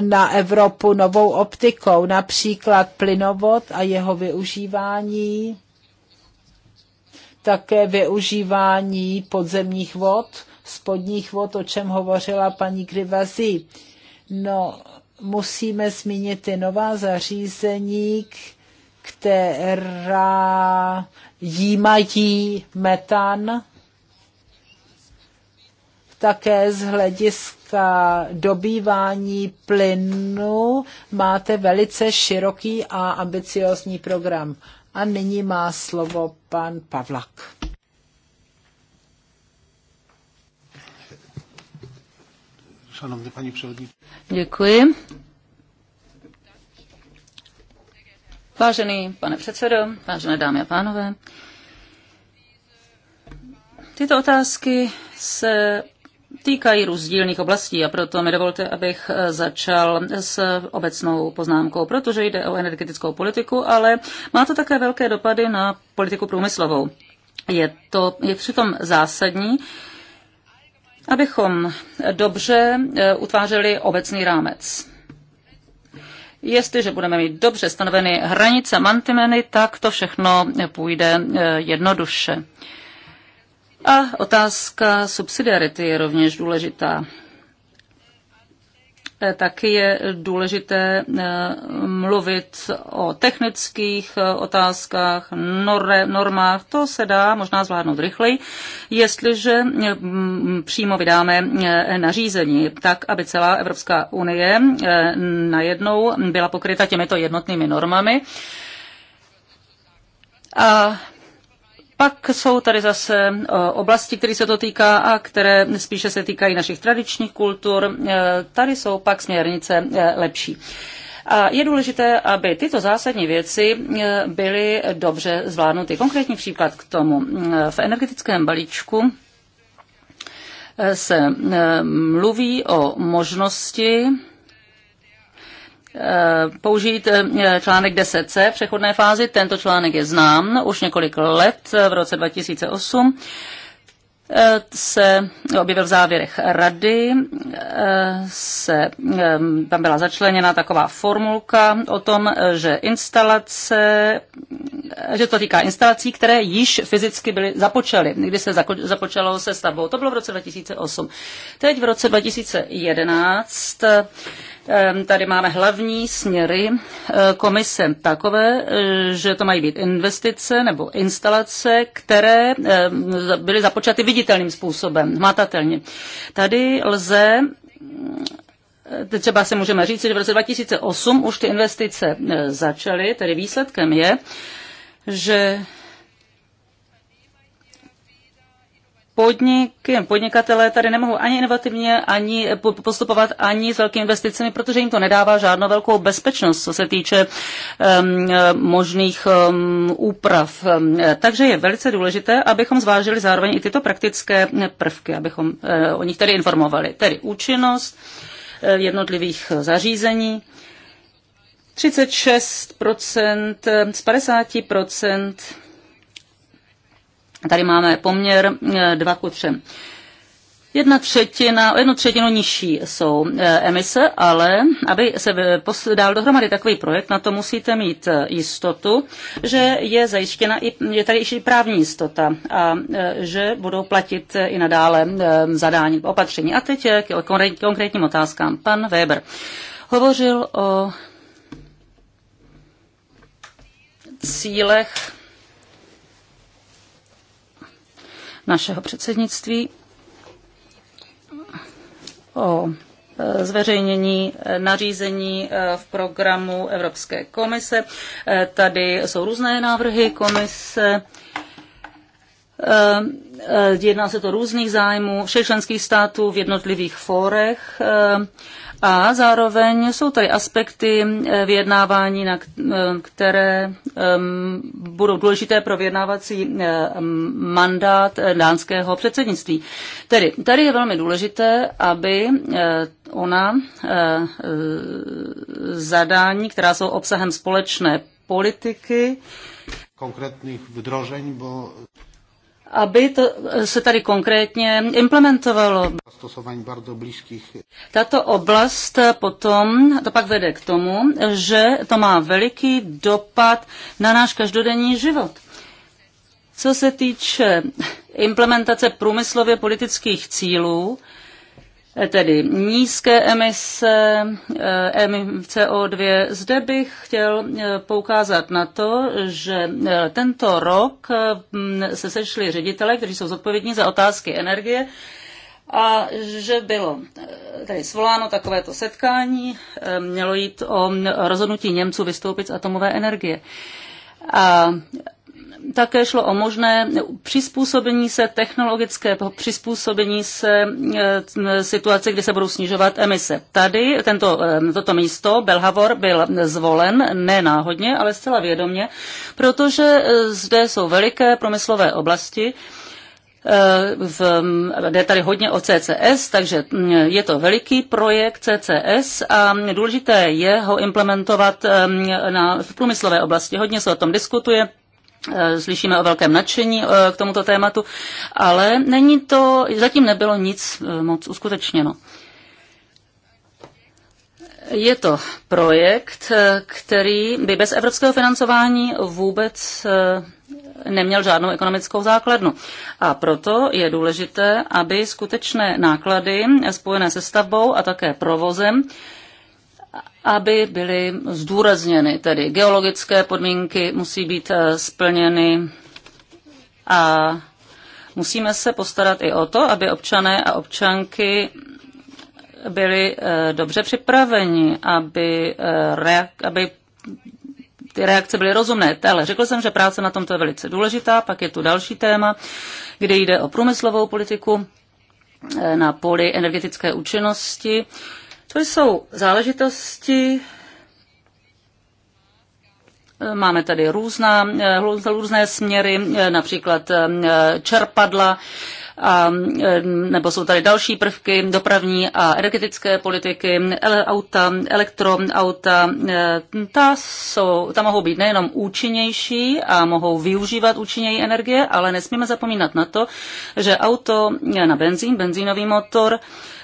na Evropu novou optikou, například plynovod a jeho využívání také využívání podzemních vod, spodních vod, o čem hovořila paní Krivazí. No, musíme zmínit ty nová zařízení, která jímají metan, také z hlediska dobývání plynu máte velice široký a ambiciozní program. A nyní má slovo pan Pavlak. Děkuji. Vážený pane předsedo, vážené dámy a pánové, tyto otázky se týkají rozdílných oblastí a proto mi dovolte, abych eh, začal s obecnou poznámkou, protože jde o energetickou politiku, ale má to také velké dopady na politiku průmyslovou. Je to je přitom zásadní, abychom dobře eh, utvářeli obecný rámec. Jestliže budeme mít dobře stanoveny hranice mantimeny, tak to všechno půjde eh, jednoduše. A otázka subsidiarity je rovněž důležitá. E, taky je důležité e, mluvit o technických e, otázkách, normách. To se dá možná zvládnout rychleji, jestliže přímo vydáme nařízení, tak aby celá Evropská unie najednou byla pokryta těmito jednotnými normami. A pak jsou tady zase eh, oblasti, které se to týká a které spíše se týkají našich tradičních kultur. Eh, tady jsou pak směrnice eh, lepší. A je důležité, aby tyto zásadní věci byly dobře zvládnuty. Konkrétní příklad k tomu. V energetickém balíčku se mluví o možnosti Eh, použít eh, článek 10c v přechodné fázi. Tento článek je znám už několik let, v roce 2008 eh, se objevil v závěrech rady, se, tam byla začleněna taková formulka o tom, že instalace, že to týká instalací, které již fyzicky byly započaly, kdy se započalo se stavbou. To bylo v roce 2008. Teď v roce 2011 Tady máme hlavní směry eh, komise takové, eh, že to mají být investice nebo instalace, které eh, byly započaty viditelným způsobem, hmatatelně. Tady lze třeba se můžeme říct, že v roce 2008 už ty investice začaly, tedy výsledkem je, že podniky, podnikatelé tady nemohou ani inovativně ani postupovat ani s velkými investicemi, protože jim to nedává žádnou velkou bezpečnost, co se týče um, možných um, úprav. Takže je velice důležité, abychom zvážili zároveň i tyto praktické prvky, abychom uh, o nich tady informovali. Tedy účinnost eh, jednotlivých zařízení, 36 z 50 Tady máme poměr 2 eh, ku 3. Jedna třetina, o jednu třetinu nižší jsou eh, emise, ale aby se eh, dal dohromady takový projekt, na to musíte mít jistotu, že je zajištěna i, je tady i právní jistota a že budou platit i nadále zadání opatření. A teď k konkrétním otázkám. Pan Weber hovořil o cílech našeho předsednictví o e, zveřejnění nařízení e, v programu Evropské komise. E, tady jsou různé návrhy komise. Jedná se to různých zájmů všech členských států v jednotlivých fórech. A zároveň jsou tady aspekty eh, vyjednávání, na eh, které ehm, budou důležité pro vyjednávací eh, mandát dánského předsednictví. Tedy tady je velmi důležité, aby ona zadání, která jsou obsahem společné politiky, konkrétních vdrožení, bo aby to eh, se tady konkrétně implementovalo. Tato oblast potom, to pak vede k tomu, že to má veliký dopad na náš každodenní život. Co se týče implementace průmyslově politických cílů, tedy nízké emise, eh, emise CO2. Zde bych chtěl eh, poukázat na to, že eh, tento rok se sešli ředitele, kteří jsou zodpovědní za otázky energie, a že bylo tedy svoláno takovéto setkání, mělo jít o rozhodnutí Němců vystoupit z atomové energie. A také šlo o možné přizpůsobení se, technologické přizpůsobení se e, situaci, kdy se budou snižovat emise. Tady tento, e, toto místo, Belhavor, byl zvolen nenáhodně, ale zcela vědomě, protože e, zde jsou veliké promyslové oblasti, v, jde tady hodně o CCS, takže je to veliký projekt CCS a důležité je ho implementovat na, v průmyslové oblasti. Hodně se o tom diskutuje, Eh, slyšíme o velkém nadšení eh, k tomuto tématu, ale není to, zatím nebylo nic eh, moc uskutečněno. Je to projekt, který by bez evropského financování vůbec neměl žádnou ekonomickou základnu. A proto je důležité, aby skutečné náklady spojené se stavbou a také provozem aby byly zdůrazněny, tedy geologické podmínky musí být eh, splněny a musíme se postarat i o to, aby občané a občanky byli eh, dobře připraveni, aby, eh, reak, aby ty reakce byly rozumné. Ale řekl jsem, že práce na tomto je velice důležitá. Pak je tu další téma, kde jde o průmyslovou politiku na poli energetické účinnosti. To jsou záležitosti, eh, Máme tady různá, eh, různé směry, eh, například čerpadla, a, nebo jsou tady další prvky dopravní a energetické politiky, ele, auta, elektroauta. E, ta, jsou, ta mohou být nejenom účinnější a mohou využívat účinněji energie, ale nesmíme zapomínat na to, že auto na benzín, benzínový motor,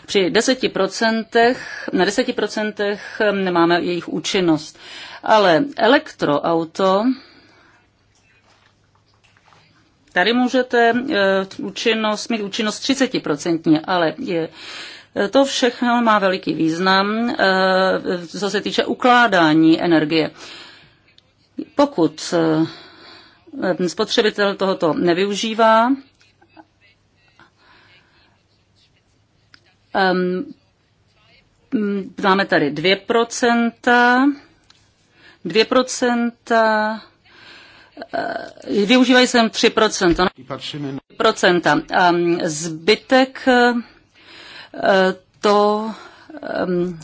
při 10%, na 10% máme jejich účinnost. Ale elektroauto, Tady můžete eh, účinnost, mít účinnost 30%, ale je, eh, to všechno má veliký význam, eh, co se týče ukládání energie. Pokud spotřebitel tohoto nevyužívá, ehm, máme tady 2%, 2% Využívají jsem 3%. 3%. A zbytek ehm, to ehm,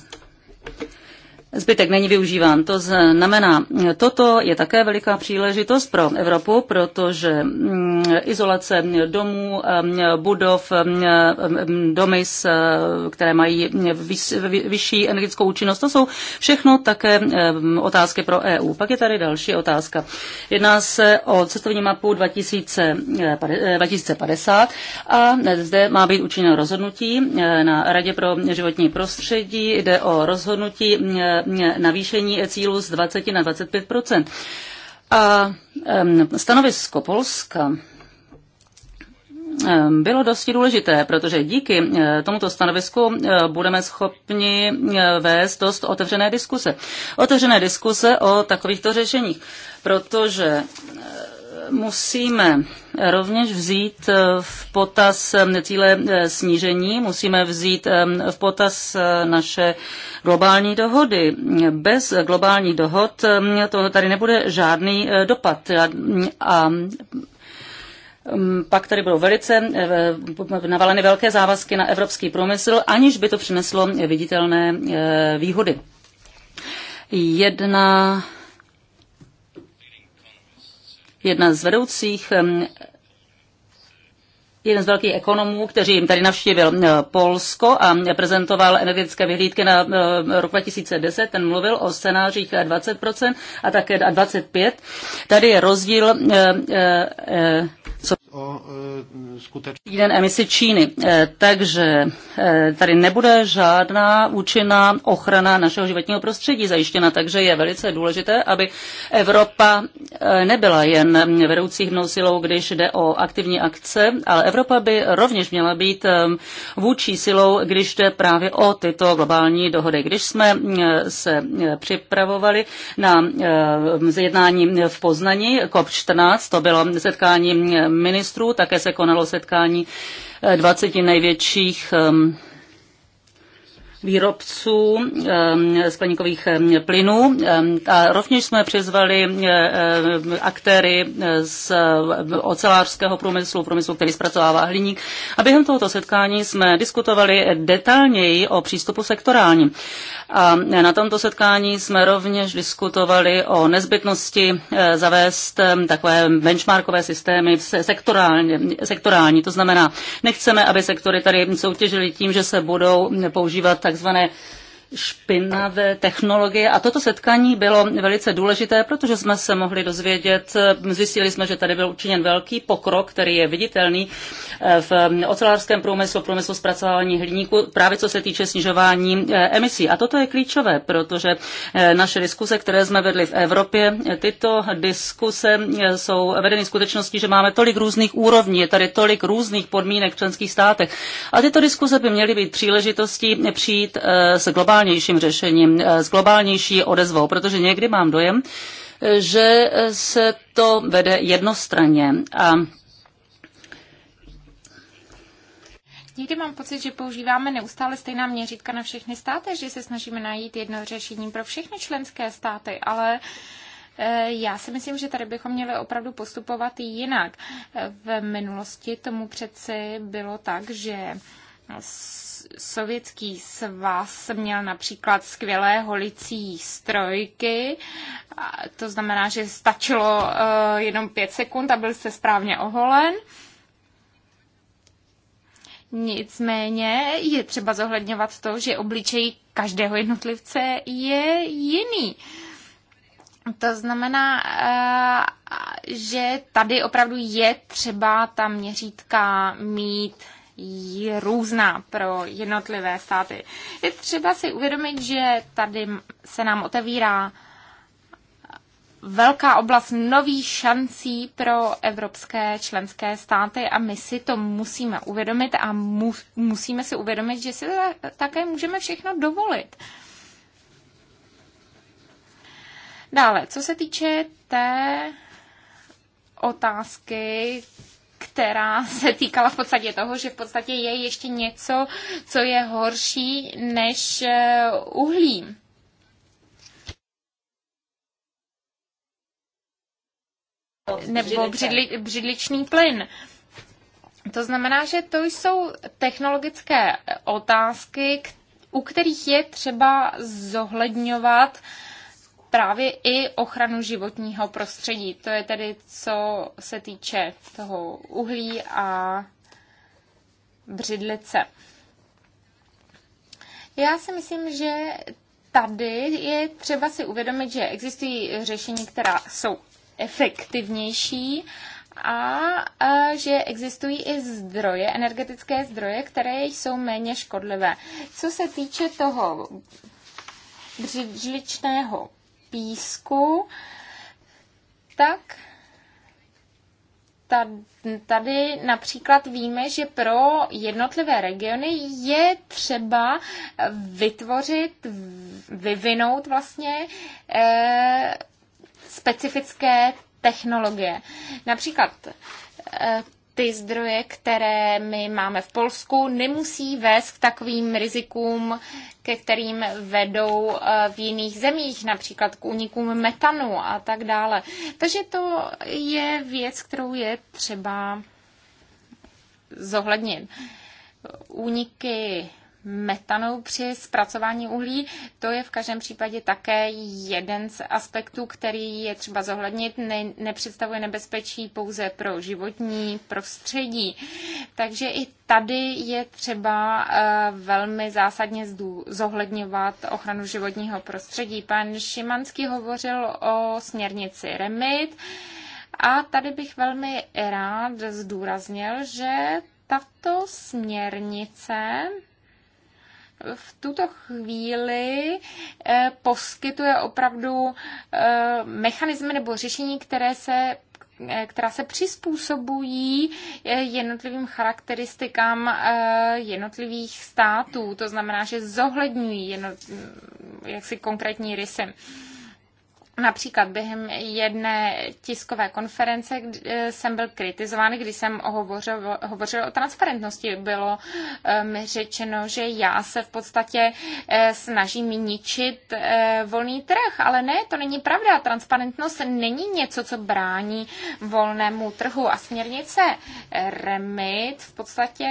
Zbytek není využíván. To znamená, toto je také veliká příležitost pro Evropu, protože mm, izolace domů, mm, budov, mm, domy, které mají vyšší energetickou účinnost, to jsou všechno také otázky pro EU. Pak je tady další otázka. Jedná se o cestovní mapu 2050 eh, eh, a zde má být učiněno rozhodnutí eh, na Radě pro životní prostředí. Jde o rozhodnutí navýšení cílu z 20 na 25 A stanovisko Polska bylo dosti důležité, protože díky eh, tomuto stanovisku eh, budeme schopni eh, vést dost otevřené diskuse. Otevřené diskuse o takovýchto řešeních, protože musíme rovněž vzít eh, v potaz eh, cíle eh, snížení, musíme vzít v potaz naše globální dohody. Bez globálních dohod to tady nebude žádný dopad. Mm, a mm, pak tady budou velice navaleny velké závazky na evropský průmysl, aniž by to přineslo viditelné výhody. Jedna jedna z vedoucích jeden z velkých ekonomů, kteří jim tady navštívil Polsko a prezentoval energetické vyhlídky na rok 2010, ten mluvil o scénářích 20% a také 25%. Tady je rozdíl, e, e, co o e, skutečný den emisi Číny. E, takže e, tady nebude žádná účinná ochrana našeho životního prostředí zajištěna, takže je velice důležité, aby Evropa nebyla jen vedoucí hnou silou, když jde o aktivní akce, ale Evropa by rovněž měla být vůči silou, když jde právě o tyto globální dohody. Když jsme se připravovali na zjednání v Poznani COP14, to bylo setkání mini ministrů, také se konalo setkání 20 eh, největších um, výrobců skleníkových plynů. A rovněž jsme přizvali aktéry z ocelářského průmyslu, průmyslu, který zpracovává hliník. A během tohoto setkání jsme diskutovali detailněji o přístupu sektorálním. A na tomto setkání jsme rovněž diskutovali o nezbytnosti eh, zavést takové benchmarkové systémy sektorálně. sektorální. To znamená, nechceme, aby sektory tady soutěžily tím, že se budou používat takzvané špinavé technologie. A toto setkání bylo velice důležité, protože jsme se mohli dozvědět, zjistili jsme, že tady byl učiněn velký pokrok, který je viditelný eh, v ocelářském průmyslu, průmyslu zpracování hliníku, právě co se týče snižování eh, emisí. A toto je klíčové, protože eh, naše diskuse, které jsme vedli v Evropě, tyto diskuse jsou vedeny skutečností, že máme tolik různých úrovní, je tady tolik různých podmínek v členských státech. A tyto diskuse by měly být příležitostí přijít s globální globálnějším řešením, eh, s globálnější odezvou, protože někdy mám dojem, eh, že eh, se to vede jednostranně a Někdy mám pocit, že používáme neustále stejná měřítka na všechny státy, že se snažíme najít jedno řešení pro všechny členské státy, ale já si myslím, že tady bychom měli opravdu postupovat jinak. V minulosti tomu přeci bylo tak, že Sovětský svaz měl například skvělé holicí strojky, to znamená, že stačilo eh, jenom pět sekund a byl se správně oholen. Nicméně je třeba zohledňovat to, že obličej každého jednotlivce je jiný. To znamená, eh, že tady opravdu je třeba ta měřítka mít je různá pro jednotlivé státy. Je třeba si uvědomit, že tady se nám otevírá velká oblast nových šancí pro evropské členské státy a my si to musíme uvědomit a mu, musíme si uvědomit, že si také můžeme všechno dovolit. Dále, co se týče té otázky, která se týkala v podstatě toho, že v podstatě je ještě něco, co je horší než eh, uhlí. Nebo břidli, břidličný plyn. To znamená, že to jsou technologické otázky, u kterých je třeba zohledňovat uh, právě i ochranu životního prostředí. To je tedy, co se týče toho uhlí a břidlice. Já si myslím, že tady je třeba si uvědomit, že existují řešení, která jsou efektivnější a že existují i zdroje, energetické zdroje, které jsou méně škodlivé. Co se týče toho břidličného písku, tak tady například víme, že pro jednotlivé regiony je třeba vytvořit, vyvinout vlastně eh, specifické technologie. Například eh, ty zdroje, které my máme v Polsku, nemusí vést k takovým rizikům, ke kterým vedou eh, v jiných zemích, například k únikům metanu a tak dále. Takže to je věc, kterou je třeba zohlednit. Úniky metanu při zpracování uhlí. To je v každém případě také jeden z aspektů, který je třeba zohlednit. Ne, nepředstavuje nebezpečí pouze pro životní prostředí. Takže i tady je třeba eh, velmi zásadně zohledňovat ochranu životního prostředí. Pan Šimanský hovořil o směrnici REMIT. A tady bych velmi rád zdůraznil, že tato směrnice v tuto chvíli eh, poskytuje opravdu eh, mechanizmy nebo řešení, které se eh, která se přizpůsobují jednotlivým charakteristikám jednotlivých států. To znamená, že zohledňují jedno, jaksi konkrétní rysy. Například během jedné tiskové konference eh, jsem byl kritizován, když jsem hovořil, hovořil o transparentnosti. Bylo mi ehm, řečeno, že já se v podstatě eh, snažím ničit eh, volný trh, ale ne, to není pravda. Transparentnost není něco, co brání volnému trhu. A směrnice REMIT v podstatě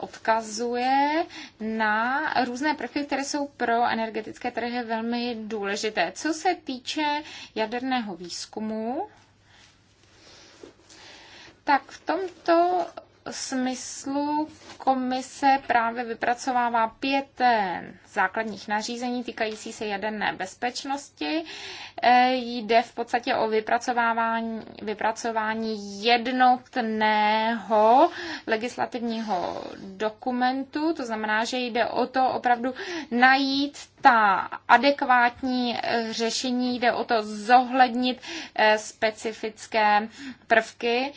odkazuje na různé prvky, které jsou pro energetické trhy velmi důležité. Co se týče jaderného výzkumu, tak v tomto smyslu komise právě vypracovává pět eh, základních nařízení týkající se jaderné bezpečnosti. Eh, jde v podstatě o vypracovávání, vypracování jednotného legislativního dokumentu. To znamená, že jde o to opravdu najít ta adekvátní eh, řešení, jde o to zohlednit specifické prvky,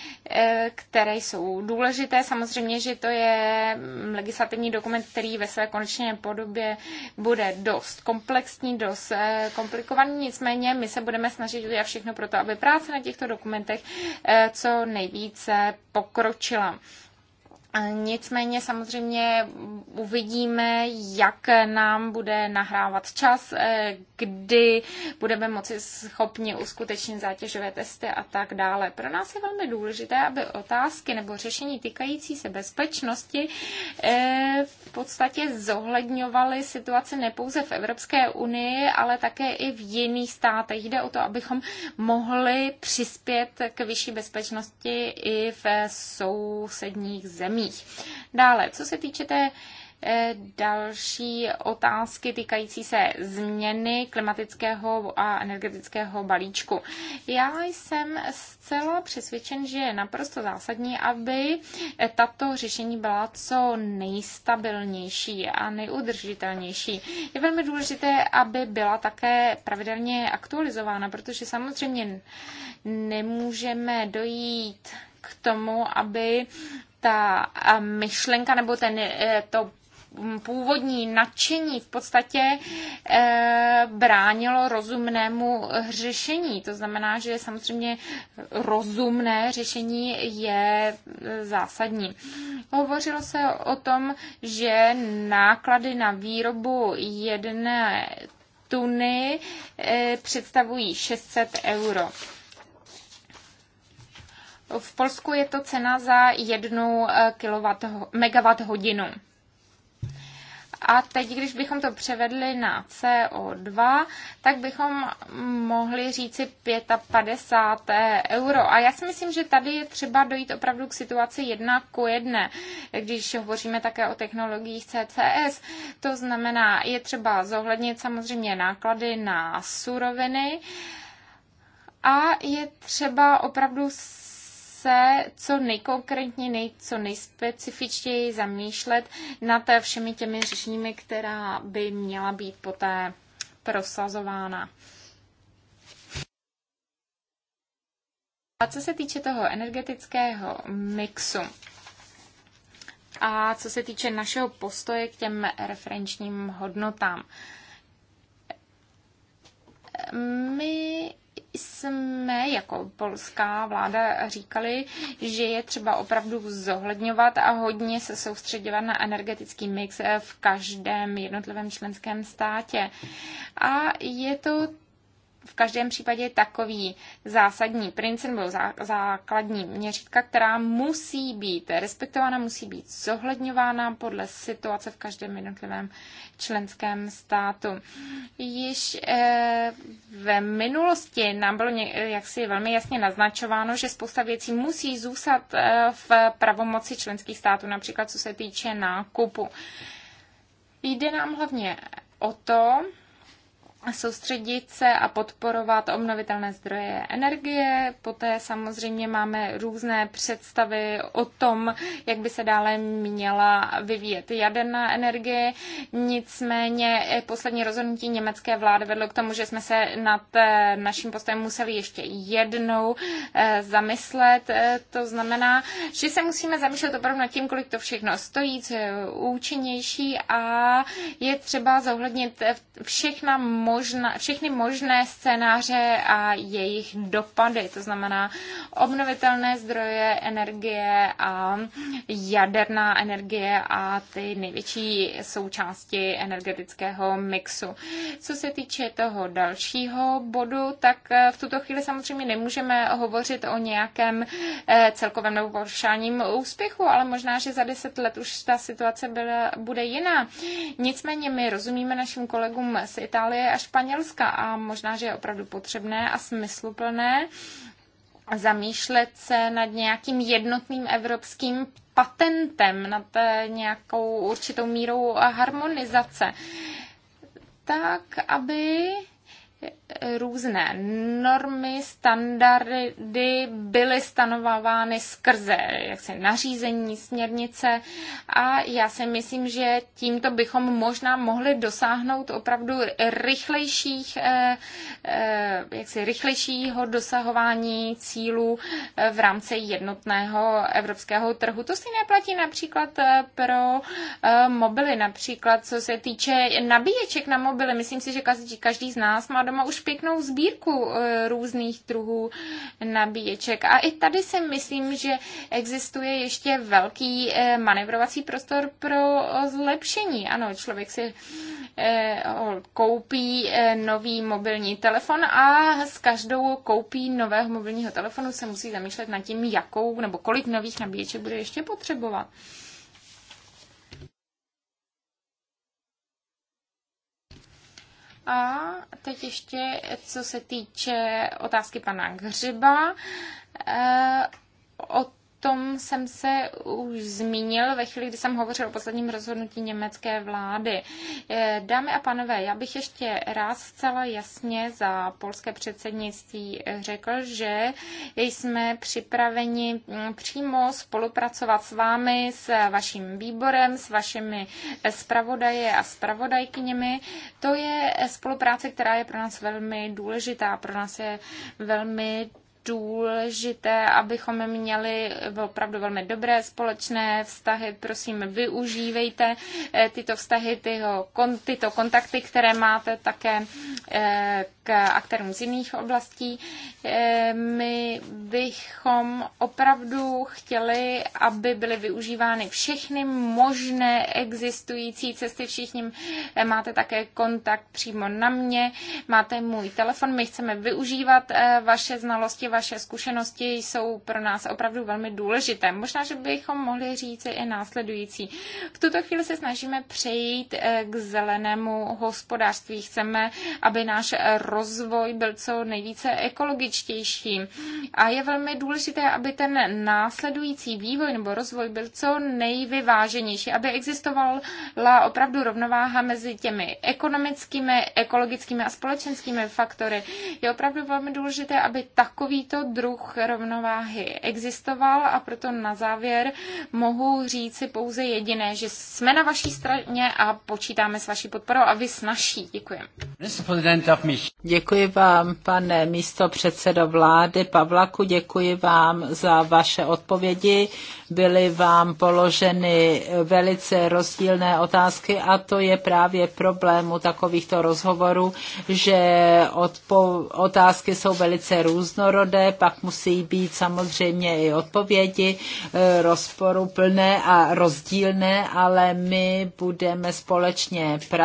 které jsou důležité důležité. Samozřejmě, že to je mm, legislativní dokument, který ve své konečné podobě bude dost komplexní, dost eh, komplikovaný. Nicméně my se budeme snažit udělat všechno pro to, aby práce na těchto dokumentech eh, co nejvíce pokročila. Nicméně samozřejmě uvidíme, jak nám bude nahrávat čas, kdy budeme moci schopni uskutečnit zátěžové testy a tak dále. Pro nás je velmi důležité, aby otázky nebo řešení týkající se bezpečnosti eh, v podstatě zohledňovaly situaci nepouze v Evropské unii, ale také i v jiných státech. Jde o to, abychom mohli přispět k vyšší bezpečnosti i v sousedních zemích zemích. Dále, co se týče té eh, další otázky týkající se změny klimatického a energetického balíčku. Já jsem zcela přesvědčen, že je naprosto zásadní, aby tato řešení byla co nejstabilnější a nejudržitelnější. Je velmi důležité, aby byla také pravidelně aktualizována, protože samozřejmě nemůžeme dojít k tomu, aby ta myšlenka nebo ten, eh, to původní nadšení v podstatě e, bránilo rozumnému řešení. To znamená, že samozřejmě rozumné řešení je eh, zásadní. Hovořilo se o tom, že náklady na výrobu jedné tuny e, představují 600 euro v Polsku je to cena za jednu eh, megawatt hodinu. A teď, když bychom to převedli na CO2, tak bychom mohli říci 55 euro. A já si myslím, že tady je třeba dojít opravdu k situaci jedna ku jedné, když hovoříme také o technologiích CCS. To znamená, je třeba zohlednit samozřejmě náklady na suroviny, a je třeba opravdu se co nejkonkrétně, nej, co nejspecifičtěji zamýšlet nad všemi těmi řešeními, která by měla být poté prosazována. A co se týče toho energetického mixu a co se týče našeho postoje k těm referenčním hodnotám, my jsme jako polská vláda říkali, že je třeba opravdu zohledňovat a hodně se soustředovat na energetický mix v každém jednotlivém členském státě. A je to v každém případě takový zásadní princip nebo zá, základní měřítka, která musí být respektována, musí být zohledňována podle situace v každém jednotlivém členském státu. Již eh, v minulosti nám bylo eh, jaksi velmi jasně naznačováno, že spousta věcí musí zůstat eh, v pravomoci členských států, například co se týče nákupu. Jde nám hlavně o to, soustředit se a podporovat obnovitelné zdroje energie. Poté samozřejmě máme různé představy o tom, jak by se dále měla vyvíjet jaderná energie. Nicméně poslední rozhodnutí německé vlády vedlo k tomu, že jsme se nad eh, naším postojem museli ještě jednou eh, zamyslet. Eh, to znamená, že se musíme zamýšlet opravdu nad tím, kolik to všechno stojí, co je účinnější a je třeba zohlednit všechna možnost možná, všechny možné scénáře a jejich dopady, to znamená obnovitelné zdroje energie a jaderná energie a ty největší součásti energetického mixu. Co se týče toho dalšího bodu, tak eh, v tuto chvíli samozřejmě nemůžeme hovořit o nějakém eh, celkovém nebo paušálním úspěchu, ale možná, že za deset let už ta situace byla, bude jiná. Nicméně my rozumíme našim kolegům z Itálie a Španělska a možná, že je opravdu potřebné a smysluplné zamýšlet se nad nějakým jednotným evropským patentem, nad eh, nějakou určitou mírou harmonizace, tak aby různé normy, standardy byly stanovovány skrze jaksi nařízení, směrnice a já si myslím, že tímto bychom možná mohli dosáhnout opravdu rychlejších, eh, eh, jaksi rychlejšího dosahování cílů eh, v rámci jednotného evropského trhu. To si neplatí například pro mobily, například co se týče nabíječek na mobily. Myslím si, že každý, každý z nás má doma už pěknou sbírku eh, různých druhů nabíječek. A i tady si myslím, že existuje ještě velký eh, manevrovací prostor pro eh, zlepšení. Ano, člověk si koupí nový mobilní telefon a s každou koupí nového mobilního telefonu se musí zamýšlet nad tím, jakou nebo kolik nových nabíječek bude ještě potřebovat. A teď ještě, co se týče otázky pana Hřiba, eh, o tom jsem se už zmínil ve chvíli, kdy jsem hovořil o posledním rozhodnutí německé vlády. Eh, dámy a panové, já bych ještě rád zcela jasně za polské předsednictví řekl, že jsme připraveni mm, přímo spolupracovat s vámi, s vaším výborem, s vašimi eh, zpravodaje a zpravodajkyněmi. To je eh, spolupráce, která je pro nás velmi důležitá, pro nás je velmi důležité, abychom měli opravdu velmi dobré společné vztahy. Prosím, využívejte eh, tyto vztahy, tyho, tyto kontakty, které máte také eh, k aktérům z jiných oblastí. Eh, my bychom opravdu chtěli, aby byly využívány všechny možné existující cesty. Všichni máte také kontakt přímo na mě, máte můj telefon. My chceme využívat vaše znalosti, vaše zkušenosti jsou pro nás opravdu velmi důležité. Možná, že bychom mohli říct i následující. V tuto chvíli se snažíme přejít eh, k zelenému hospodářství. Chceme, aby náš rozvoj byl co nejvíce ekologičtější. A je velmi důležité, aby ten následující vývoj nebo rozvoj byl co nejvyváženější, aby existovala opravdu rovnováha mezi těmi ekonomickými, ekologickými a společenskými faktory. Je opravdu velmi důležité, aby takový takovýto druh rovnováhy existoval a proto na závěr mohu říci pouze jediné, že jsme na vaší straně a počítáme s vaší podporou a vy s naší. Děkuji. Děkuji vám, pane místo předsedo vlády Pavlaku, děkuji vám za vaše odpovědi. Byly vám položeny velice rozdílné otázky a to je právě problému takovýchto rozhovorů, že odpo- otázky jsou velice různorodé zpravodaje, pak musí být samozřejmě i odpovědi eh, rozporuplné a rozdílné, ale my budeme společně pracovat